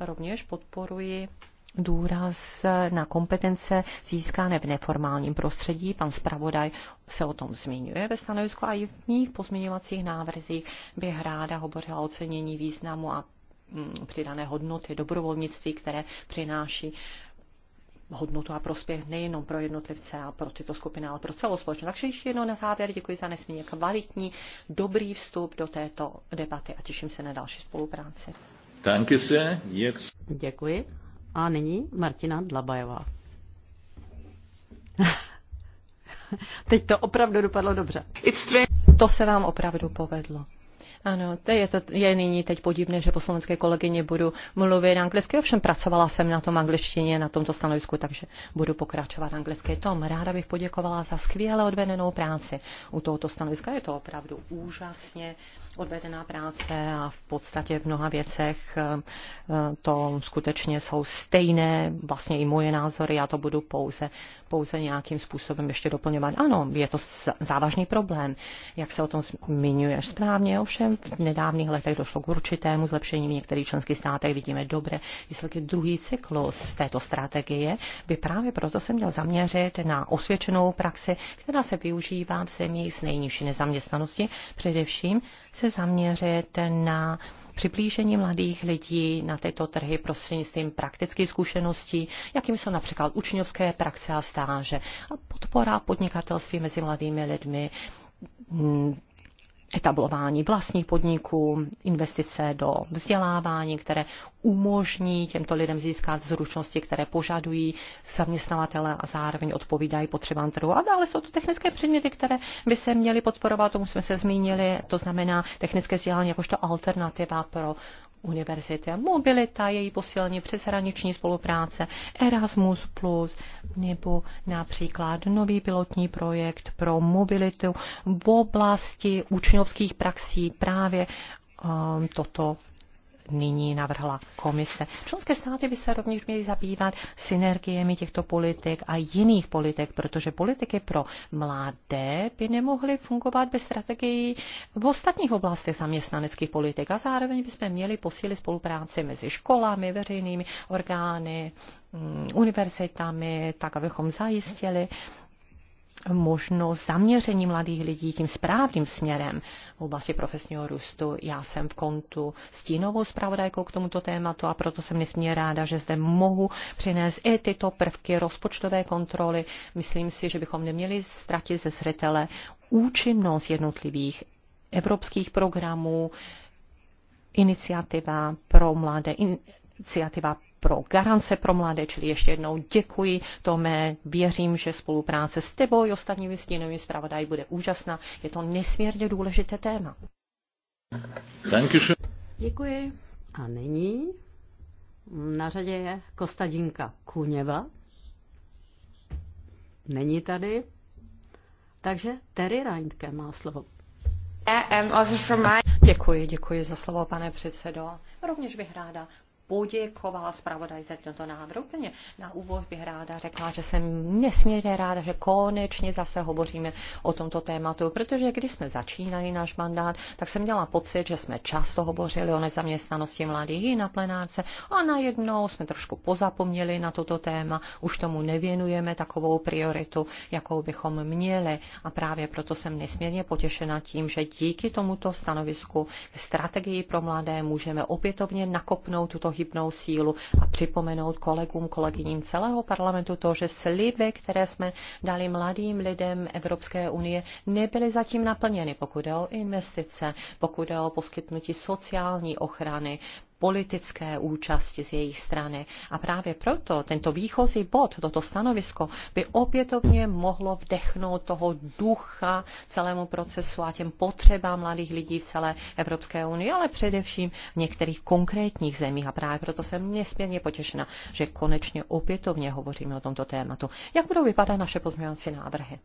Rovněž podporuji důraz na kompetence získané v neformálním prostředí. Pan zpravodaj se o tom zmiňuje ve stanovisku a i v mých pozměňovacích návrzích bych ráda hovořila o ocenění významu a Mm, přidané hodnoty, dobrovolnictví, které přináší hodnotu a prospěch nejenom pro jednotlivce a pro tyto skupiny, ale pro celou společnost. Takže ještě jednou na závěr děkuji za nesmírně kvalitní, dobrý vstup do této debaty a těším se na další spolupráci. Danke se. Jetzt. Děkuji. A nyní Martina Dlabajová. Teď to opravdu dopadlo dobře. To se vám opravdu povedlo. Ano, to je, to, je nyní teď podivné, že slovenské kolegyně budu mluvit anglicky, ovšem pracovala jsem na tom angličtině, na tomto stanovisku, takže budu pokračovat anglicky. Tom, ráda bych poděkovala za skvěle odvedenou práci u tohoto stanoviska. Je to opravdu úžasně odvedená práce a v podstatě v mnoha věcech eh, to skutečně jsou stejné, vlastně i moje názory, já to budu pouze, pouze nějakým způsobem ještě doplňovat. Ano, je to závažný problém, jak se o tom zmiňuje správně, ovšem v nedávných letech došlo k určitému zlepšení v některých členských státech, vidíme dobré výsledky. Druhý cyklus této strategie by právě proto se měl zaměřit na osvědčenou praxi, která se využívá v zemích s nejnižší nezaměstnaností, především se zaměřit na přiblížení mladých lidí na tyto trhy prostřednictvím praktických zkušeností, jakým jsou například učňovské praxe a stáže a podpora podnikatelství mezi mladými lidmi etablování vlastních podniků, investice do vzdělávání, které umožní těmto lidem získat zručnosti, které požadují zaměstnavatele a zároveň odpovídají potřebám trhu. A dále jsou to technické předměty, které by se měly podporovat, tomu jsme se zmínili, to znamená technické vzdělání jakožto alternativa pro univerzity. Mobilita, její posílení přeshraniční spolupráce, Erasmus+, plus, nebo například nový pilotní projekt pro mobilitu v oblasti učňovských praxí právě um, toto nyní navrhla komise. Členské státy by se rovněž měly zabývat synergiemi těchto politik a jiných politik, protože politiky pro mladé by nemohly fungovat bez strategií v ostatních oblastech zaměstnaneckých politik a zároveň bychom měli posílit spolupráci mezi školami, veřejnými orgány, mm, univerzitami, tak abychom zajistili možnost zaměření mladých lidí tím správným směrem v oblasti profesního růstu. Já jsem v kontu stínovou zpravodajkou k tomuto tématu a proto jsem nesmírně ráda, že zde mohu přinést i tyto prvky rozpočtové kontroly. Myslím si, že bychom neměli ztratit ze zřetele účinnost jednotlivých evropských programů, iniciativa pro mladé, iniciativa pro garance pro mladé, čili ještě jednou děkuji Tome, věřím, že spolupráce s tebou i ostatními stínovými zpravodaji bude úžasná. Je to nesmírně důležité téma. Děkuji. A nyní na řadě je Kostadinka Kuněva. Není tady. Takže Terry Reintke má slovo. Um, děkuji, děkuji za slovo, pane předsedo. Rovněž bych ráda poděkovala zpravodaj za tento návrh. Úplně na úvod bych ráda řekla, že jsem nesmírně ráda, že konečně zase hovoříme o tomto tématu, protože když jsme začínali náš mandát, tak jsem měla pocit, že jsme často hovořili o nezaměstnanosti mladých i na plenárce a najednou jsme trošku pozapomněli na toto téma, už tomu nevěnujeme takovou prioritu, jakou bychom měli a právě proto jsem nesmírně potěšena tím, že díky tomuto stanovisku strategii pro mladé můžeme opětovně nakopnout tuto pohybnou sílu a připomenout kolegům, kolegyním celého parlamentu to, že sliby, které jsme dali mladým lidem Evropské unie, nebyly zatím naplněny, pokud jde o investice, pokud jde o poskytnutí sociální ochrany, politické účasti z jejich strany. A právě proto tento výchozí bod, toto stanovisko, by opětovně mohlo vdechnout toho ducha celému procesu a těm potřebám mladých lidí v celé Evropské unii, ale především v některých konkrétních zemích. A právě proto jsem nesmírně potěšena, že konečně opětovně hovoříme o tomto tématu. Jak budou vypadat naše pozměňovací návrhy?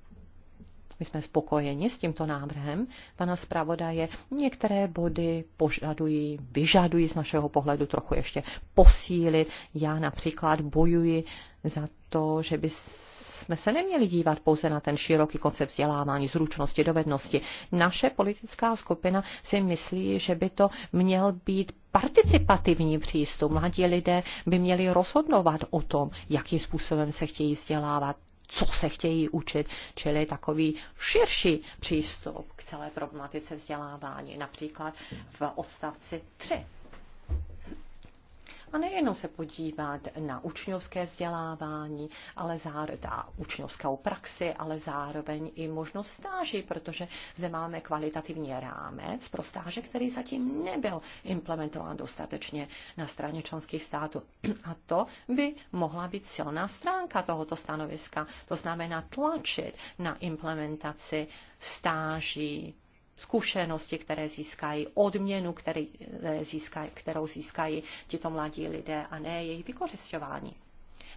My jsme spokojeni s tímto návrhem pana zpravodaje. Některé body požadují, vyžadují z našeho pohledu trochu ještě posílit. Já například bojuji za to, že by jsme se neměli dívat pouze na ten široký koncept vzdělávání, zručnosti, dovednosti. Naše politická skupina si myslí, že by to měl být participativní přístup. Mladí lidé by měli rozhodovat o tom, jakým způsobem se chtějí vzdělávat, co se chtějí učit, čili takový širší přístup k celé problematice vzdělávání, například v odstavci 3 a nejenom se podívat na učňovské vzdělávání, ale zároveň učňovskou praxi, ale zároveň i možnost stáží, protože zde máme kvalitativní rámec pro stáže, který zatím nebyl implementován dostatečně na straně členských států. A to by mohla být silná stránka tohoto stanoviska. To znamená tlačit na implementaci stáží zkušenosti, které získají, odměnu, který, eh, získají, kterou získají tito mladí lidé a ne jejich vykořišťování.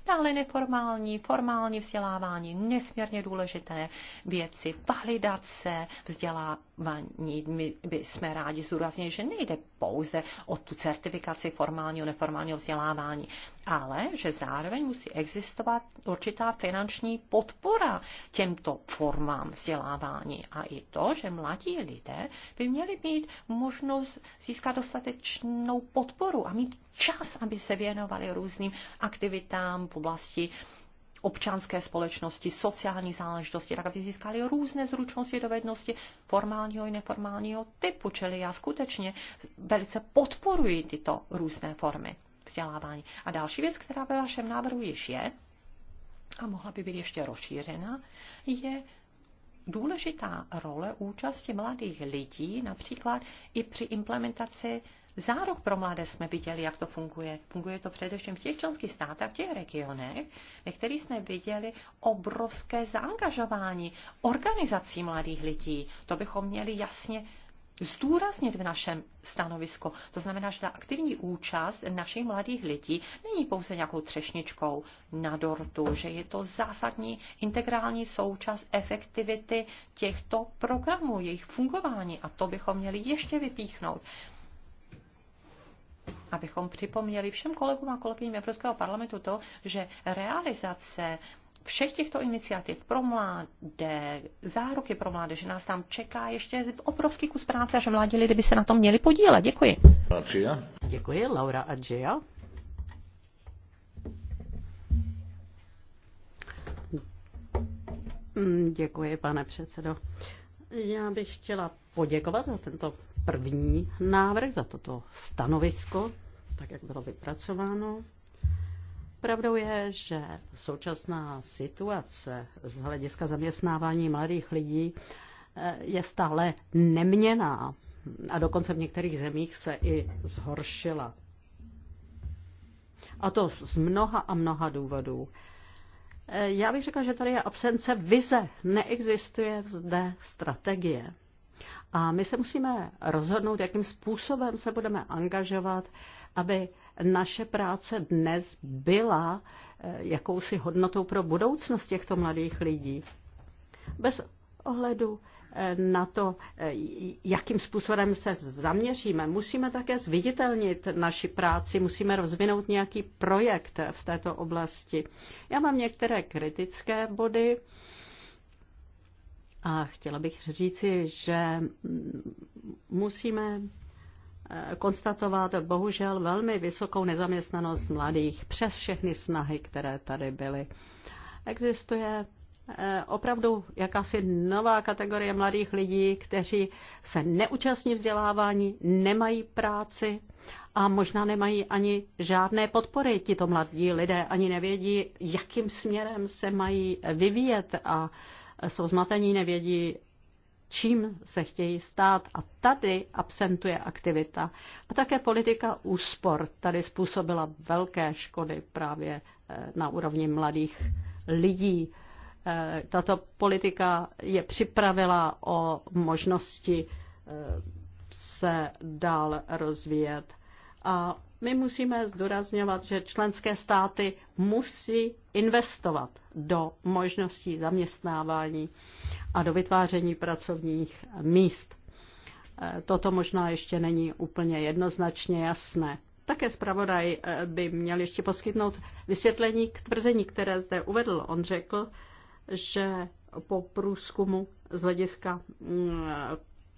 Dále neformální, formální vzdělávání, nesmírně důležité věci, validace vzdělávání. My bychom rádi zúraznili, že nejde pouze o tu certifikaci formálního, neformálního vzdělávání ale že zároveň musí existovat určitá finanční podpora těmto formám vzdělávání a i to, že mladí lidé by měli mít možnost získat dostatečnou podporu a mít čas, aby se věnovali různým aktivitám v oblasti občanské společnosti, sociální záležitosti, tak aby získali různé zručnosti, dovednosti formálního i neformálního typu. Čili já skutečně velice podporuji tyto různé formy vzdělávání. A další věc, která ve vašem návrhu již je, a mohla by být ještě rozšířena, je důležitá role účasti mladých lidí, například i při implementaci Zárok pro mladé jsme viděli, jak to funguje. Funguje to především v těch členských státech, v těch regionech, ve kterých jsme viděli obrovské zaangažování organizací mladých lidí. To bychom měli jasně zdůraznit v našem stanovisku. To znamená, že ta aktivní účast našich mladých lidí není pouze nějakou třešničkou na dortu, že je to zásadní integrální součást efektivity těchto programů, jejich fungování a to bychom měli ještě vypíchnout abychom připomněli všem kolegům a kolegyním Evropského parlamentu to, že realizace všech těchto iniciativ pro mláde, záruky pro mláde, že nás tam čeká ještě obrovský kus práce a že mladí lidé by se na tom měli podílet. Děkuji. Adžia. Děkuji, Laura Adžia. Mm, děkuji, pane předsedo. Já bych chtěla poděkovat za tento první návrh, za toto stanovisko, tak jak bylo vypracováno. Pravdou je, že současná situace z hlediska zaměstnávání mladých lidí eh, je stále neměná a dokonce v některých zemích se i zhoršila. A to z mnoha a mnoha důvodů. Eh, já bych řekla, že tady je absence vize, neexistuje zde strategie. A my se musíme rozhodnout, jakým způsobem se budeme angažovat, aby naše práce dnes byla eh, jakousi hodnotou pro budoucnost těchto mladých lidí. Bez ohledu eh, na to, eh, jakým způsobem se zaměříme. Musíme také zviditelnit naši práci, musíme rozvinout nějaký projekt v této oblasti. Já mám některé kritické body a chtěla bych říci, že mm, musíme Eh, konstatovat bohužel velmi vysokou nezaměstnanost mladých přes všechny snahy, které tady byly. Existuje eh, opravdu jakási nová kategorie mladých lidí, kteří se neúčastní vzdělávání, nemají práci a možná nemají ani žádné podpory. Tito mladí lidé ani nevědí, jakým směrem se mají vyvíjet a jsou zmatení, nevědí, čím se chtějí stát a tady absentuje aktivita. A také politika úspor tady způsobila velké škody právě eh, na úrovni mladých lidí. Eh, tato politika je připravila o možnosti eh, se dál rozvíjet. A my musíme zdůrazňovat, že členské státy musí investovat do možností zaměstnávání a do vytváření pracovních míst. E, toto možná ještě není úplně jednoznačně jasné. Také zpravodaj e, by měl ještě poskytnout vysvětlení k tvrzení, které zde uvedl. On řekl, že po průzkumu z hlediska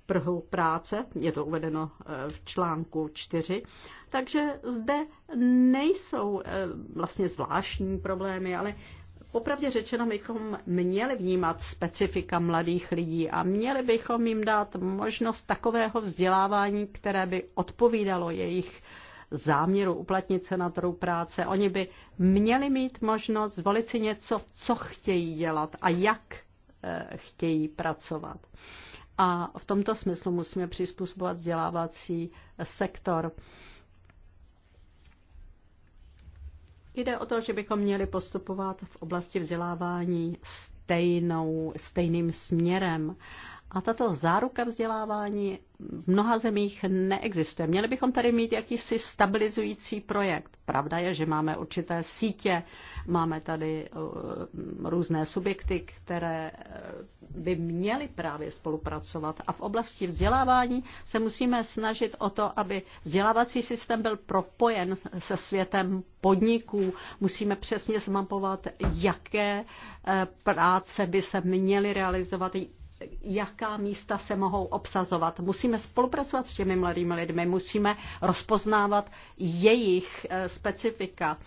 prhu mm, práce, je to uvedeno e, v článku 4, takže zde nejsou vlastně zvláštní problémy, ale Popravdě řečeno bychom měli vnímat specifika mladých lidí a měli bychom jim dát možnost takového vzdělávání, které by odpovídalo jejich záměru uplatnit se na trhu práce. Oni by měli mít možnost zvolit si něco, co chtějí dělat a jak eh, chtějí pracovat. A v tomto smyslu musíme přizpůsobovat vzdělávací sektor. Jde o to, že bychom měli postupovat v oblasti vzdělávání stejnou, stejným směrem a tato záruka vzdělávání v mnoha zemích neexistuje. Měli bychom tady mít jakýsi stabilizující projekt. Pravda je, že máme určité sítě, máme tady eh, různé subjekty, které eh, by měly právě spolupracovat. A v oblasti vzdělávání se musíme snažit o to, aby vzdělávací systém byl propojen se světem podniků. Musíme přesně zmapovat, jaké eh, práce by se měly realizovat, jaká místa se mohou obsazovat. Musíme spolupracovat s těmi mladými lidmi, musíme rozpoznávat jejich eh, specifika.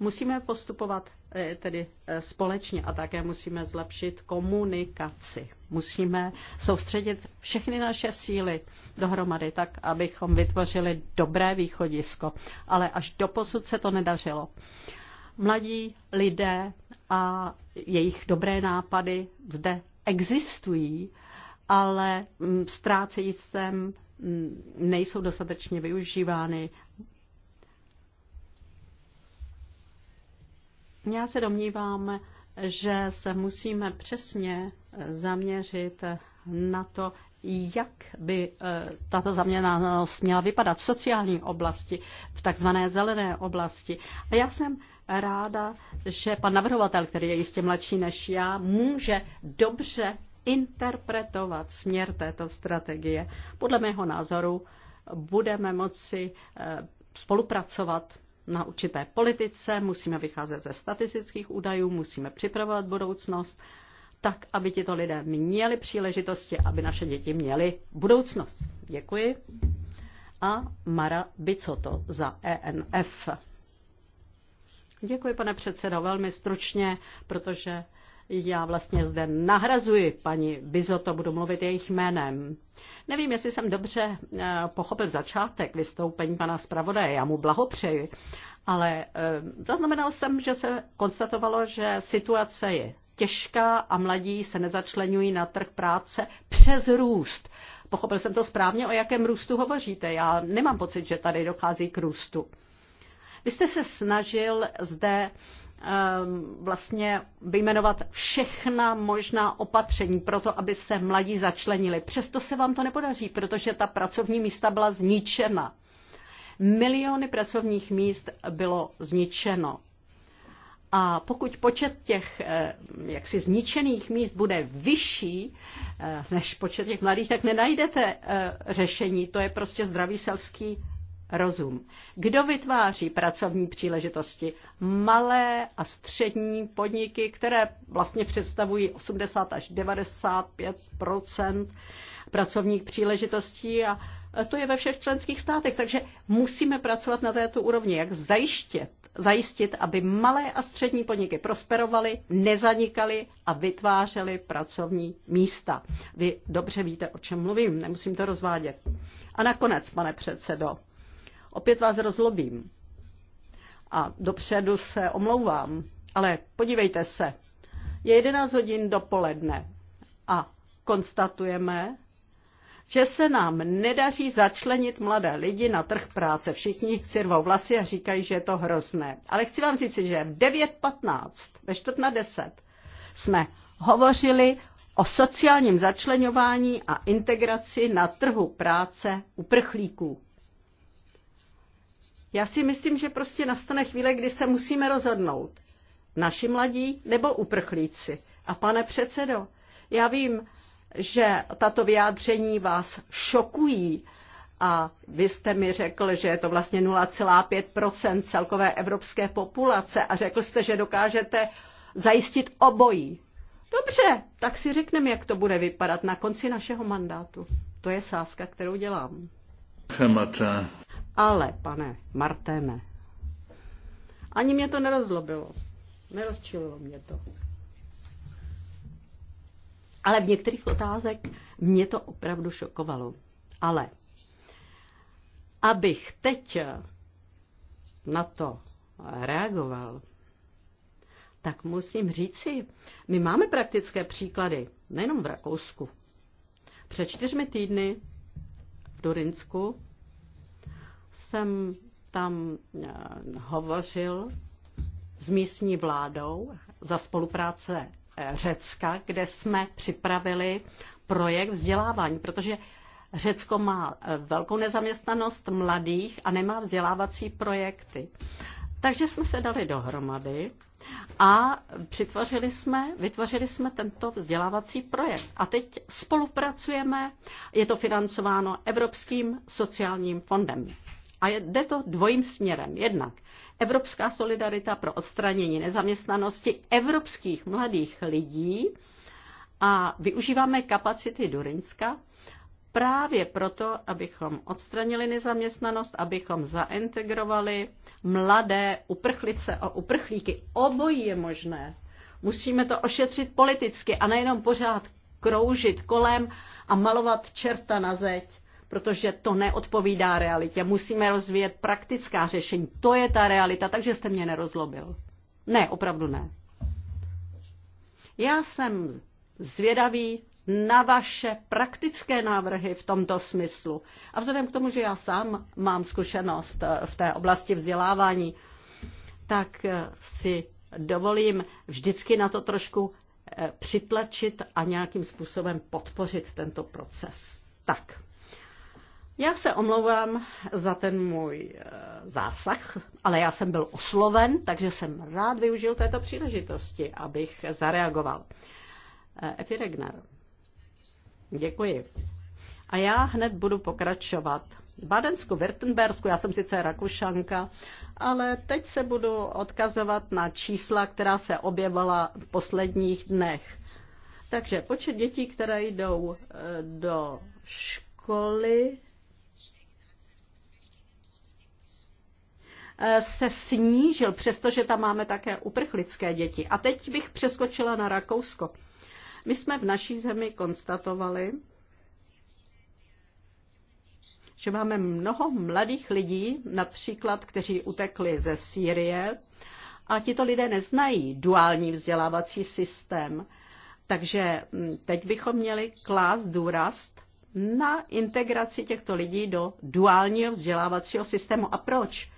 Musíme postupovat eh, tedy eh, společně a také musíme zlepšit komunikaci. Musíme soustředit všechny naše síly dohromady tak, abychom vytvořili dobré východisko. Ale až posud se to nedařilo. Mladí lidé a jejich dobré nápady zde existují, ale mm, ztrácejí se, mm, nejsou dostatečně využívány. Já se domnívám, že se musíme přesně eh, zaměřit eh, na to, jak by eh, tato zaměnanost měla vypadat v sociální oblasti, v takzvané zelené oblasti. A já jsem ráda, že pan navrhovatel, který je jistě mladší než já, může dobře interpretovat směr této strategie. Podle mého názoru budeme moci eh, spolupracovat na určité politice, musíme vycházet ze statistických údajů, musíme připravovat budoucnost, tak, aby tito lidé měli příležitosti, aby naše děti měly budoucnost. Děkuji. A Mara Bicoto za ENF. Děkuji, pane předsedo, velmi stručně, protože já vlastně zde nahrazuji paní Bizoto, budu mluvit jejich jménem. Nevím, jestli jsem dobře eh, pochopil začátek vystoupení pana zpravodaje, já mu blahopřeji, ale eh, zaznamenal jsem, že se konstatovalo, že situace je těžká a mladí se nezačlenují na trh práce přes růst. Pochopil jsem to správně, o jakém růstu hovoříte. Já nemám pocit, že tady dochází k růstu. Vy jste se snažil zde ehm, vlastně vyjmenovat všechna možná opatření pro to, aby se mladí začlenili. Přesto se vám to nepodaří, protože ta pracovní místa byla zničena. Miliony pracovních míst bylo zničeno. A pokud počet těch eh, jaksi zničených míst bude vyšší eh, než počet těch mladých, tak nenajdete eh, řešení. To je prostě zdravý selský rozum. Kdo vytváří pracovní příležitosti? Malé a střední podniky, které vlastně představují 80 až 95 pracovních příležitostí a to je ve všech členských státech, takže musíme pracovat na této úrovni, jak zajištět, zajistit, aby malé a střední podniky prosperovaly, nezanikaly a vytvářely pracovní místa. Vy dobře víte, o čem mluvím, nemusím to rozvádět. A nakonec, pane předsedo, Opět vás rozlobím. A dopředu se omlouvám, ale podívejte se. Je 11 hodin dopoledne a konstatujeme, že se nám nedaří začlenit mladé lidi na trh práce. Všichni si rvou vlasy a říkají, že je to hrozné. Ale chci vám říct, že v 9.15, ve čtvrt na 10, jsme hovořili o sociálním začlenování a integraci na trhu práce uprchlíků. Já si myslím, že prostě nastane chvíle, kdy se musíme rozhodnout. Naši mladí nebo uprchlíci. A pane předsedo, já vím, že tato vyjádření vás šokují a vy jste mi řekl, že je to vlastně 0,5 celkové evropské populace a řekl jste, že dokážete zajistit obojí. Dobře, tak si řekneme, jak to bude vypadat na konci našeho mandátu. To je sázka, kterou dělám. Chemata. Ale, pane Marténe, ani mě to nerozlobilo. Nerozčililo mě to. Ale v některých otázek mě to opravdu šokovalo. Ale abych teď na to reagoval, tak musím říci, my máme praktické příklady, nejenom v Rakousku. Před čtyřmi týdny v Durinsku jsem tam eh, hovořil s místní vládou za spolupráce eh, Řecka, kde jsme připravili projekt vzdělávání, protože Řecko má eh, velkou nezaměstnanost mladých a nemá vzdělávací projekty. Takže jsme se dali dohromady a přitvořili jsme, vytvořili jsme tento vzdělávací projekt. A teď spolupracujeme, je to financováno Evropským sociálním fondem. A jde to dvojím směrem. Jednak evropská solidarita pro odstranění nezaměstnanosti evropských mladých lidí a využíváme kapacity Durinska právě proto, abychom odstranili nezaměstnanost, abychom zaintegrovali mladé uprchlice a uprchlíky. Obojí je možné. Musíme to ošetřit politicky a nejenom pořád kroužit kolem a malovat čerta na zeď protože to neodpovídá realitě. Musíme rozvíjet praktická řešení. To je ta realita, takže jste mě nerozlobil. Ne, opravdu ne. Já jsem zvědavý na vaše praktické návrhy v tomto smyslu. A vzhledem k tomu, že já sám mám zkušenost eh, v té oblasti vzdělávání, tak eh, si dovolím vždycky na to trošku eh, přitlačit a nějakým způsobem podpořit tento proces. Tak. Já se omlouvám za ten můj eh, zásah, ale já jsem byl osloven, takže jsem rád využil této příležitosti, abych zareagoval. Eh, Efi Regner. Děkuji. A já hned budu pokračovat. V Badensku, Württembersku, já jsem sice Rakušanka, ale teď se budu odkazovat na čísla, která se objevila v posledních dnech. Takže počet dětí, které jdou eh, do školy, se snížil, přestože tam máme také uprchlické děti. A teď bych přeskočila na Rakousko. My jsme v naší zemi konstatovali, že máme mnoho mladých lidí, například, kteří utekli ze Sýrie, a tito lidé neznají duální vzdělávací systém. Takže hm, teď bychom měli klást důraz na integraci těchto lidí do duálního vzdělávacího systému. A proč?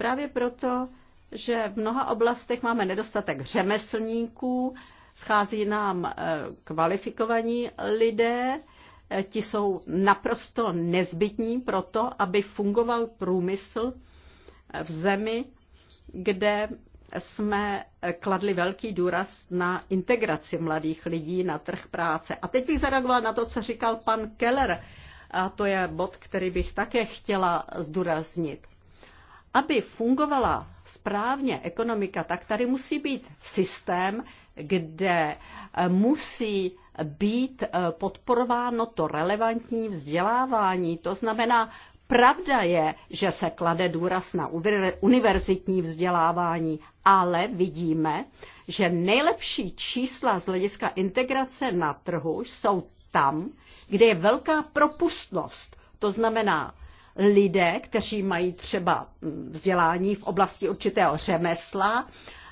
Právě proto, že v mnoha oblastech máme nedostatek řemeslníků, schází nám e, kvalifikovaní lidé, e, ti jsou naprosto nezbytní pro to, aby fungoval průmysl e, v zemi, kde jsme kladli velký důraz na integraci mladých lidí na trh práce. A teď bych zareagovala na to, co říkal pan Keller. A to je bod, který bych také chtěla zdůraznit aby fungovala správně ekonomika, tak tady musí být systém, kde eh, musí být eh, podporováno to relevantní vzdělávání. To znamená, pravda je, že se klade důraz na univerzitní vzdělávání, ale vidíme, že nejlepší čísla z hlediska integrace na trhu jsou tam, kde je velká propustnost. To znamená, lidé, kteří mají třeba vzdělání v oblasti určitého řemesla,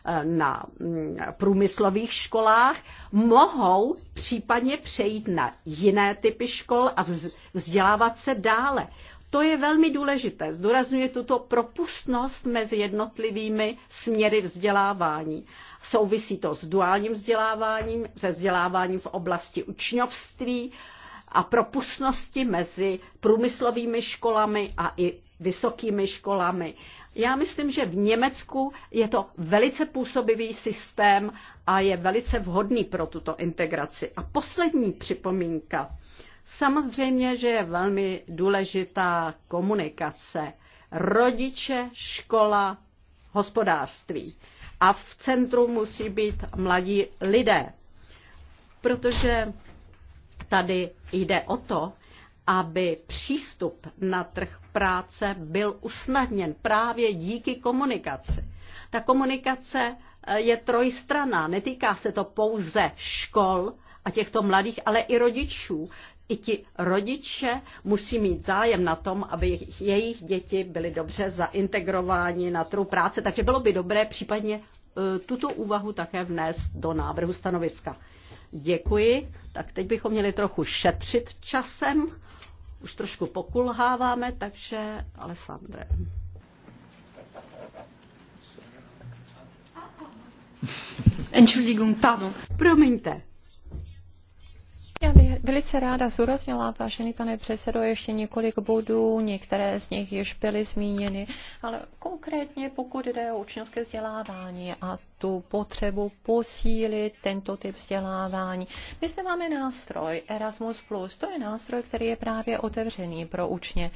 eh, na mm, průmyslových školách, mohou případně přejít na jiné typy škol a vzdělávat se dále. To je velmi důležité. Zdůrazňuje tuto propustnost mezi jednotlivými směry vzdělávání. Souvisí to s duálním vzděláváním, se vzděláváním v oblasti učňovství, a propustnosti mezi průmyslovými školami a i vysokými školami. Já myslím, že v Německu je to velice působivý systém a je velice vhodný pro tuto integraci. A poslední připomínka. Samozřejmě, že je velmi důležitá komunikace. Rodiče, škola, hospodářství. A v centru musí být mladí lidé, protože Tady jde o to, aby přístup na trh práce byl usnadněn právě díky komunikaci. Ta komunikace eh, je trojstraná, netýká se to pouze škol a těchto mladých, ale i rodičů. I ti rodiče musí mít zájem na tom, aby jejich děti byly dobře zaintegrováni na trhu práce, takže bylo by dobré případně eh, tuto úvahu také vnést do návrhu stanoviska. Děkuji. Tak teď bychom měli trochu šetřit časem. Už trošku pokulháváme, takže Alessandre. Entschuldigung, pardon. Promiňte. Já bych velice ráda zúraznila, vážený pane předsedo, ještě několik bodů, některé z nich již byly zmíněny, ale konkrétně pokud jde o učňovské vzdělávání a tu potřebu posílit tento typ vzdělávání. My zde máme nástroj Erasmus+, to je nástroj, který je právě otevřený pro učně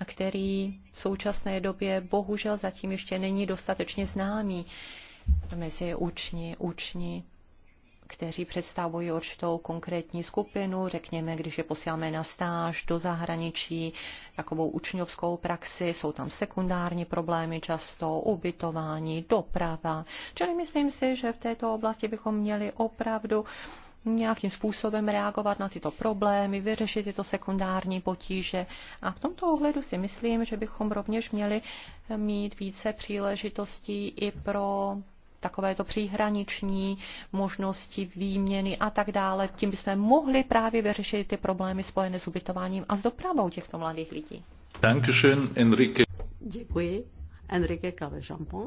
a který v současné době bohužel zatím ještě není dostatečně známý mezi učni, učni kteří představují určitou konkrétní skupinu, řekněme, když je posíláme na stáž do zahraničí, takovou učňovskou praxi, jsou tam sekundární problémy často, ubytování, doprava. Čili myslím si, že v této oblasti bychom měli opravdu nějakým způsobem reagovat na tyto problémy, vyřešit tyto sekundární potíže. A v tomto ohledu si myslím, že bychom rovněž měli mít více příležitostí i pro takovéto příhraniční možnosti výměny a tak dále. Tím bychom mohli právě vyřešit ty problémy spojené s ubytováním a s dopravou těchto mladých lidí. Dankeschön, Enrique. Děkuji. Enrique Cavejampon.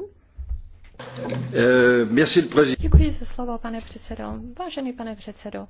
Eh, Děkuji za slovo, pane předsedo. Vážený pane předsedo,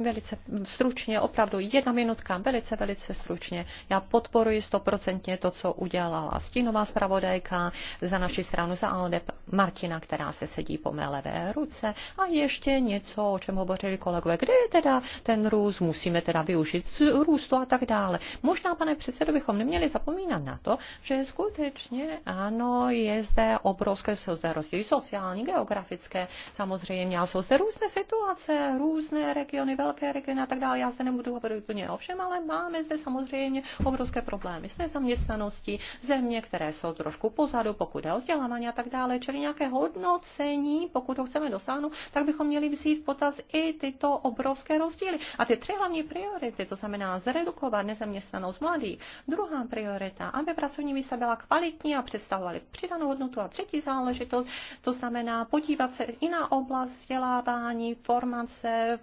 Velice stručně, opravdu jedna minutka, velice, velice stručně. Já podporuji stoprocentně to, co udělala stínová zpravodajka za naši stranu, za Aldep Martina, která se sedí po mé levé ruce. A ještě něco, o čem hovořili kolegové. Kde je teda ten růst? Musíme teda využít růstu a tak dále. Možná, pane předsedo, bychom neměli zapomínat na to, že skutečně ano, je zde obrovské, jsou zde rozdíly sociální, geografické, samozřejmě, a jsou zde různé situace, různé regiony, velké velké regiony a tak dále. Já se nebudu hovorit úplně o všem, ale máme zde samozřejmě obrovské problémy s nezaměstnaností, země, které jsou trošku pozadu, pokud je o vzdělávání a tak dále, čili nějaké hodnocení, pokud ho chceme dosáhnout, tak bychom měli vzít v potaz i tyto obrovské rozdíly. A ty tři hlavní priority, to znamená zredukovat nezaměstnanost mladých, druhá priorita, aby pracovní místa byla kvalitní a představovaly přidanou hodnotu a třetí záležitost, to znamená podívat se i na oblast vzdělávání, formace,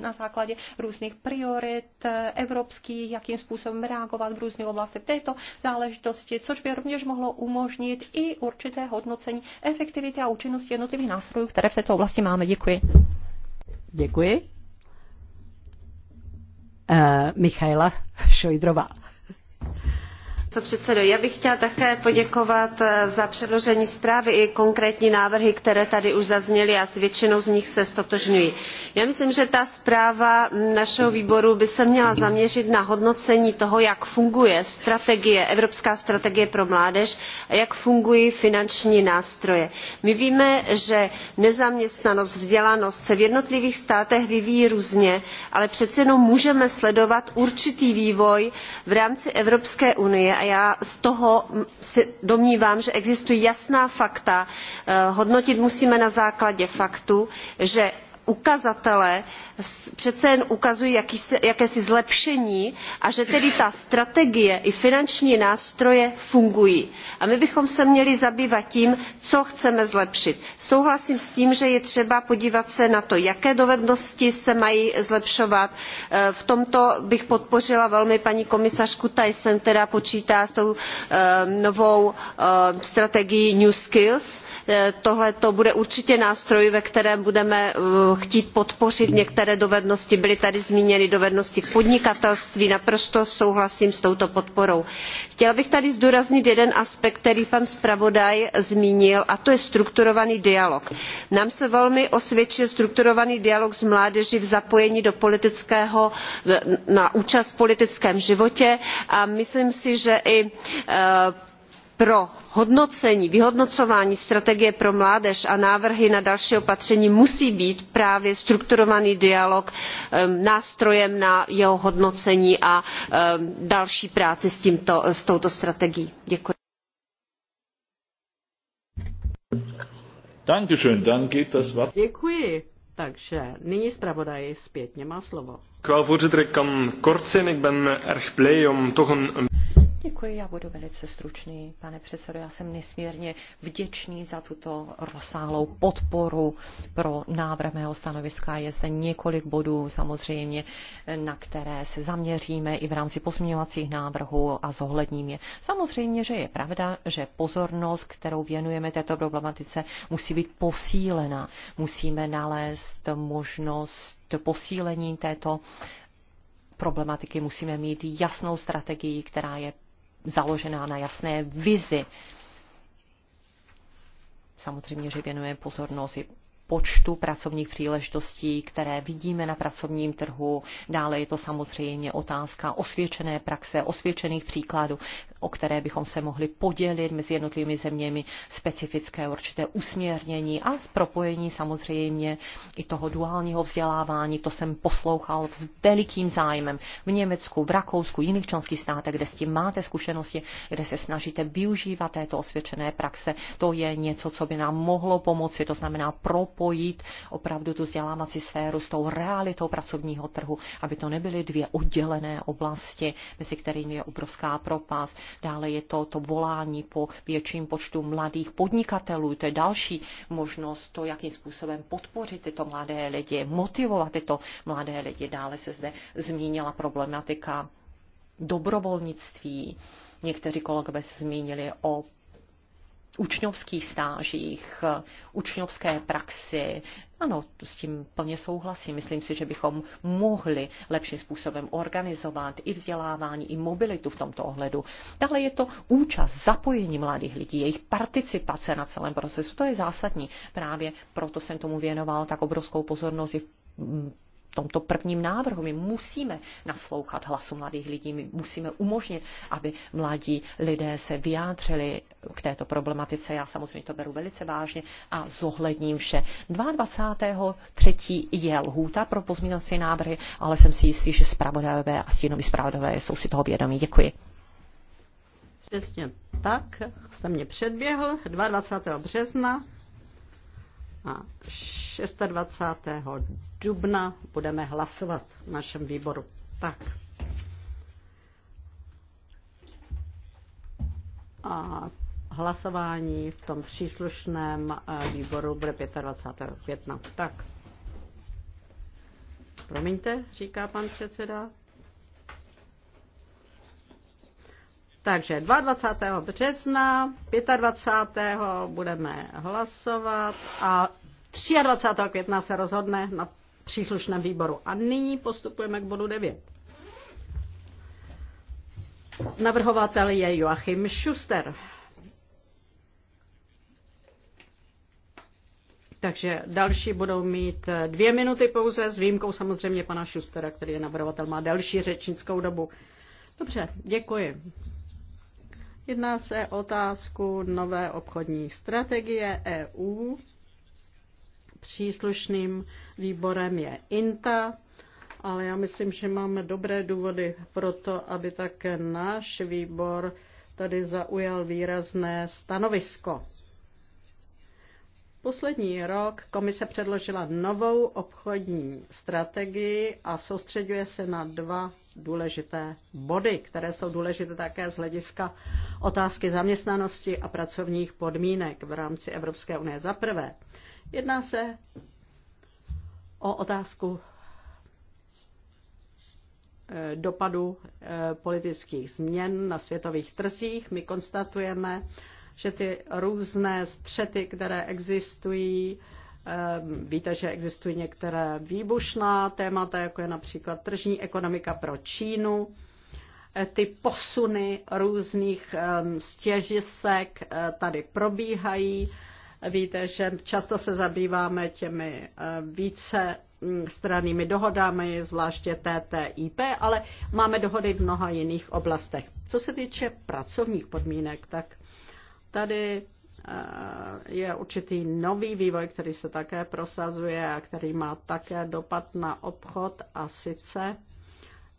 na základě různých priorit evropských, jakým způsobem reagovat v různých oblastech této záležitosti, což by rovněž mohlo umožnit i určité hodnocení efektivity a účinnosti jednotlivých nástrojů, které v této oblasti máme. Děkuji. Děkuji. Uh, Michaela Šojdrová. Co předsedo, já bych chtěla také poděkovat eh, za předložení zprávy i konkrétní návrhy, které tady už zazněly a s většinou z nich se stotožňuji. Já myslím, že ta zpráva našeho výboru by se měla zaměřit na hodnocení toho, jak funguje strategie, Evropská strategie pro mládež a jak fungují finanční nástroje. My víme, že nezaměstnanost, vzdělanost se v jednotlivých státech vyvíjí různě, ale přece jenom můžeme sledovat určitý vývoj v rámci Evropské unie a já z toho se domnívám že existují jasná fakta eh, hodnotit musíme na základě faktů že ukazatele přece jen ukazují jakési zlepšení a že tedy ta strategie i finanční nástroje fungují. a my bychom se měli zabývat tím co chceme zlepšit. souhlasím s tím že je třeba podívat se na to jaké dovednosti se mají zlepšovat. Eh, v tomto bych podpořila velmi paní komisařku thyssenovou která počítá s tou eh, novou eh, strategií new skills tohle to bude určitě nástroj ve kterém budeme chtít podpořit některé dovednosti byly tady zmíněny dovednosti k podnikatelství naprosto souhlasím s touto podporou. chtěla bych tady zdůraznit jeden aspekt který pan zpravodaj zmínil a to je strukturovaný dialog. nám se velmi osvědčil strukturovaný dialog s mládeží v zapojení do politického, na účast v politickém životě a myslím si že i eh, pro hodnocení vyhodnocování strategie pro mládež a návrhy na další opatření musí být právě strukturovaný dialog ehm, nástrojem na jeho hodnocení a ehm, další práci s, tímto, touto strategií. děkuji. Děkuji. Takže nyní zpravodaj zpětně má slovo. Voorzitter, ik kan kort zijn. Ik ben erg blij om Děkuji, já budu velice stručný, pane předsedo. Já jsem nesmírně vděčný za tuto rozsáhlou podporu pro návrh mého stanoviska. Je zde několik bodů samozřejmě, na které se zaměříme i v rámci pozměňovacích návrhů a zohledním je. Samozřejmě, že je pravda, že pozornost, kterou věnujeme této problematice, musí být posílena. Musíme nalézt možnost posílení této problematiky musíme mít jasnou strategii, která je založená na jasné vizi. Samozřejmě, že věnuje pozornost i počtu pracovních příležitostí, které vidíme na pracovním trhu. Dále je to samozřejmě otázka osvědčené praxe, osvědčených příkladů, o které bychom se mohli podělit mezi jednotlivými zeměmi, specifické určité usměrnění a propojení samozřejmě i toho duálního vzdělávání. To jsem poslouchal s velikým zájmem v Německu, v Rakousku, jiných členských státech, kde s tím máte zkušenosti, kde se snažíte využívat této osvědčené praxe. To je něco, co by nám mohlo pomoci, to znamená propojení propojit opravdu tu vzdělávací sféru s tou realitou pracovního trhu, aby to nebyly dvě oddělené oblasti, mezi kterými je obrovská propast. Dále je to to volání po větším počtu mladých podnikatelů. To je další možnost, to, jakým způsobem podpořit tyto mladé lidi, motivovat tyto mladé lidi. Dále se zde zmínila problematika dobrovolnictví. Někteří kolegové se zmínili o učňovských stážích, učňovské praxi. Ano, s tím plně souhlasím. Myslím si, že bychom mohli lepším způsobem organizovat i vzdělávání, i mobilitu v tomto ohledu. Dále je to účast, zapojení mladých lidí, jejich participace na celém procesu. To je zásadní. Právě proto jsem tomu věnoval tak obrovskou pozornost i v tomto prvním návrhu. My musíme naslouchat hlasu mladých lidí, my musíme umožnit, aby mladí lidé se vyjádřili k této problematice. Já samozřejmě to beru velice vážně a zohledním vše. 22.3. je lhůta pro pozměnací návrhy, ale jsem si jistý, že zpravodajové a stínoví zpravodajové jsou si toho vědomí. Děkuji. Přesně tak, jste mě předběhl, 22. března a 26. dubna budeme hlasovat v našem výboru. Tak. A hlasování v tom příslušném eh, výboru bude 25. května. Tak. Promiňte, říká pan předseda. Takže 22. března, 25. budeme hlasovat a 23. května se rozhodne na příslušném výboru. A nyní postupujeme k bodu 9. Navrhovatel je Joachim Schuster. Takže další budou mít dvě minuty pouze, s výjimkou samozřejmě pana Schustera, který je navrhovatel, má delší řečnickou dobu. Dobře, děkuji. Jedná se o otázku nové obchodní strategie EU. Příslušným výborem je INTA, ale já myslím, že máme dobré důvody pro to, aby také náš výbor tady zaujal výrazné stanovisko. Poslední rok komise předložila novou obchodní strategii a soustředuje se na dva důležité body, které jsou důležité také z hlediska otázky zaměstnanosti a pracovních podmínek v rámci Evropské unie. Za prvé, jedná se o otázku eh, dopadu eh, politických změn na světových trzích. My konstatujeme, že ty různé střety, které existují, Ehm, víte, že existují některé výbušná témata, jako je například tržní ekonomika pro Čínu, eh, ty posuny různých ehm, stěžisek eh, tady probíhají. Víte, že často se zabýváme těmi eh, více hm, stranými dohodami, zvláště TTIP, ale máme dohody v mnoha jiných oblastech. Co se týče pracovních podmínek, tak tady je určitý nový vývoj, který se také prosazuje a který má také dopad na obchod a sice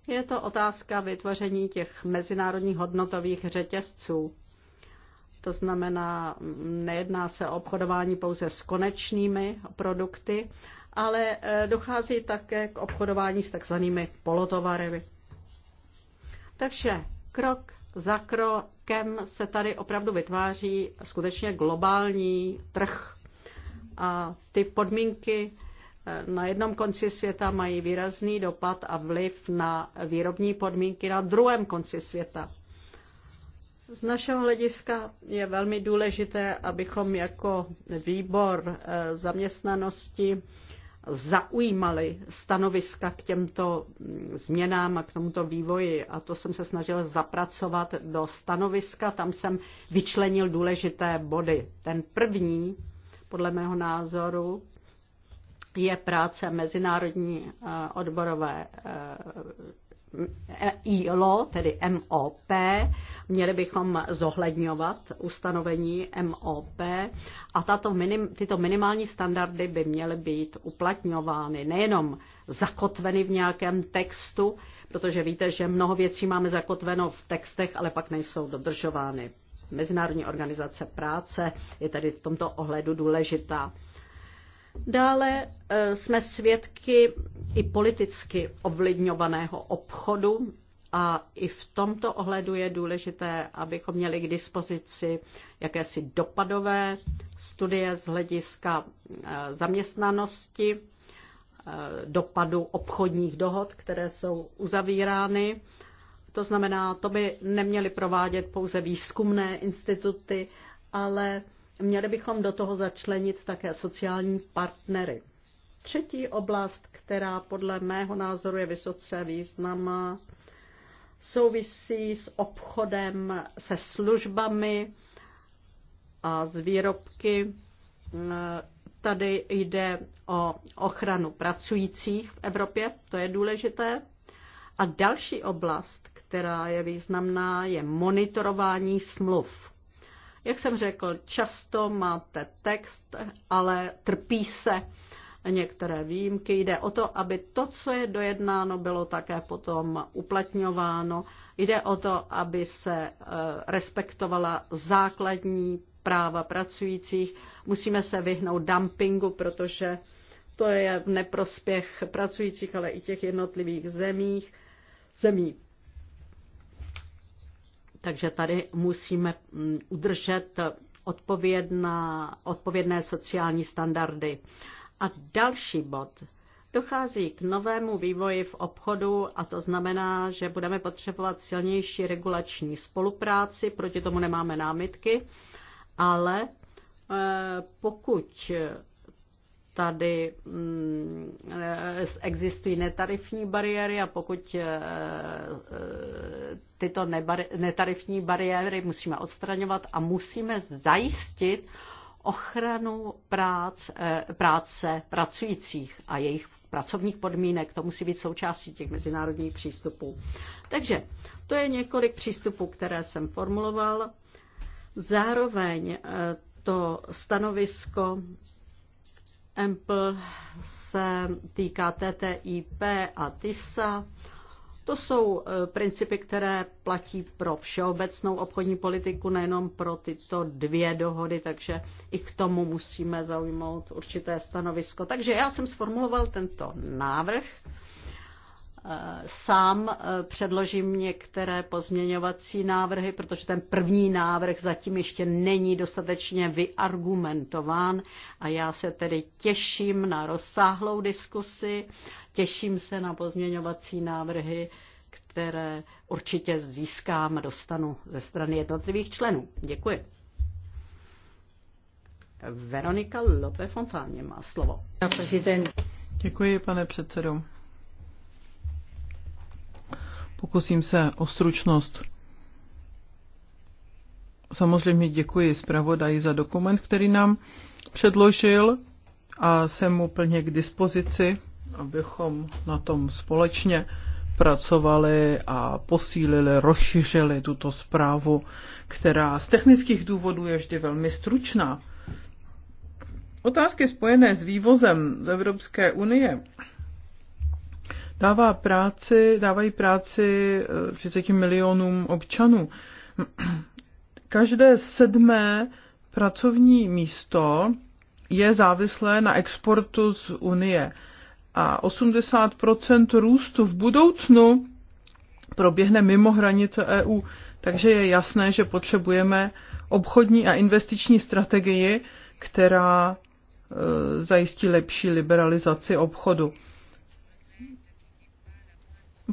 je to otázka vytvoření těch mezinárodních hodnotových řetězců. To znamená, nejedná se o obchodování pouze s konečnými produkty, ale eh, dochází také k obchodování s takzvanými polotovary. Takže krok za krokem se tady opravdu vytváří skutečně globální trh. A ty podmínky eh, na jednom konci světa mají výrazný dopad a vliv na výrobní podmínky na druhém konci světa. Z našeho hlediska je velmi důležité, abychom jako výbor eh, zaměstnanosti zaujímali stanoviska k těmto změnám a k tomuto vývoji. A to jsem se snažil zapracovat do stanoviska. Tam jsem vyčlenil důležité body. Ten první, podle mého názoru, je práce Mezinárodní eh, odborové eh, E, ILO, tedy MOP, měli bychom zohledňovat ustanovení MOP a tato minim, tyto minimální standardy by měly být uplatňovány, nejenom zakotveny v nějakém textu, protože víte, že mnoho věcí máme zakotveno v textech, ale pak nejsou dodržovány. Mezinárodní organizace práce je tedy v tomto ohledu důležitá. Dále eh, jsme svědky i politicky ovlivňovaného obchodu a i v tomto ohledu je důležité, abychom měli k dispozici jakési dopadové studie z hlediska eh, zaměstnanosti, eh, dopadu obchodních dohod, které jsou uzavírány. To znamená, to by neměly provádět pouze výzkumné instituty, ale Měli bychom do toho začlenit také sociální partnery. Třetí oblast, která podle mého názoru je vysoce významná, souvisí s obchodem se službami a s výrobky. Tady jde o ochranu pracujících v Evropě, to je důležité. A další oblast, která je významná, je monitorování smluv. Jak jsem řekl, často máte text, ale trpí se některé výjimky. Jde o to, aby to, co je dojednáno, bylo také potom uplatňováno. Jde o to, aby se eh, respektovala základní práva pracujících. Musíme se vyhnout dumpingu, protože to je v neprospěch pracujících, ale i těch jednotlivých zemích, zemí. Takže tady musíme mm, udržet odpovědná, odpovědné sociální standardy. A další bod. Dochází k novému vývoji v obchodu a to znamená, že budeme potřebovat silnější regulační spolupráci, proti tomu nemáme námitky, ale eh, pokud tady mm, existují netarifní bariéry a pokud eh, eh, tyto netarifní bariéry musíme odstraňovat a musíme zajistit ochranu prác, eh, práce pracujících a jejich pracovních podmínek. To musí být součástí těch mezinárodních přístupů. Takže to je několik přístupů, které jsem formuloval. Zároveň to stanovisko EMPL se týká TTIP a TISA. To jsou eh, principy, které platí pro všeobecnou obchodní politiku, nejenom pro tyto dvě dohody, takže i k tomu musíme zaujmout určité stanovisko. Takže já jsem sformuloval tento návrh Sám eh, předložím některé pozměňovací návrhy, protože ten první návrh zatím ještě není dostatečně vyargumentován a já se tedy těším na rozsáhlou diskusi, těším se na pozměňovací návrhy, které určitě získám a dostanu ze strany jednotlivých členů. Děkuji. Veronika Lope Fontáně má slovo. Děkuji, pane předsedo. Pokusím se o stručnost. Samozřejmě děkuji zpravodaji za dokument, který nám předložil a jsem úplně k dispozici, abychom na tom společně pracovali a posílili, rozšířili tuto zprávu, která z technických důvodů je vždy velmi stručná. Otázky spojené s vývozem z Evropské unie dává práci, dávají práci 30 eh, milionům občanů. Každé sedmé pracovní místo je závislé na exportu z Unie a 80 růstu v budoucnu proběhne mimo hranice EU. Takže je jasné, že potřebujeme obchodní a investiční strategii, která eh, zajistí lepší liberalizaci obchodu.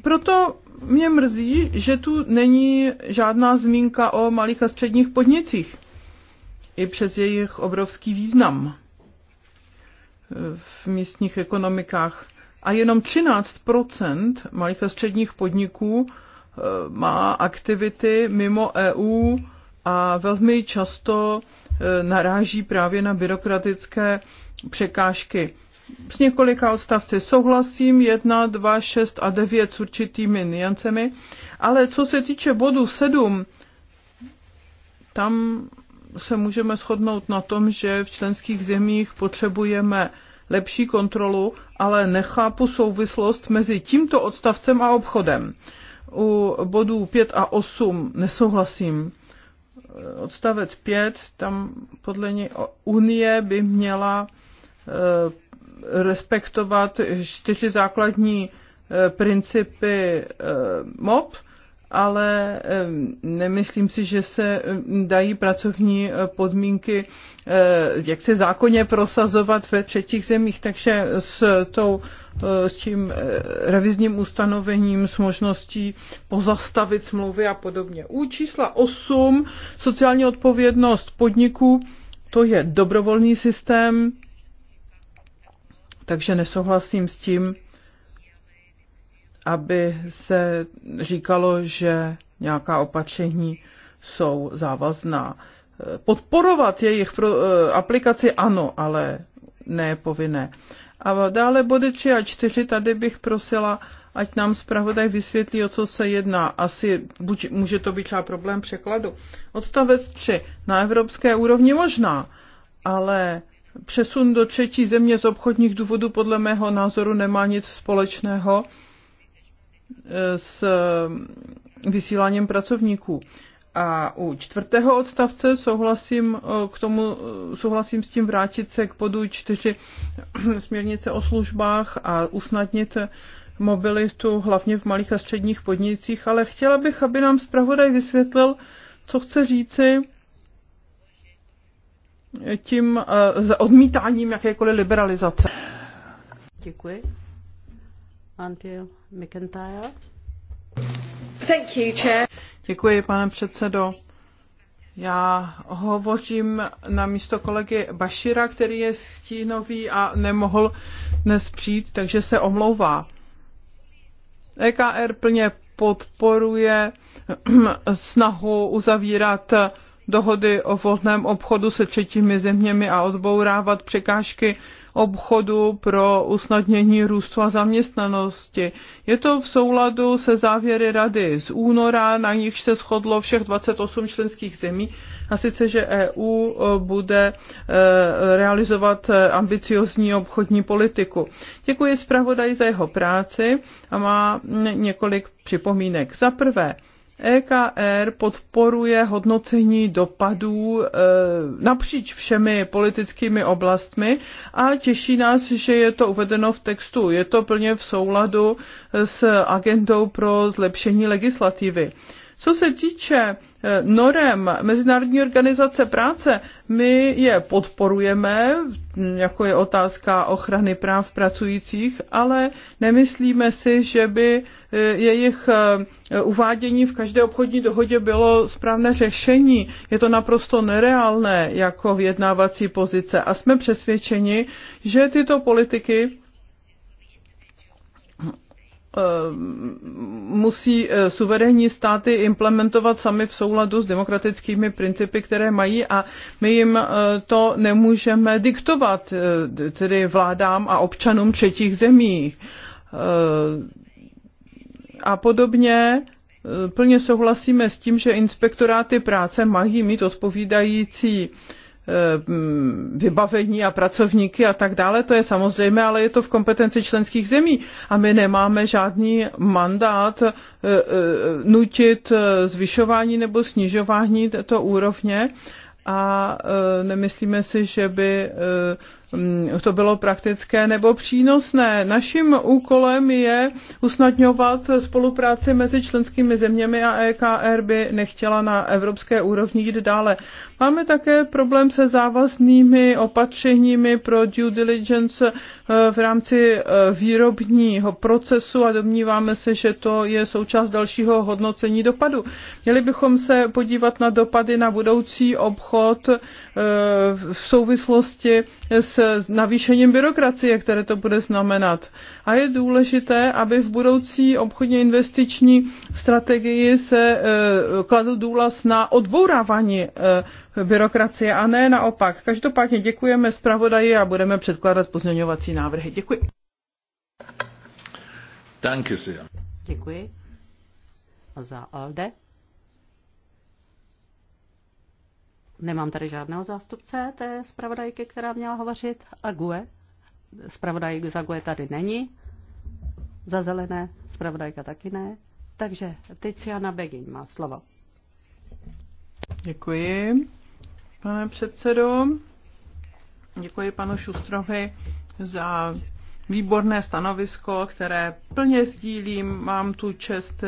Proto mě mrzí, že tu není žádná zmínka o malých a středních podnicích, i přes jejich obrovský význam v místních ekonomikách. A jenom 13 malých a středních podniků eh, má aktivity mimo EU a velmi často eh, naráží právě na byrokratické překážky s několika odstavci souhlasím, jedna, dva, šest a devět s určitými niancemi, ale co se týče bodu sedm, tam se můžeme shodnout na tom, že v členských zemích potřebujeme lepší kontrolu, ale nechápu souvislost mezi tímto odstavcem a obchodem. U bodů 5 a 8 nesouhlasím. Odstavec 5, tam podle něj Unie by měla eh, respektovat čtyři základní eh, principy eh, MOP, ale eh, nemyslím si, že se hm, dají pracovní podmínky jak se zákonně prosazovat ve třetích zemích, takže s, tou, s tím revizním ustanovením, s možností pozastavit smlouvy a podobně. U čísla 8 sociální odpovědnost podniků, to je dobrovolný systém, takže nesouhlasím s tím, aby se říkalo, že nějaká opatření jsou závazná. Podporovat jejich pro, eh, aplikaci ano, ale ne povinné. A dále body 3 a 4, tady bych prosila, ať nám zpravodaj vysvětlí, o co se jedná. Asi buď, může to být třeba problém překladu. Odstavec 3. Na evropské úrovni možná, ale přesun do třetí země z obchodních důvodů podle mého názoru nemá nic společného e, s vysíláním pracovníků. A u čtvrtého odstavce souhlasím, e, k tomu, e, souhlasím s tím vrátit se k bodu čtyři směrnice o službách a usnadnit mobilitu hlavně v malých a středních podnicích, ale chtěla bych, aby nám zpravodaj vysvětlil, co chce říci tím eh, odmítáním jakékoliv liberalizace. Děkuji. Antio McIntyre. Thank you, chair. Děkuji, pane předsedo. Já hovořím na místo kolegy Bašira, který je stínový a nemohl dnes přijít, takže se omlouvá. EKR plně podporuje snahu uzavírat dohody o volném obchodu se třetími zeměmi a odbourávat překážky obchodu pro usnadnění růstu a zaměstnanosti. Je to v souladu se závěry rady z února, na nich se shodlo všech 28 členských zemí, a sice, že EU e, bude e, realizovat e, ambiciozní obchodní politiku. Děkuji zpravodaj za jeho práci a má několik připomínek. Za prvé, EKR podporuje hodnocení dopadů e, napříč všemi politickými oblastmi a těší nás, že je to uvedeno v textu. Je to plně v souladu s agendou pro zlepšení legislativy. Co se týče eh, norem Mezinárodní organizace práce, my je podporujeme, jako je otázka ochrany práv pracujících, ale nemyslíme si, že by eh, jejich eh, uvádění v každé obchodní dohodě bylo správné řešení. Je to naprosto nereálné jako vyjednávací pozice a jsme přesvědčeni, že tyto politiky Eh, musí eh, suverénní státy implementovat sami v souladu s demokratickými principy, které mají a my jim eh, to nemůžeme diktovat, tedy vládám a občanům třetích zemí. A podobně plně souhlasíme s tím, že inspektoráty práce mají mít odpovídající Eh, vybavení a pracovníky a tak dále, to je samozřejmé, ale je to v kompetenci členských zemí a my nemáme žádný mandát eh, eh, nutit zvyšování nebo snižování této úrovně a nemyslíme si, že by Mm, to bylo praktické nebo přínosné. Naším úkolem je usnadňovat spolupráci mezi členskými zeměmi a EKR by nechtěla na evropské úrovni jít dále. Máme také problém se závaznými opatřeními pro due diligence eh, v rámci eh, výrobního procesu a domníváme se, že to je součást dalšího hodnocení dopadu. Měli bychom se podívat na dopady na budoucí obchod eh, v souvislosti s s navýšením byrokracie, které to bude znamenat. A je důležité, aby v budoucí obchodně investiční strategii se e, kladl důraz na odbourávání e, byrokracie a ne naopak. Každopádně děkujeme zpravodaji a budeme předkládat pozměňovací návrhy. Děkuji. Danke sehr. Děkuji. Za Alde. Nemám tady žádného zástupce té zpravodajky, která měla hovořit. A GUE? Zpravodajk za GUE tady není. Za zelené zpravodajka taky ne. Takže Tiziana Begin má slovo. Děkuji, pane předsedo. Děkuji panu Šustrovi za výborné stanovisko, které plně sdílím. Mám tu čest,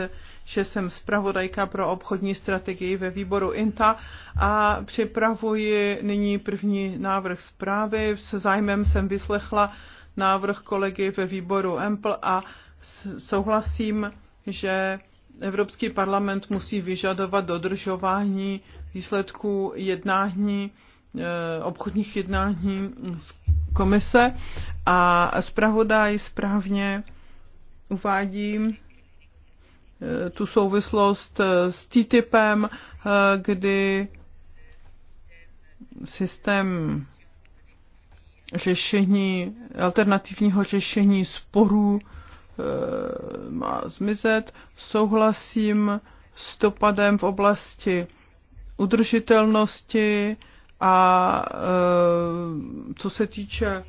že jsem zpravodajka pro obchodní strategii ve výboru INTA a připravuji nyní první návrh zprávy. Se zájmem jsem vyslechla návrh kolegy ve výboru EMPL a souhlasím, že Evropský parlament musí vyžadovat dodržování výsledků jednání, e, obchodních jednání z komise a zpravodaj správně uvádí, Eh, tu souvislost eh, s TTIPem, eh, kdy systém řešení, alternativního řešení sporů má zmizet. Souhlasím s dopadem v oblasti udržitelnosti a co se týče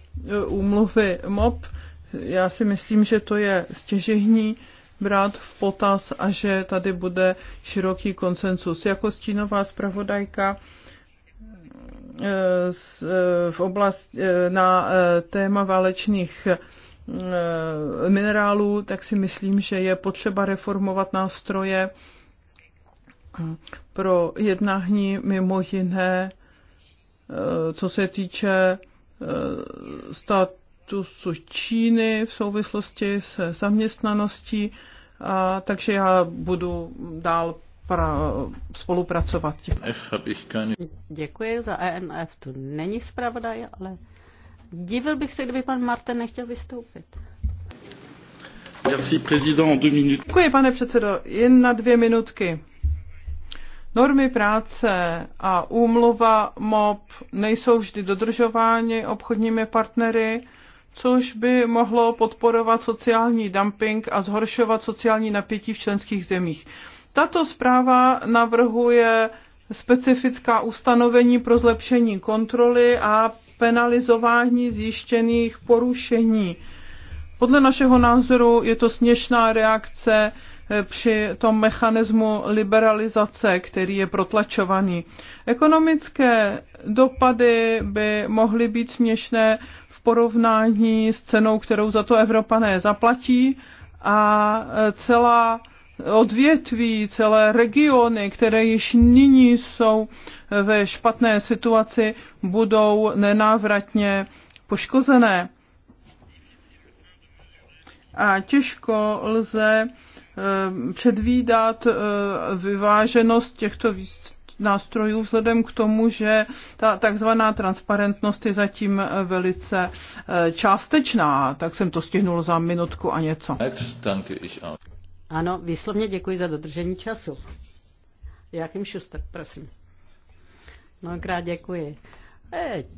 úmluvy MOP, já si myslím, že to je stěžení brát v potaz a že tady bude široký konsensus. Jako stínová zpravodajka eh, eh, v oblast, eh, na téma válečných minerálů, tak si myslím, že je potřeba reformovat nástroje pro jednání mimo jiné, co se týče stát statusu Číny v souvislosti se zaměstnaností, a, takže já budu dál pra, spolupracovat. Děkuji za ENF, tu není zpravodaj, ale divil bych se, kdyby pan Martin nechtěl vystoupit. Merci, président, deux minutes. Děkuji, pane předsedo, jen na dvě minutky. Normy práce a úmluva MOP nejsou vždy dodržovány obchodními partnery což by mohlo podporovat sociální dumping a zhoršovat sociální napětí v členských zemích. Tato zpráva navrhuje specifická ustanovení pro zlepšení kontroly a penalizování zjištěných porušení. Podle našeho názoru je to směšná reakce eh, při tom mechanismu liberalizace, který je protlačovaný. Ekonomické dopady by mohly být směšné porovnání s cenou, kterou za to Evropané zaplatí a celá odvětví, celé regiony, které již nyní jsou ve špatné situaci, budou nenávratně poškozené. A těžko lze eh, předvídat eh, vyváženost těchto nástrojů vzhledem k tomu, že ta takzvaná transparentnost je zatím velice eh, částečná. Tak jsem to stihnul za minutku a něco. Ano, výslovně děkuji za dodržení času. Jakým Šuster, prosím. Mnohokrát děkuji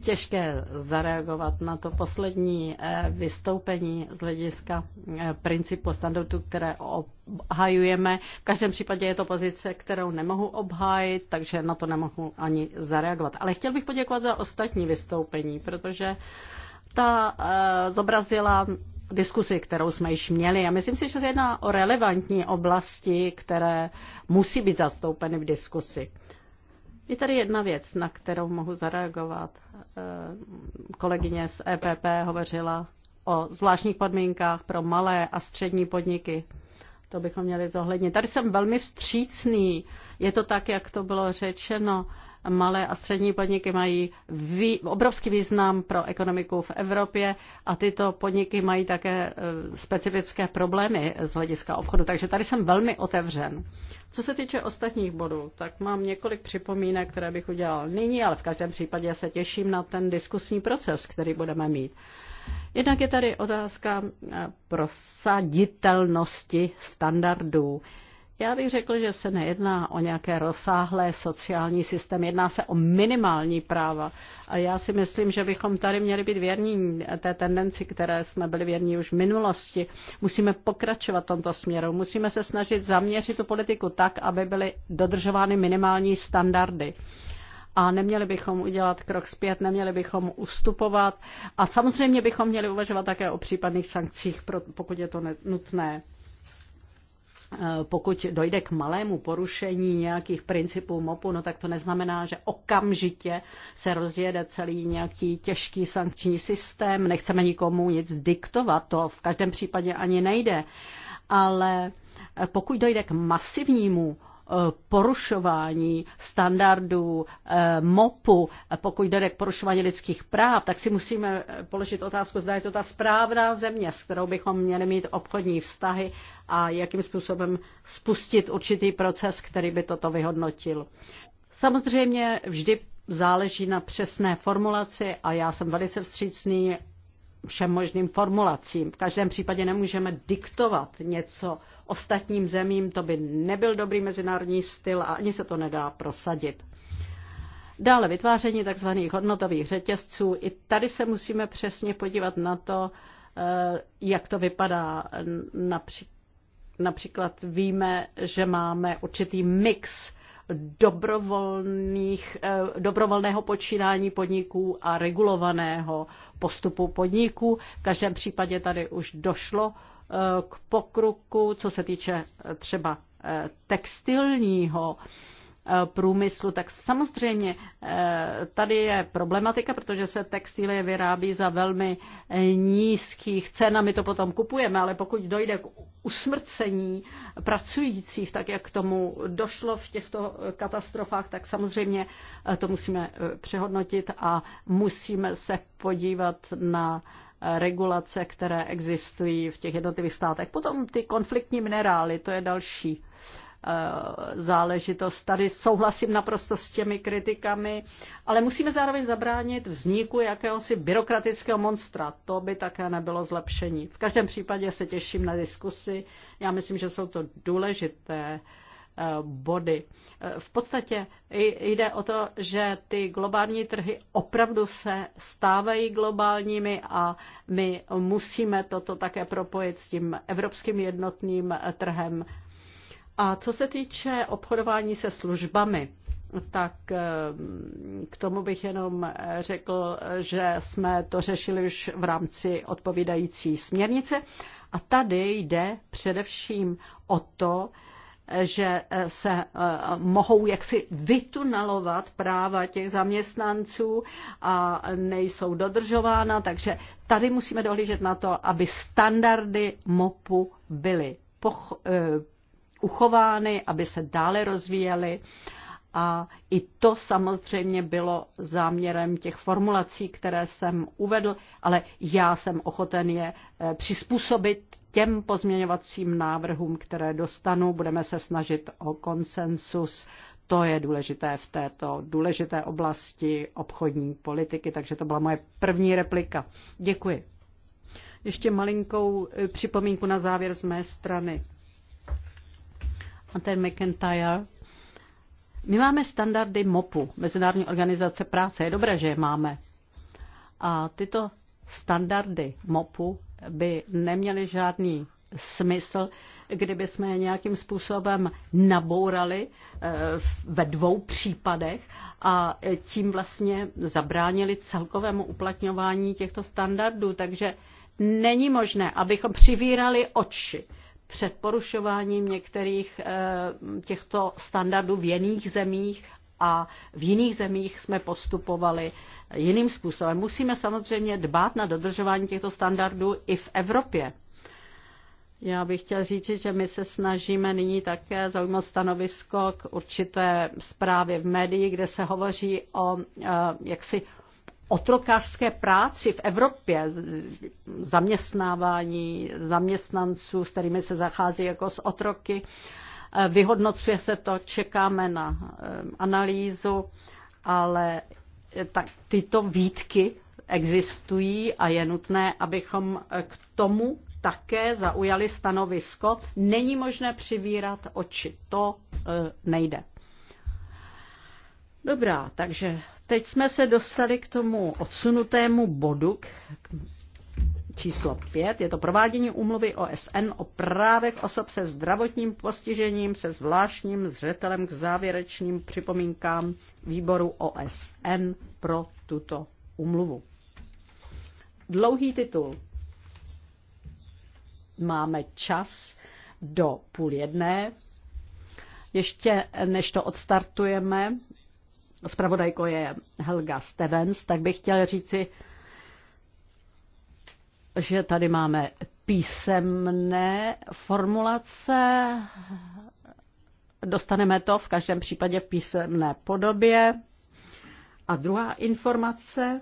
těžké zareagovat na to poslední eh, vystoupení z hlediska eh, principu standardu, které obhajujeme. V každém případě je to pozice, kterou nemohu obhájit, takže na to nemohu ani zareagovat. Ale chtěl bych poděkovat za ostatní vystoupení, protože ta eh, zobrazila diskusi, kterou jsme již měli. A myslím si, že se jedná o relevantní oblasti, které musí být zastoupeny v diskusi. Je tady jedna věc, na kterou mohu zareagovat. Eh, kolegyně z EPP hovořila o zvláštních podmínkách pro malé a střední podniky. To bychom měli zohlednit. Tady jsem velmi vstřícný. Je to tak, jak to bylo řečeno. Malé a střední podniky mají vý, obrovský význam pro ekonomiku v Evropě a tyto podniky mají také e, specifické problémy z hlediska obchodu. Takže tady jsem velmi otevřen. Co se týče ostatních bodů, tak mám několik připomínek, které bych udělal nyní, ale v každém případě se těším na ten diskusní proces, který budeme mít. Jednak je tady otázka e, prosaditelnosti standardů. Já bych řekl, že se nejedná o nějaké rozsáhlé sociální systém, jedná se o minimální práva. A já si myslím, že bychom tady měli být věrní té tendenci, které jsme byli věrní už v minulosti. Musíme pokračovat v tomto směru, musíme se snažit zaměřit tu politiku tak, aby byly dodržovány minimální standardy a neměli bychom udělat krok zpět, neměli bychom ustupovat a samozřejmě bychom měli uvažovat také o případných sankcích, pokud je to nutné. Eh, pokud dojde k malému porušení nějakých principů MOPu, no tak to neznamená, že okamžitě se rozjede celý nějaký těžký sankční systém. Nechceme nikomu nic diktovat, to v každém případě ani nejde. Ale eh, pokud dojde k masivnímu eh, porušování standardů MOPu, pokud jde k porušování lidských práv, tak si musíme položit otázku, zda je to ta správná země, s kterou bychom měli mít obchodní vztahy a jakým způsobem spustit určitý proces, který by toto vyhodnotil. Samozřejmě vždy záleží na přesné formulaci a já jsem velice vstřícný všem možným formulacím. V každém případě nemůžeme diktovat něco ostatním zemím, to by nebyl dobrý mezinárodní styl a ani se to nedá prosadit. Dále vytváření tzv. hodnotových řetězců. I tady se musíme přesně podívat na to, eh, jak to vypadá například Například víme, že máme určitý mix dobrovolných, eh, dobrovolného počínání podniků a regulovaného postupu podniků. V každém případě tady už došlo eh, k pokroku, co se týče eh, třeba textilního Eh, průmyslu, tak samozřejmě eh, tady je problematika, protože se textilie vyrábí za velmi eh, nízkých cen a my to potom kupujeme, ale pokud dojde k usmrcení pracujících, tak jak tomu došlo v těchto katastrofách, tak samozřejmě to musíme přehodnotit a musíme se podívat na regulace, které existují v těch jednotlivých státech. Potom ty konfliktní minerály, to je další Eh, záležitost. Tady souhlasím naprosto s těmi kritikami, ale musíme zároveň zabránit vzniku jakéhosi byrokratického monstra. To by také nebylo zlepšení. V každém případě se těším na diskusi. Já myslím, že jsou to důležité eh, body. Eh, v podstatě jde o to, že ty globální trhy opravdu se stávají globálními a my musíme toto také propojit s tím evropským jednotným trhem a co se týče obchodování se službami, tak eh, k tomu bych jenom eh, řekl, že jsme to řešili už v rámci odpovídající směrnice. A tady jde především o to, eh, že se mohou jaksi vytunelovat práva těch zaměstnanců a nejsou dodržována, takže tady musíme dohlížet na to, aby standardy MOPu byly uchovány, aby se dále rozvíjely. A i to samozřejmě bylo záměrem těch formulací, které jsem uvedl, ale já jsem ochoten je eh, přizpůsobit těm pozměňovacím návrhům, které dostanu. Budeme se snažit o konsensus. To je důležité v této důležité oblasti obchodní politiky, takže to byla moje první replika. Děkuji. Ještě malinkou eh, připomínku na závěr z mé strany a ten McIntyre. My máme standardy MOPu, Mezinárodní organizace práce. Je dobré, že je máme. A tyto standardy MOPu by neměly žádný smysl, kdyby jsme je nějakým způsobem nabourali eh, ve dvou případech a tím vlastně zabránili celkovému uplatňování těchto standardů. Takže není možné, abychom přivírali oči před porušováním některých eh, těchto standardů v jiných zemích a v jiných zemích jsme postupovali jiným způsobem. Musíme samozřejmě dbát na dodržování těchto standardů i v Evropě. Já bych chtěl říct, že my se snažíme nyní také zaujmout stanovisko k určité zprávě v médii, kde se hovoří o eh, jaksi otrokářské práci v Evropě, zaměstnávání zaměstnanců, s kterými se zachází jako s otroky. Eh, vyhodnocuje se to, čekáme na eh, analýzu, ale eh, tak tyto výtky existují a je nutné, abychom k tomu také zaujali stanovisko. Není možné přivírat oči, to nejde. Dobrá, takže teď jsme se dostali k tomu odsunutému bodu k číslo 5. Je to provádění úmluvy OSN o právech osob se zdravotním postižením se zvláštním zřetelem k závěrečným připomínkám výboru OSN pro tuto úmluvu. Dlouhý titul. Máme čas do půl jedné. Ještě než to odstartujeme, zpravodajko je Helga Stevens, tak bych chtěl říci, že tady máme písemné formulace. Dostaneme to v každém případě v písemné podobě. A druhá informace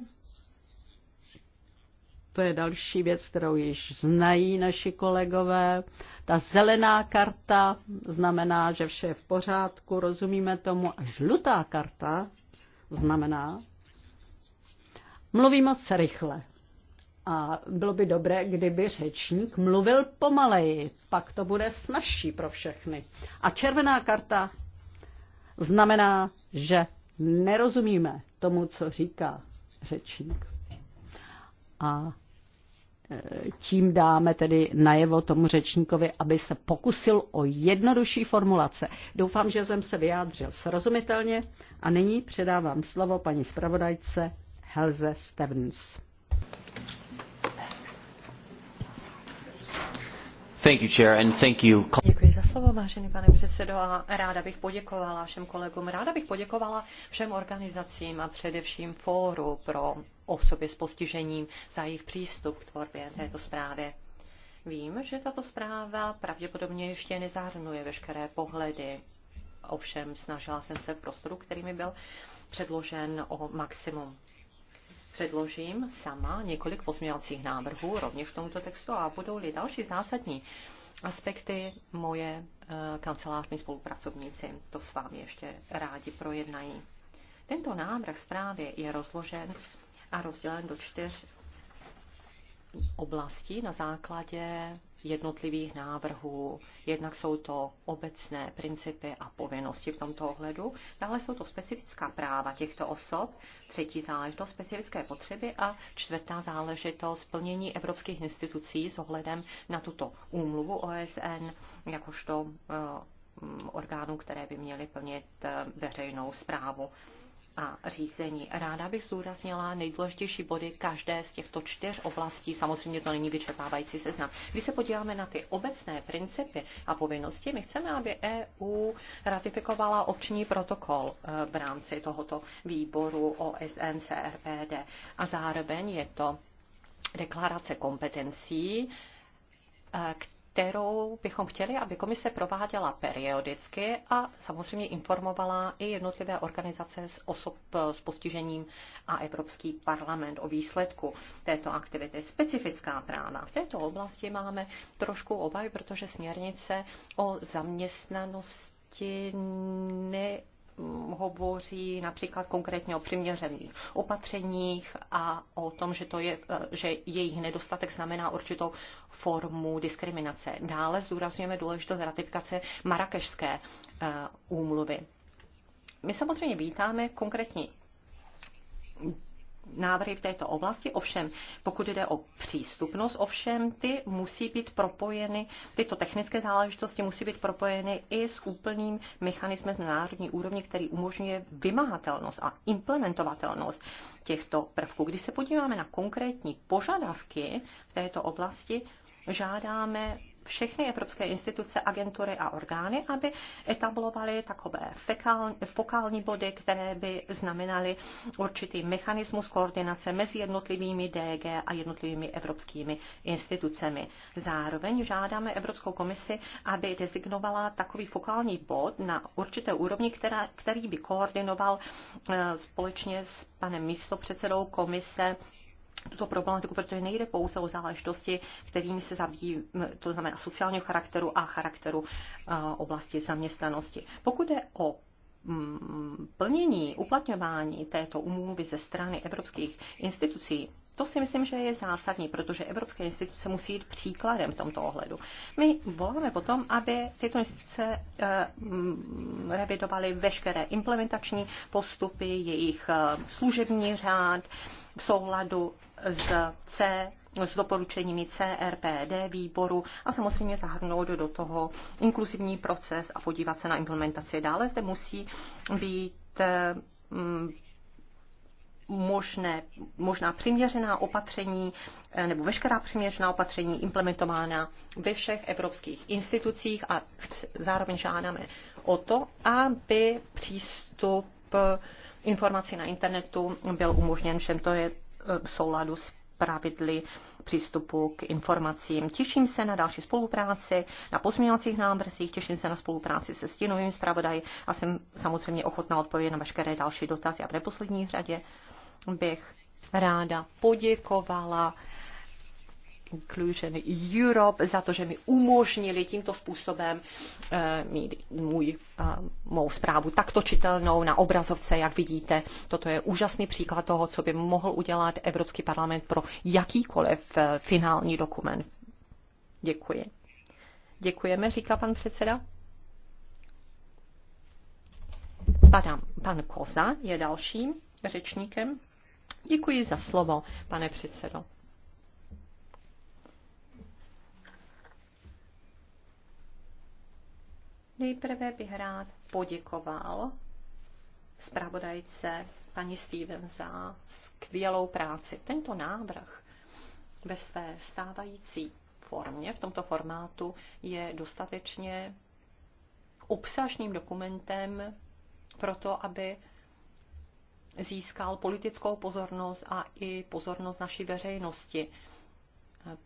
to je další věc, kterou již znají naši kolegové. Ta zelená karta znamená, že vše je v pořádku, rozumíme tomu. A žlutá karta znamená, mluví moc rychle. A bylo by dobré, kdyby řečník mluvil pomaleji, pak to bude snažší pro všechny. A červená karta znamená, že nerozumíme tomu, co říká řečník a tím e, dáme tedy najevo tomu řečníkovi, aby se pokusil o jednodušší formulace. Doufám, že jsem se vyjádřil srozumitelně a nyní předávám slovo paní zpravodajce Helze Stevens. Thank you, Chair, and thank you. Děkuji za slovo, vážený pane předsedo, a ráda bych poděkovala všem kolegům. Ráda bych poděkovala všem organizacím a především fóru pro osoby s postižením za jejich přístup k tvorbě této zprávy. Vím, že tato zpráva pravděpodobně ještě nezahrnuje veškeré pohledy. Ovšem snažila jsem se v prostoru, který mi byl předložen o maximum. Předložím sama několik pozměňovacích návrhů rovněž k tomuto textu a budou-li další zásadní aspekty moje eh, kancelářní spolupracovníci to s vámi ještě rádi projednají. Tento návrh zprávy je rozložen a rozdělen do čtyř oblastí na základě jednotlivých návrhů. Jednak jsou to obecné principy a povinnosti v tomto ohledu, dále jsou to specifická práva těchto osob, třetí záležitost specifické potřeby a čtvrtá záležitost plnění evropských institucí s ohledem na tuto úmluvu OSN, jakožto eh, orgánů, které by měly plnit eh, veřejnou zprávu a řízení. Ráda bych zúraznila nejdůležitější body každé z těchto čtyř oblastí. Samozřejmě to není vyčerpávající seznam. Když se podíváme na ty obecné principy a povinnosti, my chceme, aby EU ratifikovala obční protokol eh, v rámci tohoto výboru OSN CRPD. A zároveň je to deklarace kompetencí, eh, kterou bychom chtěli, aby komise prováděla periodicky a samozřejmě informovala i jednotlivé organizace z osob s postižením a Evropský parlament o výsledku této aktivity. Specifická práva. V této oblasti máme trošku obavy, protože směrnice o zaměstnanosti ne, hovoří například konkrétně o přiměřených opatřeních a o tom, že, to je, e, že jejich nedostatek znamená určitou formu diskriminace. Dále zdůrazňujeme důležitost ratifikace marakešské e, úmluvy. My samozřejmě vítáme konkrétní návrhy v této oblasti. Ovšem, pokud jde o přístupnost, ovšem ty musí být propojeny, tyto technické záležitosti musí být propojeny i s úplným mechanismem na národní úrovni, který umožňuje vymahatelnost a implementovatelnost těchto prvků. Když se podíváme na konkrétní požadavky v této oblasti, žádáme všechny evropské instituce, agentury a orgány, aby etablovaly takové fokální body, které by znamenaly určitý mechanismus koordinace mezi jednotlivými DG a jednotlivými evropskými institucemi. Zároveň žádáme Evropskou komisi, aby designovala takový fokální bod na určité úrovni, která, který by koordinoval eh, společně s panem místopředsedou komise tuto problematiku, protože nejde pouze o záležitosti, kterými se zabíjí, to znamená sociálního charakteru a charakteru eh, oblasti zaměstnanosti. Pokud je o mm, plnění, uplatňování této umluvy ze strany evropských institucí, to si myslím, že je zásadní, protože evropské instituce musí jít příkladem v tomto ohledu. My voláme potom, aby tyto instituce eh, mm, revidovaly veškeré implementační postupy, jejich eh, služební řád v souladu s C s doporučeními CRPD výboru a samozřejmě zahrnout do toho inkluzivní proces a podívat se na implementaci. Dále zde musí být eh, mm, možné, možná přiměřená opatření eh, nebo veškerá přiměřená opatření implementována ve všech evropských institucích a zároveň žádáme o to, aby přístup eh, informací na internetu byl umožněn všem. To je eh, v souladu s pravidly přístupu k informacím. Těším se na další spolupráci, na pozměňovacích návrzích, těším se na spolupráci se stínovým zpravodají a jsem samozřejmě ochotná odpovědět na veškeré další dotazy a v neposlední řadě bych ráda poděkovala Inclusion Europe za to, že mi umožnili tímto způsobem uh, mít můj, uh, mou zprávu takto čitelnou na obrazovce, jak vidíte. Toto je úžasný příklad toho, co by mohl udělat Evropský parlament pro jakýkoliv uh, finální dokument. Děkuji. Děkujeme, říká pan předseda. Padám. Pan Koza je dalším řečníkem. Děkuji za slovo, pane předsedo. Nejprve bych rád poděkoval zpravodajce paní Steven za skvělou práci. Tento návrh ve své stávající formě, v tomto formátu, je dostatečně obsažným dokumentem pro to, aby získal politickou pozornost a i pozornost naší veřejnosti eh,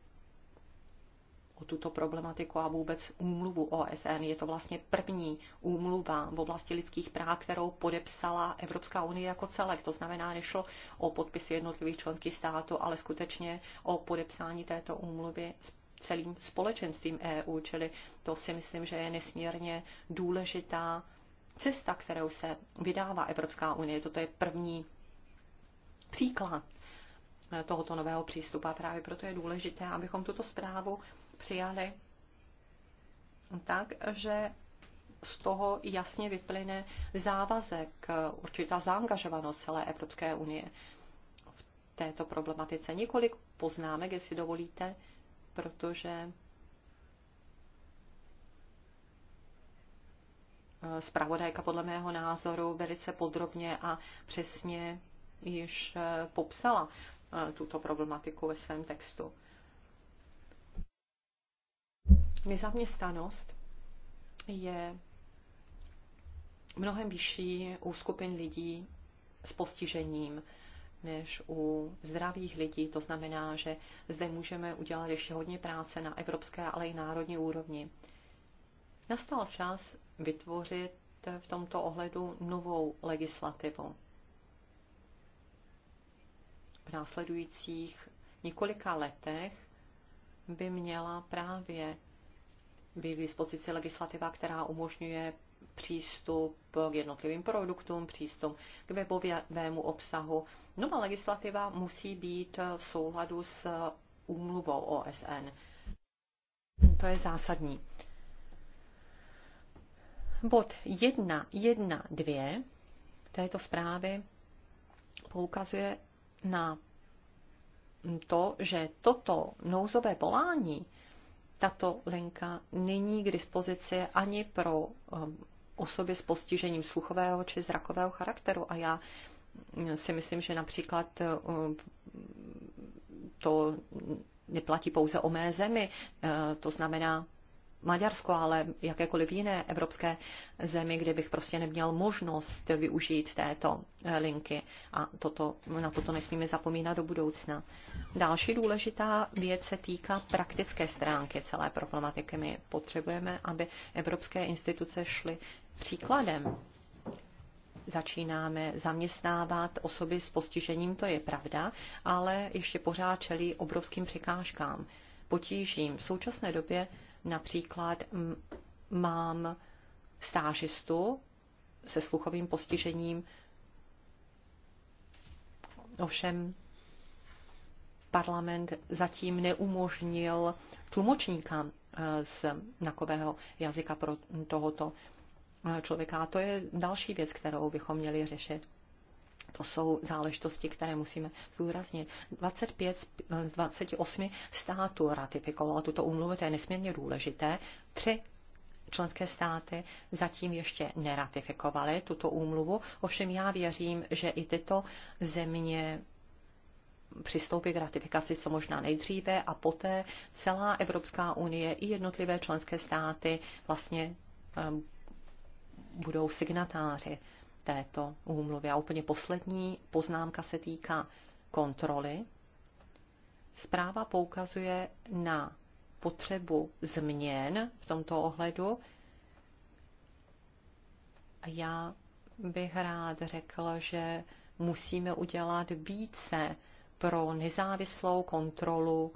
o tuto problematiku a vůbec úmluvu OSN. Je to vlastně první úmluva v oblasti lidských práv, kterou podepsala Evropská unie jako celek. To znamená, nešlo o podpisy jednotlivých členských států, ale skutečně o podepsání této úmluvy s celým společenstvím EU, čili to si myslím, že je nesmírně důležitá cesta, kterou se vydává Evropská unie. Toto je první příklad eh, tohoto nového přístupu a právě proto je důležité, abychom tuto zprávu přijali tak, že z toho jasně vyplyne závazek, určitá zaangažovanost celé Evropské unie v této problematice. Několik poznámek, jestli dovolíte, protože zpravodajka podle mého názoru velice podrobně a přesně již eh, popsala eh, tuto problematiku ve svém textu. Nezaměstnanost je mnohem vyšší u skupin lidí s postižením než u zdravých lidí. To znamená, že zde můžeme udělat ještě hodně práce na evropské, ale i národní úrovni. Nastal čas vytvořit v tomto ohledu novou legislativu. V následujících několika letech by měla právě být k dispozici legislativa, která umožňuje přístup k jednotlivým produktům, přístup k webovému obsahu. Nová legislativa musí být v souladu s úmluvou OSN. To je zásadní. Bod 1.1.2 této zprávy poukazuje na to, že toto nouzové volání, tato linka není k dispozici ani pro um, osoby s postižením sluchového či zrakového charakteru. A já mm, si myslím, že například um, to neplatí pouze o mé zemi. Uh, to znamená, Maďarsko, ale jakékoliv jiné evropské zemi, kde bych prostě neměl možnost využít této eh, linky. A toto, na toto nesmíme zapomínat do budoucna. Další důležitá věc se týká praktické stránky celé problematiky. My potřebujeme, aby evropské instituce šly příkladem začínáme zaměstnávat osoby s postižením, to je pravda, ale ještě pořád čelí obrovským překážkám, potížím. V současné době Například mám stážistu se sluchovým postižením, ovšem parlament zatím neumožnil tlumočníka eh, z nakového jazyka pro tohoto eh, člověka. A to je další věc, kterou bychom měli řešit. To jsou záležitosti, které musíme zúraznit. 25 z 28 eh, států ratifikovalo tuto úmluvu, to je nesmírně důležité. Tři členské státy zatím ještě neratifikovaly tuto úmluvu, ovšem já věřím, že i tyto země přistoupit k ratifikaci co možná nejdříve a poté celá Evropská unie i jednotlivé členské státy vlastně eh, budou signatáři této úmluvy. A úplně poslední poznámka se týká kontroly. Zpráva poukazuje na potřebu změn v tomto ohledu. Já bych rád řekl, že musíme udělat více pro nezávislou kontrolu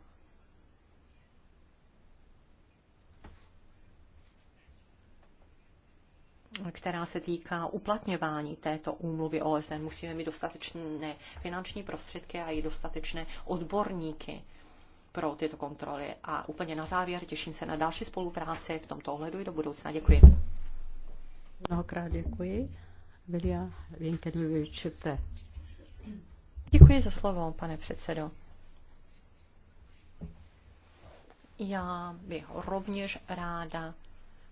která se týká uplatňování této úmluvy OSN. Musíme mít dostatečné finanční prostředky a i dostatečné odborníky pro tyto kontroly. A úplně na závěr těším se na další spolupráci v tomto ohledu i do budoucna. Děkuji. Mnohokrát děkuji. Vilja Vinkenvičete. Děkuji za slovo, pane předsedo. Já bych rovněž ráda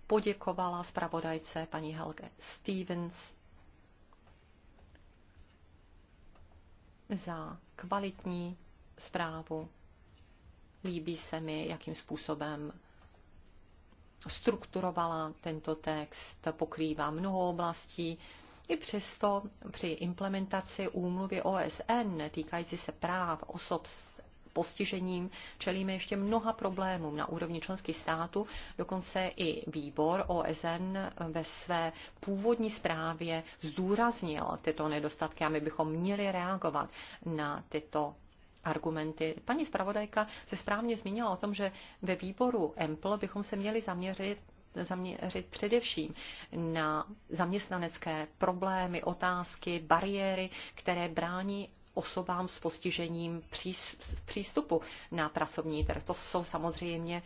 poděkovala zpravodajce paní Helge Stevens za kvalitní zprávu. Líbí se mi, jakým způsobem strukturovala tento text, pokrývá mnoho oblastí. I přesto při implementaci úmluvy OSN týkající se práv osob s postižením, čelíme ještě mnoha problémům na úrovni členských států. Dokonce i výbor OSN ve své původní zprávě zdůraznil tyto nedostatky a my bychom měli reagovat na tyto argumenty. Paní zpravodajka se správně zmínila o tom, že ve výboru EMPL bychom se měli zaměřit zaměřit především na zaměstnanecké problémy, otázky, bariéry, které brání osobám s postižením přístupu na pracovní trh. To jsou samozřejmě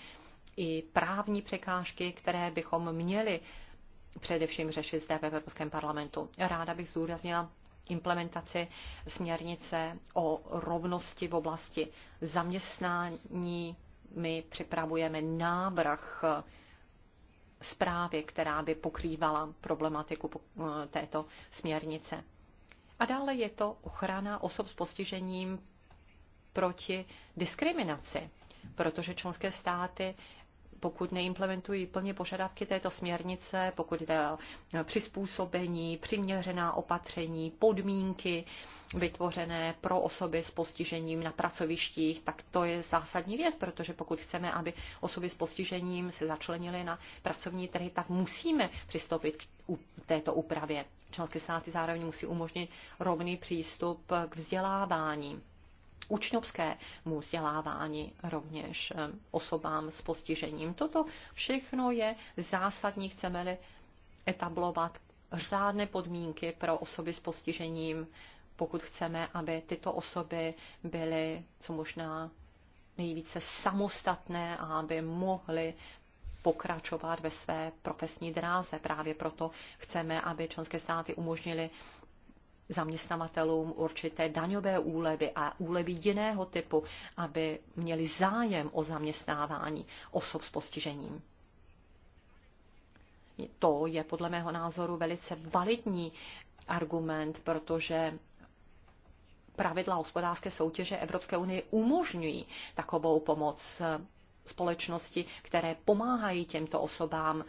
i právní překážky, které bychom měli především řešit zde ve Evropském parlamentu. Ráda bych zdůraznila implementaci směrnice o rovnosti v oblasti zaměstnání. My připravujeme návrh zprávy, která by pokrývala problematiku této směrnice. A dále je to ochrana osob s postižením proti diskriminaci, protože členské státy pokud neimplementují plně požadavky této směrnice, pokud jde o no, přizpůsobení, přiměřená opatření, podmínky vytvořené pro osoby s postižením na pracovištích, tak to je zásadní věc, protože pokud chceme, aby osoby s postižením se začlenily na pracovní trhy, tak musíme přistoupit k této úpravě. Členské státy zároveň musí umožnit rovný přístup k vzdělávání mu vzdělávání rovněž eh, osobám s postižením. Toto všechno je zásadní, chceme-li etablovat řádné podmínky pro osoby s postižením, pokud chceme, aby tyto osoby byly co možná nejvíce samostatné a aby mohly pokračovat ve své profesní dráze. Právě proto chceme, aby členské státy umožnili zaměstnavatelům určité daňové úlevy a úlevy jiného typu, aby měli zájem o zaměstnávání osob s postižením. To je podle mého názoru velice validní argument, protože pravidla hospodářské soutěže Evropské unie umožňují takovou pomoc společnosti, které pomáhají těmto osobám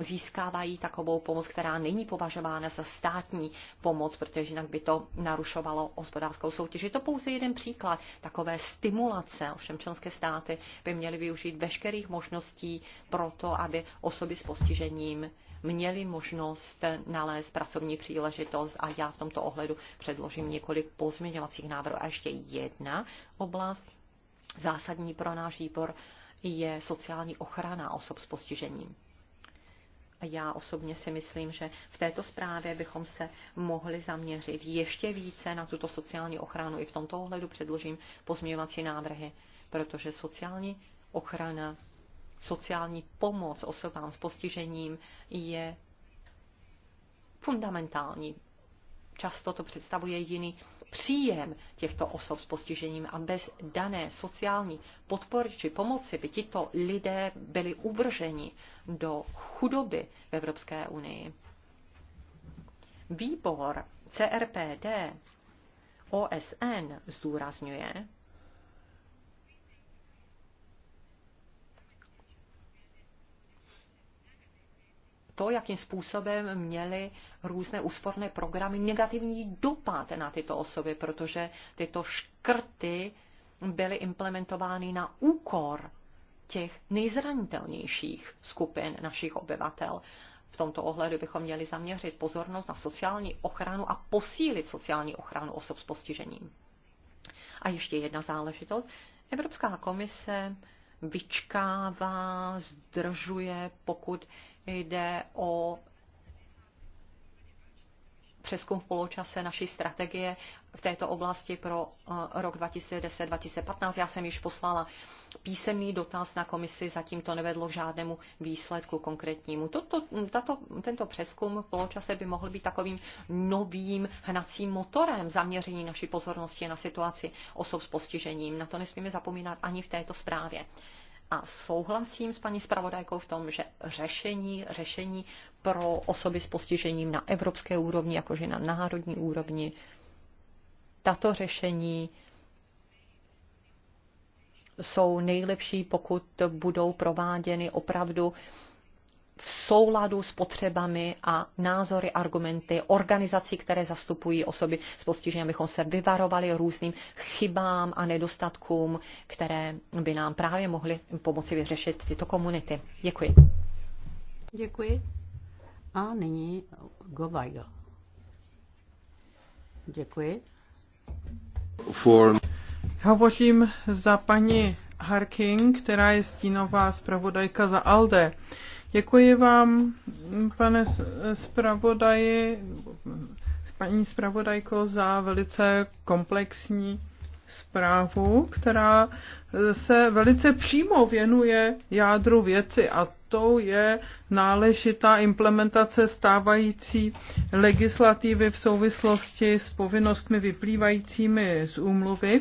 získávají takovou pomoc, která není považována za státní pomoc, protože jinak by to narušovalo hospodářskou soutěž. Je to pouze jeden příklad takové stimulace. Ovšem členské státy by měly využít veškerých možností pro to, aby osoby s postižením měli možnost nalézt pracovní příležitost a já v tomto ohledu předložím několik pozměňovacích návrhů. A ještě jedna oblast zásadní pro náš výbor je sociální ochrana osob s postižením já osobně si myslím, že v této zprávě bychom se mohli zaměřit ještě více na tuto sociální ochranu. I v tomto ohledu předložím pozměňovací návrhy, protože sociální ochrana, sociální pomoc osobám s postižením je fundamentální. Často to představuje jiný příjem těchto osob s postižením a bez dané sociální podpory či pomoci by tito lidé byli uvrženi do chudoby v Evropské unii. Výbor CRPD OSN zdůrazňuje, to, jakým způsobem měly různé úsporné programy negativní dopad na tyto osoby, protože tyto škrty byly implementovány na úkor těch nejzranitelnějších skupin našich obyvatel. V tomto ohledu bychom měli zaměřit pozornost na sociální ochranu a posílit sociální ochranu osob s postižením. A ještě jedna záležitost. Evropská komise vyčkává, zdržuje, pokud jde o přeskum v poločase naší strategie v této oblasti pro eh, rok 2010-2015. Já jsem již poslala písemný dotaz na komisi, zatím to nevedlo k žádnému výsledku konkrétnímu. Toto, tato, tento přeskum v poločase by mohl být takovým novým hnacím motorem zaměření naší pozornosti na situaci osob s postižením. Na to nesmíme zapomínat ani v této zprávě a souhlasím s paní zpravodajkou v tom, že řešení, řešení pro osoby s postižením na evropské úrovni, jakože na národní úrovni, tato řešení jsou nejlepší, pokud budou prováděny opravdu v souladu s potřebami a názory, argumenty organizací, které zastupují osoby s postižením, abychom se vyvarovali různým chybám a nedostatkům, které by nám právě mohly pomoci vyřešit tyto komunity. Děkuji. Děkuji. A nyní Govajl. Děkuji. For... Hovořím za paní Harking, která je stínová zpravodajka za ALDE. Uh, Děkuji vám, pane zpravodaji, paní zpravodajko, za velice komplexní zprávu, která se velice přímo věnuje jádru věci a to je náležitá implementace stávající legislativy v souvislosti s povinnostmi vyplývajícími z úmluvy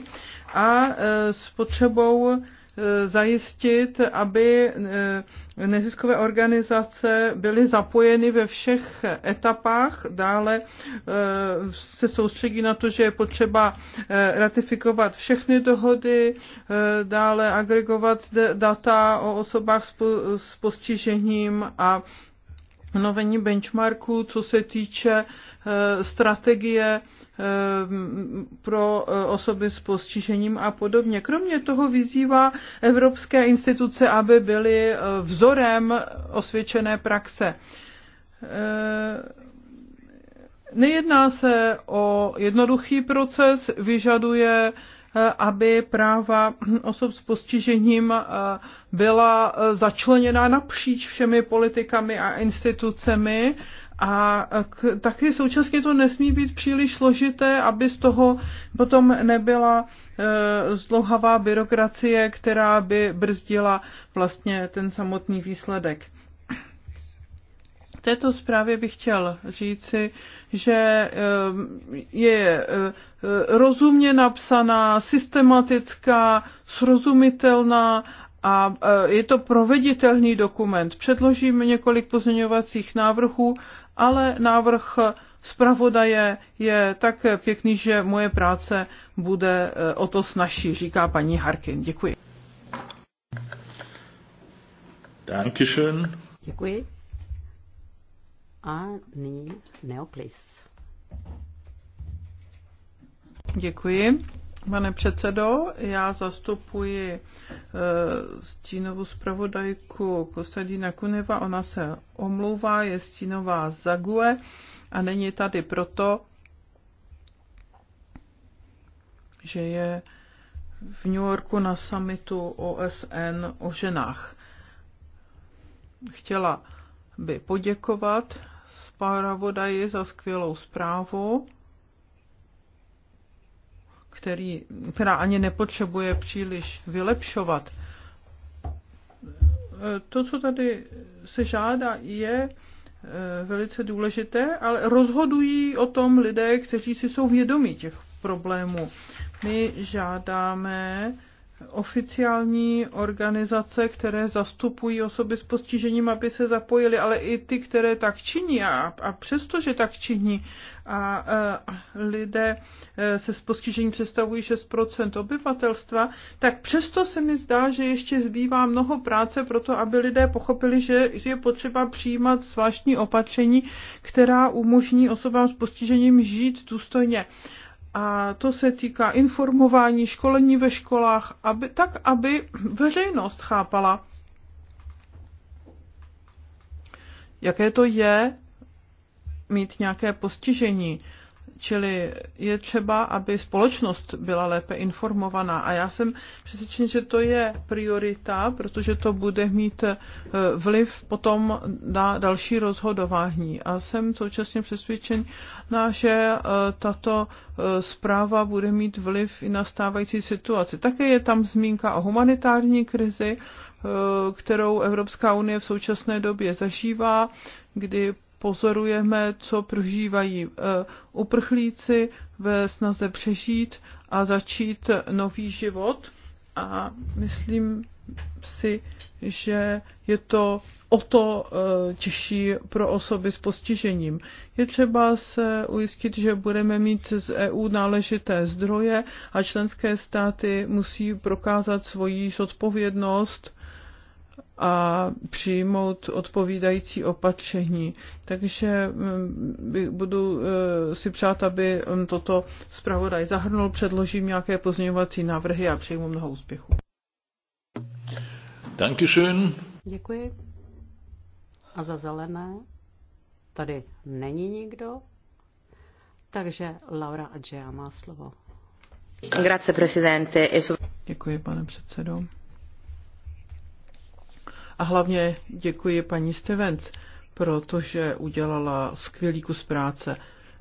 a e, s potřebou Eh, zajistit, aby eh, neziskové organizace byly zapojeny ve všech etapách. Dále eh, se soustředí na to, že je potřeba ratifikovat všechny dohody, dále agregovat data o osobách s postižením a stanovení benchmarku, co se týče eh, strategie eh, pro eh, osoby s postižením a podobně. Kromě toho vyzývá evropské instituce, aby byly vzorem osvědčené praxe. Nejedná se o jednoduchý proces, vyžaduje aby práva osob s postižením eh, byla eh, začleněna napříč všemi politikami a institucemi a eh, k, taky současně to nesmí být příliš složité, aby z toho potom nebyla e, zdlouhavá byrokracie, která by brzdila vlastně ten samotný výsledek této zprávě bych chtěl říci, že ehm, je eh, rozumně napsaná, systematická, srozumitelná a eh, je to proveditelný dokument. Předložím několik pozměňovacích návrhů, ale návrh zpravodaje je tak pěkný, že moje práce bude eh, o to snažší, říká paní Harkin. Děkuji. Dankeschön. Děkuji. A nyní Neoplis. Děkuji. Pane předsedo, já zastupuji e, stínovou zpravodajku Kostadina Kuneva. Ona se omlouvá, je stínová Zague a není tady proto, že je v New Yorku na summitu OSN o ženách. Chtěla by poděkovat zpravodaji za skvělou zprávu, který, která ani nepotřebuje příliš vylepšovat. To, co tady se žádá, je eh, velice důležité, ale rozhodují o tom lidé, kteří si jsou vědomí těch problémů. My žádáme oficiální organizace, které zastupují osoby s postižením, aby se zapojili, ale i ty, které tak činí a, a přesto, že tak činí a, a lidé eh, se s postižením představují 6% obyvatelstva, tak přesto se mi zdá, že ještě zbývá mnoho práce pro to, aby lidé pochopili, že je potřeba přijímat zvláštní opatření, která umožní osobám s postižením žít důstojně a to se týká informování, školení ve školách, aby, tak aby veřejnost chápala, jaké to je mít nějaké postižení. Čili je třeba, aby společnost byla lépe informovaná. A já jsem přesvědčen, že to je priorita, protože to bude mít eh, vliv potom na další rozhodování. A jsem současně přesvědčen, na, že eh, tato eh, zpráva bude mít vliv i na stávající situaci. Také je tam zmínka o humanitární krizi, kterou Evropská unie v současné době zažívá, kdy pozorujeme, co prožívají eh, uprchlíci ve snaze přežít a začít nový život. A myslím si, že je to o to eh, těžší pro osoby s postižením. Je třeba se ujistit, že budeme mít z EU náležité zdroje a členské státy musí prokázat svoji zodpovědnost a přijmout odpovídající opatření. Takže mm, budu eh, si přát, aby mm, toto zpravodaj zahrnul, předložím nějaké pozměňovací návrhy a přejmu mnoho úspěchů. Děkuji. A za zelené? Tady není nikdo. Takže Laura Adžea má slovo. Grazie, presidente. E Děkuji, pane předsedo. A hlavně děkuji paní Stevens, protože udělala skvělý kus práce.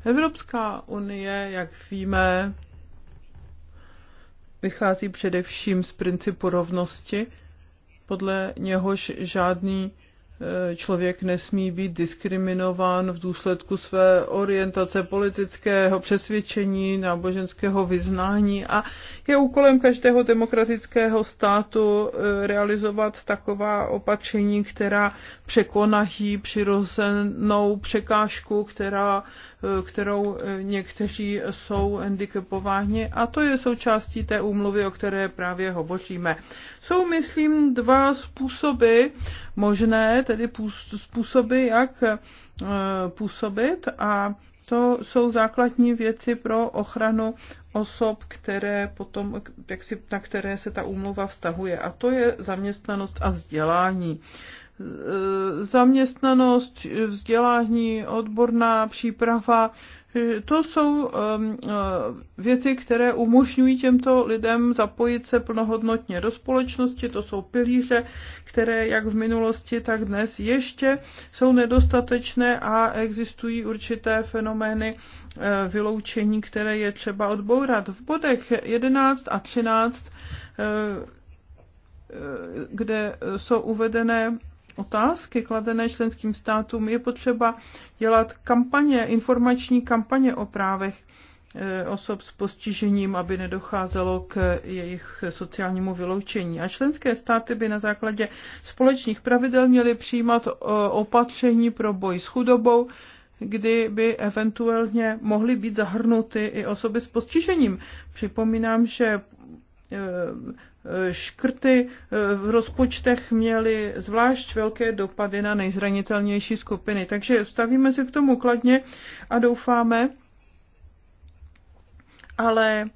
Evropská unie, jak víme, vychází především z principu rovnosti, podle něhož žádný člověk nesmí být diskriminován v důsledku své orientace politického přesvědčení, náboženského vyznání a je úkolem každého demokratického státu eh, realizovat taková opatření, která překonají přirozenou překážku, která, eh, kterou eh, někteří jsou handicapováni a to je součástí té úmluvy, o které právě hovoříme. Jsou, myslím, dva způsoby, možné tedy způsoby, jak eh, působit a to jsou základní věci pro ochranu osob, které potom, jak si, na které se ta úmluva vztahuje. A to je zaměstnanost a vzdělání zaměstnanost, vzdělání, odborná příprava. To jsou um, uh, věci, které umožňují těmto lidem zapojit se plnohodnotně do společnosti. To jsou pilíře, které jak v minulosti, tak dnes ještě jsou nedostatečné a existují určité fenomény uh, vyloučení, které je třeba odbourat. V bodech 11 a 13 uh, kde jsou uvedené otázky kladené členským státům, je potřeba dělat kampaně, informační kampaně o právech eh, osob s postižením, aby nedocházelo k jejich sociálnímu vyloučení. A členské státy by na základě společných pravidel měly přijímat eh, opatření pro boj s chudobou, kdy by eventuálně mohly být zahrnuty i osoby s postižením. Připomínám, že eh, škrty eh, v rozpočtech měly zvlášť velké dopady na nejzranitelnější skupiny. Takže stavíme se k tomu kladně a doufáme, ale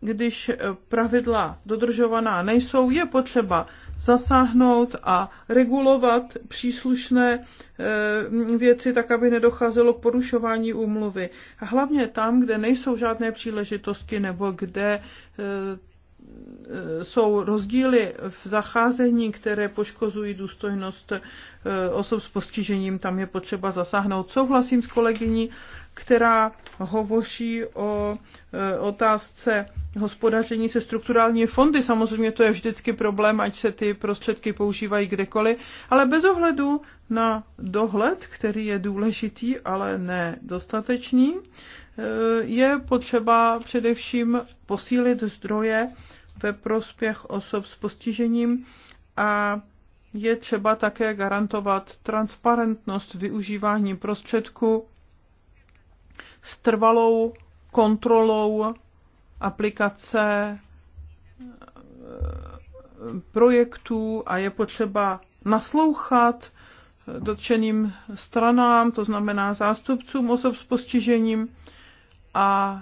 když pravidla dodržovaná nejsou, je potřeba zasáhnout a regulovat příslušné eh, věci tak, aby nedocházelo k porušování úmluvy. A hlavně tam, kde nejsou žádné příležitosti nebo kde eh, eh, jsou rozdíly v zacházení, které poškozují důstojnost osob s postižením, tam je potřeba zasáhnout. Souhlasím s kolegyní která hovoří o e, otázce hospodaření se strukturální fondy. Samozřejmě to je vždycky problém, ať se ty prostředky používají kdekoliv, ale bez ohledu na dohled, který je důležitý, ale ne dostatečný, e, je potřeba především posílit zdroje ve prospěch osob s postižením a je třeba také garantovat transparentnost využívání prostředků s trvalou kontrolou aplikace eh, projektů a je potřeba naslouchat dotčeným stranám, to znamená zástupcům osob s postižením a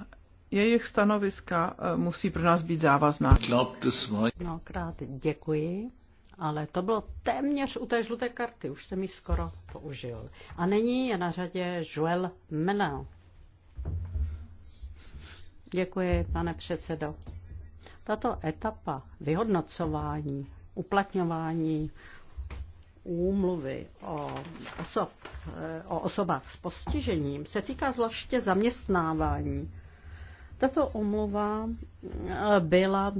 jejich stanoviska eh, musí pro nás být závazná. Mnohokrát děkuji, ale to bylo téměř u té žluté karty, už jsem ji skoro použil. A nyní je na řadě Joel Menel. Děkuji, pane předsedo. Tato etapa vyhodnocování, uplatňování úmluvy o, osob, o osobách s postižením se týká zvláště zaměstnávání. Tato umluva eh, byla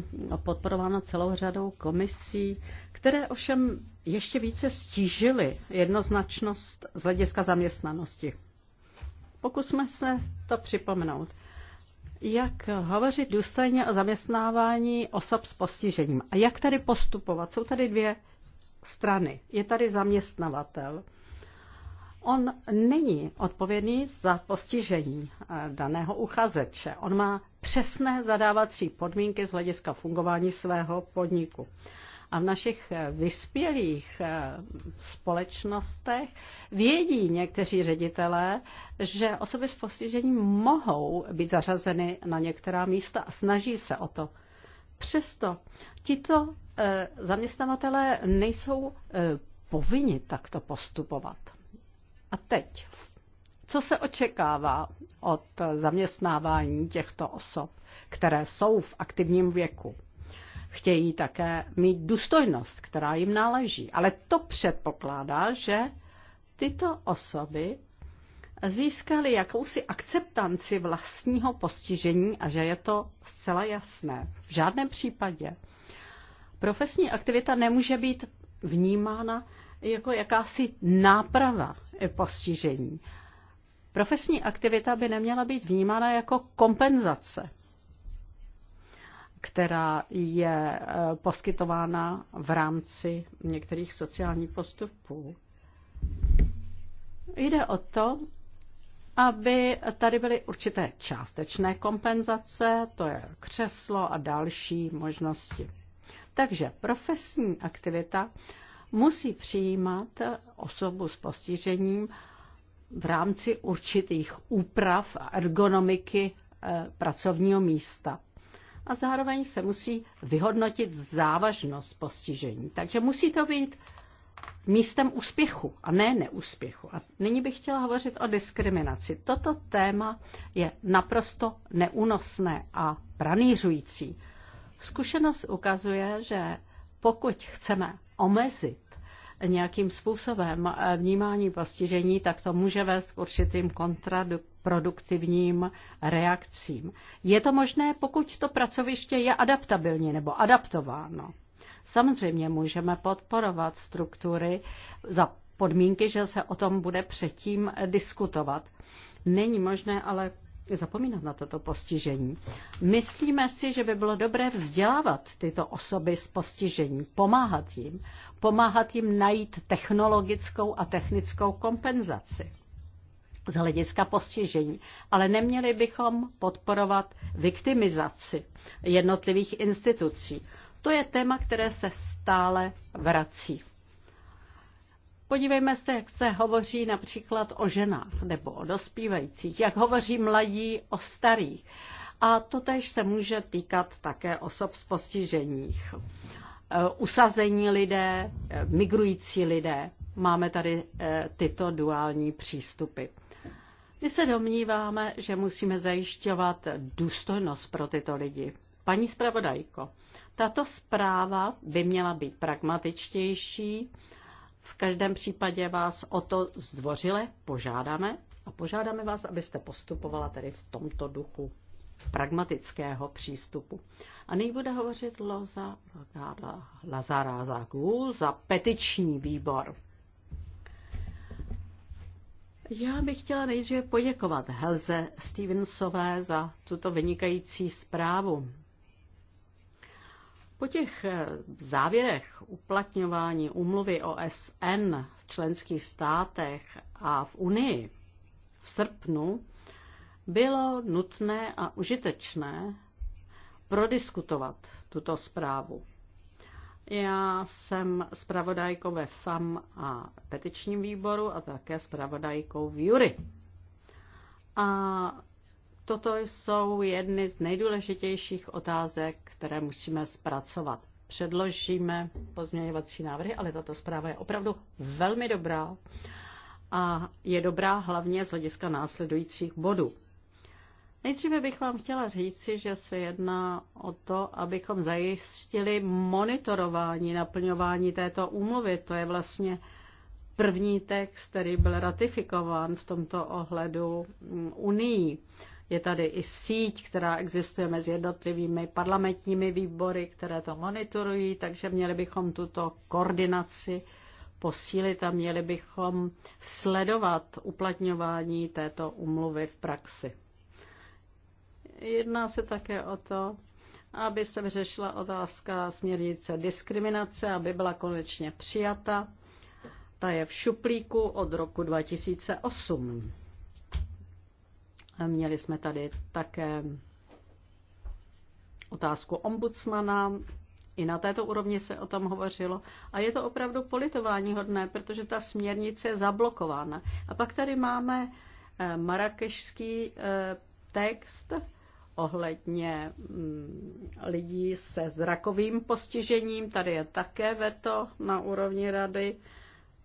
podporována celou řadou komisí, které ovšem ještě více stížily jednoznačnost z hlediska zaměstnanosti. Pokusme se to připomenout jak hovořit důstojně o zaměstnávání osob s postižením. A jak tady postupovat? Jsou tady dvě strany. Je tady zaměstnavatel. On není odpovědný za postižení eh, daného uchazeče. On má přesné zadávací podmínky z hlediska fungování svého podniku. A v našich eh, vyspělých eh, společnostech vědí někteří ředitelé, že osoby s postižením mohou být zařazeny na některá místa a snaží se o to. Přesto tito eh, zaměstnavatelé nejsou povinni takto postupovat. A teď, co se očekává od zaměstnávání těchto osob, které jsou v aktivním věku? Chtějí také mít důstojnost, která jim náleží. Ale to předpokládá, že tyto osoby získaly jakousi akceptanci vlastního postižení a že je to zcela jasné. V žádném případě. Profesní aktivita nemůže být vnímána jako jakási náprava postižení. Profesní aktivita by neměla být vnímána jako kompenzace která je eh, poskytována v rámci některých sociálních postupů. Jde o to, aby tady byly určité částečné kompenzace, to je křeslo a další možnosti. Takže profesní aktivita musí přijímat osobu s postižením v rámci určitých úprav ergonomiky eh, pracovního místa a zároveň se musí vyhodnotit závažnost postižení. Takže musí to být místem úspěchu a ne neúspěchu. A nyní bych chtěla hovořit o diskriminaci. Toto téma je naprosto neúnosné a pranířující. Zkušenost ukazuje, že pokud chceme omezit nějakým způsobem vnímání postižení, tak to může vést k určitým kontraproduktivním reakcím. Je to možné, pokud to pracoviště je adaptabilní nebo adaptováno. Samozřejmě můžeme podporovat struktury za podmínky, že se o tom bude předtím diskutovat. Není možné ale zapomínat na toto postižení. Myslíme si, že by bylo dobré vzdělávat tyto osoby s postižením, pomáhat jim, pomáhat jim najít technologickou a technickou kompenzaci z hlediska postižení, ale neměli bychom podporovat viktimizaci jednotlivých institucí. To je téma, které se stále vrací. Podívejme se, jak se hovoří například o ženách nebo o dospívajících, jak hovoří mladí o starých. A to tež se může týkat také osob s postiženích. E, usazení lidé, e, migrující lidé. Máme tady e, tyto duální přístupy. My se domníváme, že musíme zajišťovat důstojnost pro tyto lidi. Paní zpravodajko, tato zpráva by měla být pragmatičtější v každém případě vás o to zdvořile požádáme a požádáme vás, abyste postupovala tedy v tomto duchu pragmatického přístupu. A nyní bude hovořit Loza Lazara za za petiční výbor. Já bych chtěla nejdříve poděkovat Helze Stevensové za tuto vynikající zprávu. Po těch eh, závěrech uplatňování umluvy OSN v členských státech a v Unii v srpnu bylo nutné a užitečné prodiskutovat tuto zprávu. Já jsem zpravodajkou ve FAM a petičním výboru a také zpravodajkou v Jury. A Toto jsou jedny z nejdůležitějších otázek, které musíme zpracovat. Předložíme pozměňovací návrhy, ale tato zpráva je opravdu velmi dobrá a je dobrá hlavně z hlediska následujících bodů. Nejdříve bych vám chtěla říci, že se jedná o to, abychom zajistili monitorování naplňování této úmluvy. To je vlastně první text, který byl ratifikován v tomto ohledu mm, Unii. Je tady i síť, která existuje mezi jednotlivými parlamentními výbory, které to monitorují, takže měli bychom tuto koordinaci posílit a měli bychom sledovat uplatňování této umluvy v praxi. Jedná se také o to, aby se vyřešila otázka směrnice diskriminace, aby byla konečně přijata. Ta je v šuplíku od roku 2008. Měli jsme tady také otázku ombudsmana. I na této úrovni se o tom hovořilo. A je to opravdu politování hodné, protože ta směrnice je zablokována. A pak tady máme eh, marakešský eh, text ohledně mm, lidí se zrakovým postižením. Tady je také veto na úrovni rady.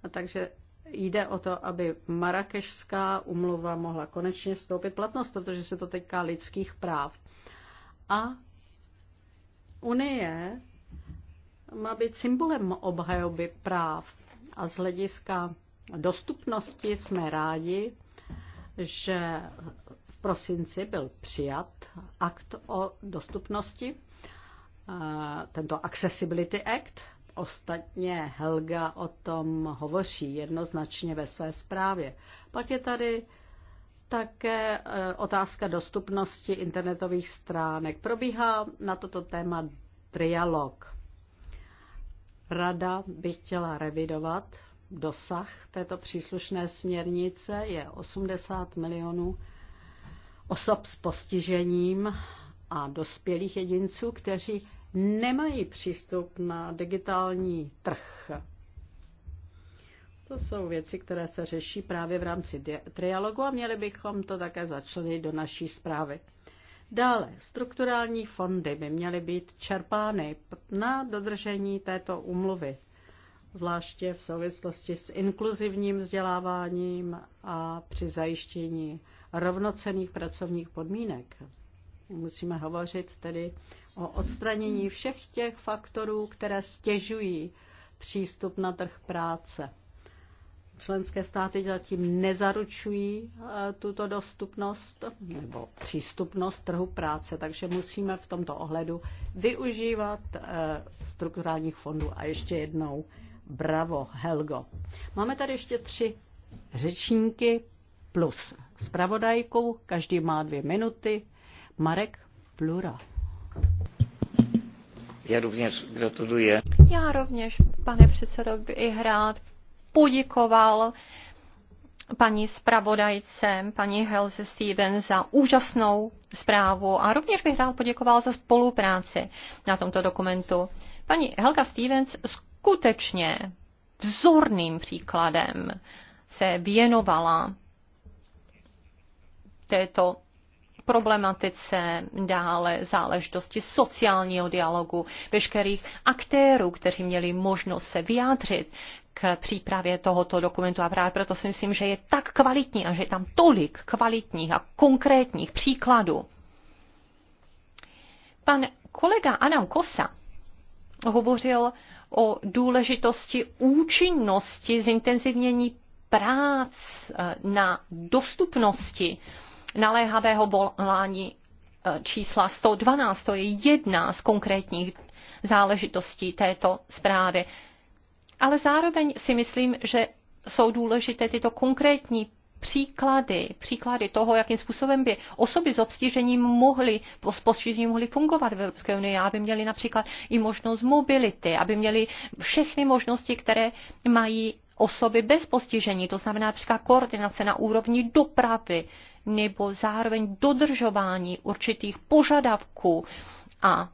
A takže Jde o to, aby marakešská umluva mohla konečně vstoupit platnost, protože se to týká lidských práv. A Unie má být symbolem obhajoby práv a z hlediska dostupnosti jsme rádi, že v prosinci byl přijat akt o dostupnosti, tento Accessibility Act, Ostatně Helga o tom hovoří jednoznačně ve své zprávě. Pak je tady také eh, otázka dostupnosti internetových stránek. Probíhá na toto téma trialog. Rada by chtěla revidovat dosah této příslušné směrnice, je 80 milionů osob s postižením a dospělých jedinců, kteří nemají přístup na digitální trh. To jsou věci, které se řeší právě v rámci trialogu a měli bychom to také začlenit do naší zprávy. Dále, strukturální fondy by měly být čerpány na dodržení této umluvy, zvláště v souvislosti s inkluzivním vzděláváním a při zajištění rovnocených pracovních podmínek. Musíme hovořit tedy o odstranění všech těch faktorů, které stěžují přístup na trh práce. Členské státy zatím nezaručují eh, tuto dostupnost nebo přístupnost trhu práce, takže musíme v tomto ohledu využívat eh, strukturálních fondů. A ještě jednou, bravo, Helgo. Máme tady ještě tři řečníky plus zpravodajku, každý má dvě minuty Marek Plura. Já rovněž gratuluji. Já rovněž, pane předsedo, i hrát poděkoval paní zpravodajce, paní Helze Stevens za úžasnou zprávu a rovněž bych rád poděkoval za spolupráci na tomto dokumentu. Paní Helga Stevens skutečně vzorným příkladem se věnovala této problematice, dále záležitosti sociálního dialogu, veškerých aktérů, kteří měli možnost se vyjádřit k přípravě tohoto dokumentu a právě proto si myslím, že je tak kvalitní a že je tam tolik kvalitních a konkrétních příkladů. Pan kolega Adam Kosa hovořil o důležitosti účinnosti zintenzivnění prác eh, na dostupnosti naléhavého volání e, čísla 112. To je jedna z konkrétních záležitostí této zprávy. Ale zároveň si myslím, že jsou důležité tyto konkrétní příklady, příklady toho, jakým způsobem by osoby s obstižením mohly, s postižením mohly fungovat v Evropské unii, aby měly například i možnost mobility, aby měly všechny možnosti, které mají osoby bez postižení, to znamená například koordinace na úrovni dopravy nebo zároveň dodržování určitých požadavků a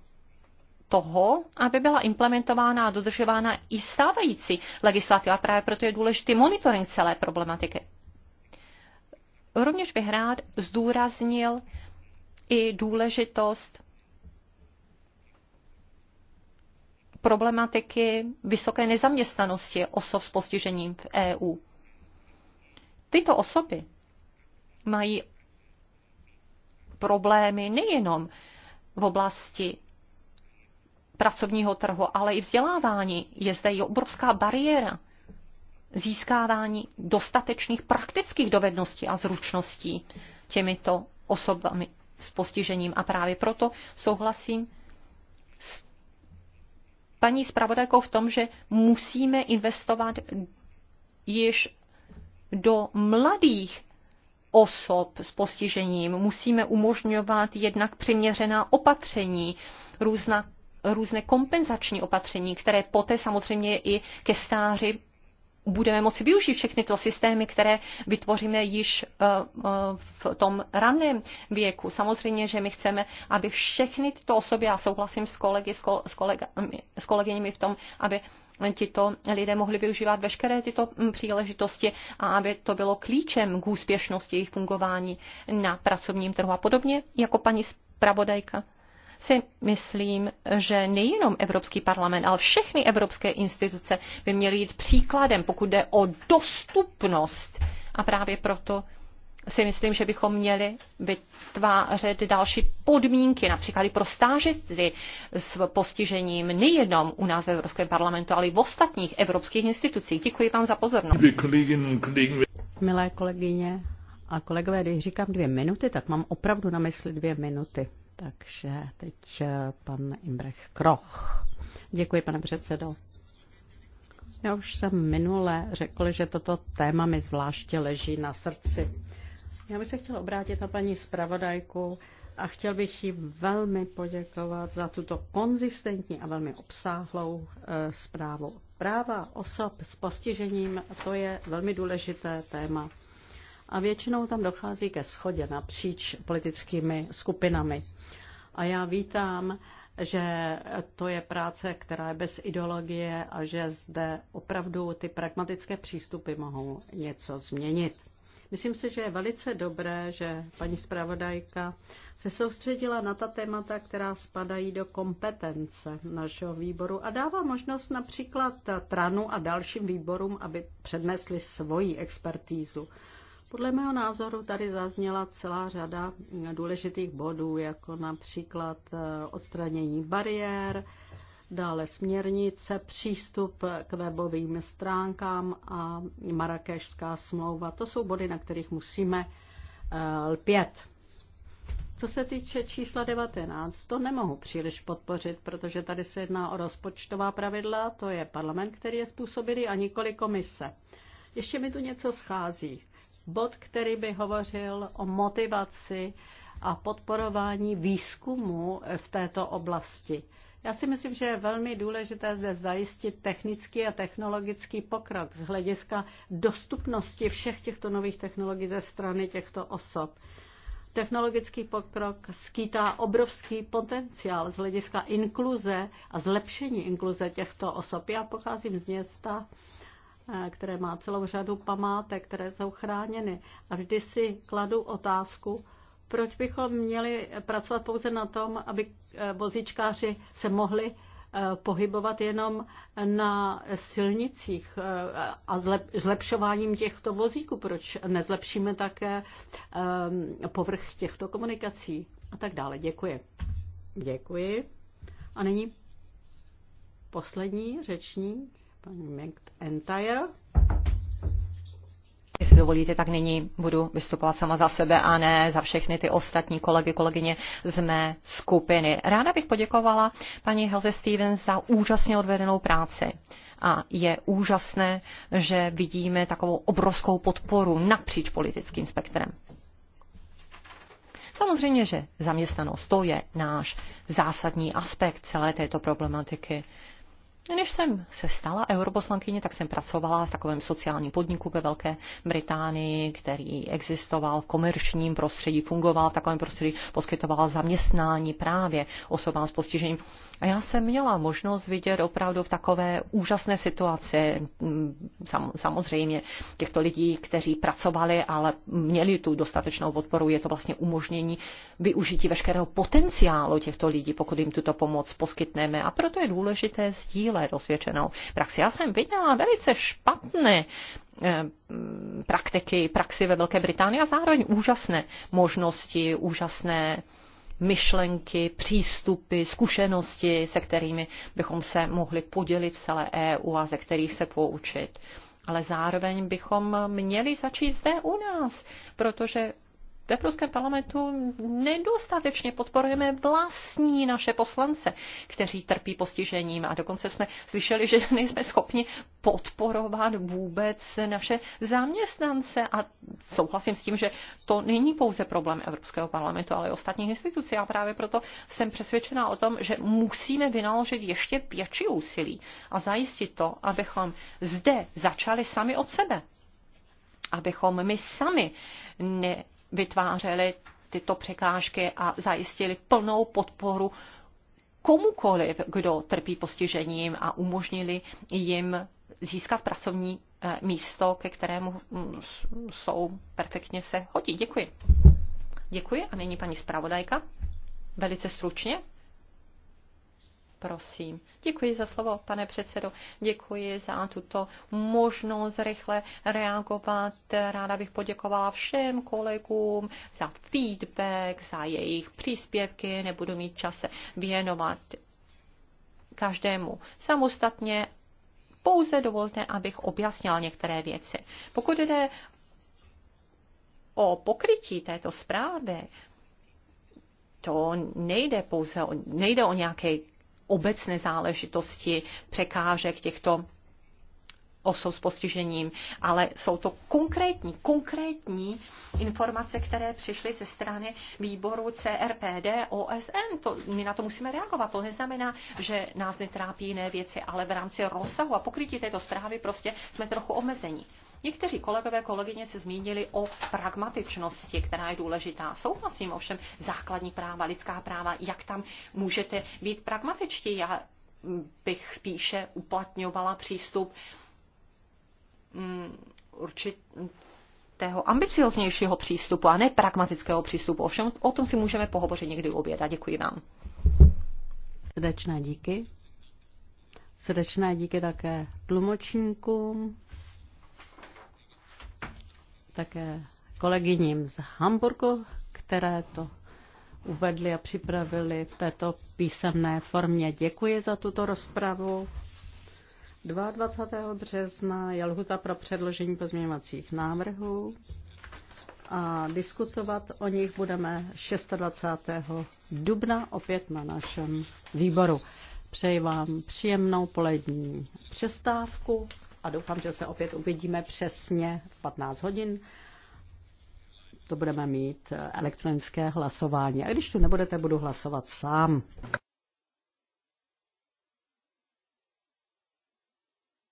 toho, aby byla implementována a dodržována i stávající legislativa. Právě proto je důležitý monitoring celé problematiky. Rovněž bych rád zdůraznil i důležitost problematiky vysoké nezaměstnanosti osob s postižením v EU. Tyto osoby mají problémy nejenom v oblasti pracovního trhu, ale i vzdělávání. Je zde i obrovská bariéra získávání dostatečných praktických dovedností a zručností těmito osobami s postižením. A právě proto souhlasím s paní zpravodajkou v tom, že musíme investovat již do mladých osob s postižením. Musíme umožňovat jednak přiměřená opatření, různá, různé kompenzační opatření, které poté samozřejmě i ke stáři budeme moci využít všechny to systémy, které vytvoříme již eh, eh, v tom raném věku. Samozřejmě, že my chceme, aby všechny tyto osoby, já souhlasím s kolegy, s, kolegami, s kolegyněmi v tom, aby tito lidé mohli využívat veškeré tyto hm, příležitosti a aby to bylo klíčem k úspěšnosti jejich fungování na pracovním trhu a podobně, jako paní zpravodajka si myslím, že nejenom Evropský parlament, ale všechny evropské instituce by měly jít příkladem, pokud jde o dostupnost. A právě proto si myslím, že bychom měli vytvářet další podmínky, například i pro stážisty s postižením nejenom u nás v Evropském parlamentu, ale i v ostatních evropských institucích. Děkuji vám za pozornost. Milé kolegyně a kolegové, když říkám dvě minuty, tak mám opravdu na mysli dvě minuty. Takže teď eh, pan Imbrech Kroch. Děkuji, pane předsedo. Já už jsem minule řekl, že toto téma mi zvláště leží na srdci. Já bych se chtěl obrátit na paní zpravodajku a chtěl bych jí velmi poděkovat za tuto konzistentní a velmi obsáhlou eh, zprávu. Práva osob s postižením, to je velmi důležité téma a většinou tam dochází ke schodě napříč politickými skupinami. A já vítám, že to je práce, která je bez ideologie a že zde opravdu ty pragmatické přístupy mohou něco změnit. Myslím si, že je velice dobré, že paní zpravodajka se soustředila na ta témata, která spadají do kompetence našeho výboru a dává možnost například Tranu a dalším výborům, aby přednesli svoji expertízu. Podle mého názoru tady zazněla celá řada důležitých bodů, jako například eh, odstranění bariér, dále směrnice, přístup k webovým stránkám a marakešská smlouva. To jsou body, na kterých musíme eh, lpět. Co se týče čísla 19, to nemohu příliš podpořit, protože tady se jedná o rozpočtová pravidla, to je parlament, který je způsobilý a nikoli komise. Ještě mi tu něco schází bod, který by hovořil o motivaci a podporování výzkumu v této oblasti. Já si myslím, že je velmi důležité zde zajistit technický a technologický pokrok z hlediska dostupnosti všech těchto nových technologií ze strany těchto osob. Technologický pokrok skýtá obrovský potenciál z hlediska inkluze a zlepšení inkluze těchto osob. Já pocházím z města, Eh, které má celou řadu památek, které jsou chráněny. A vždy si kladu otázku, proč bychom měli pracovat pouze na tom, aby eh, vozíčkáři se mohli eh, pohybovat jenom na silnicích a zlepšováním těchto vozíků. Proč nezlepšíme také povrch těchto komunikací a tak dále. Děkuji. Děkuji. A nyní poslední řečník paní Jestli dovolíte, tak nyní budu vystupovat sama za sebe a ne za všechny ty ostatní kolegy, kolegyně z mé skupiny. Ráda bych poděkovala paní Helze Stevens za úžasně odvedenou práci. A je úžasné, že vidíme takovou obrovskou podporu napříč politickým spektrem. Samozřejmě, že zaměstnanost to je náš zásadní aspekt celé této problematiky. Než jsem se stala europoslankyně, tak jsem pracovala v takovém sociálním podniku ve Velké Británii, který existoval v komerčním prostředí, fungoval v takovém prostředí, poskytoval zaměstnání právě osobám s postižením a já jsem měla možnost vidět opravdu v takové úžasné situaci, samozřejmě těchto lidí, kteří pracovali, ale měli tu dostatečnou podporu, je to vlastně umožnění využití veškerého potenciálu těchto lidí, pokud jim tuto pomoc poskytneme. A proto je důležité sdílet osvědčenou praxi. Já jsem viděla velice špatné eh, praktiky, praxi ve Velké Británii a zároveň úžasné možnosti, úžasné myšlenky, přístupy, zkušenosti, se kterými bychom se mohli podělit v celé EU a ze kterých se poučit. Ale zároveň bychom měli začít zde u nás, protože v Evropském parlamentu nedostatečně podporujeme vlastní naše poslance, kteří trpí postižením. A dokonce jsme slyšeli, že nejsme schopni podporovat vůbec naše zaměstnance. A souhlasím s tím, že to není pouze problém Evropského parlamentu, ale i ostatních institucí. A právě proto jsem přesvědčená o tom, že musíme vynaložit ještě větší úsilí a zajistit to, abychom zde začali sami od sebe abychom my sami ne, vytvářeli tyto překážky a zajistili plnou podporu komukoliv, kdo trpí postižením a umožnili jim získat pracovní eh, místo, ke kterému mm, jsou perfektně se hodí. Děkuji. Děkuji a nyní paní zpravodajka. Velice stručně prosím. Děkuji za slovo, pane předsedo. Děkuji za tuto možnost rychle reagovat. Ráda bych poděkovala všem kolegům za feedback, za jejich příspěvky. Nebudu mít čase věnovat každému samostatně. Pouze dovolte, abych objasnila některé věci. Pokud jde o pokrytí této zprávy, to nejde pouze o, nejde o nějaké obecné záležitosti překážek těchto osob s postižením, ale jsou to konkrétní, konkrétní informace, které přišly ze strany výboru CRPD, OSN. To, my na to musíme reagovat. To neznamená, že nás netrápí jiné věci, ale v rámci rozsahu a pokrytí této zprávy prostě jsme trochu omezení. Někteří kolegové, kolegyně se zmínili o pragmatičnosti, která je důležitá. Souhlasím ovšem základní práva, lidská práva, jak tam můžete být pragmatičtí. Já bych spíše uplatňovala přístup mm, určitého ambicioznějšího přístupu a ne pragmatického přístupu. Ovšem o tom si můžeme pohovořit někdy u oběda. Děkuji vám. Srdečné díky. Srdečné díky také tlumočníkům také kolegyním z Hamburgu, které to uvedli a připravili v této písemné formě. Děkuji za tuto rozpravu. 22. března je lhuta pro předložení pozměňovacích návrhů a diskutovat o nich budeme 26. dubna opět na našem výboru. Přeji vám příjemnou polední přestávku a doufám, že se opět uvidíme přesně v 15 hodin. To budeme mít eh, elektronické hlasování. A když tu nebudete, budu hlasovat sám.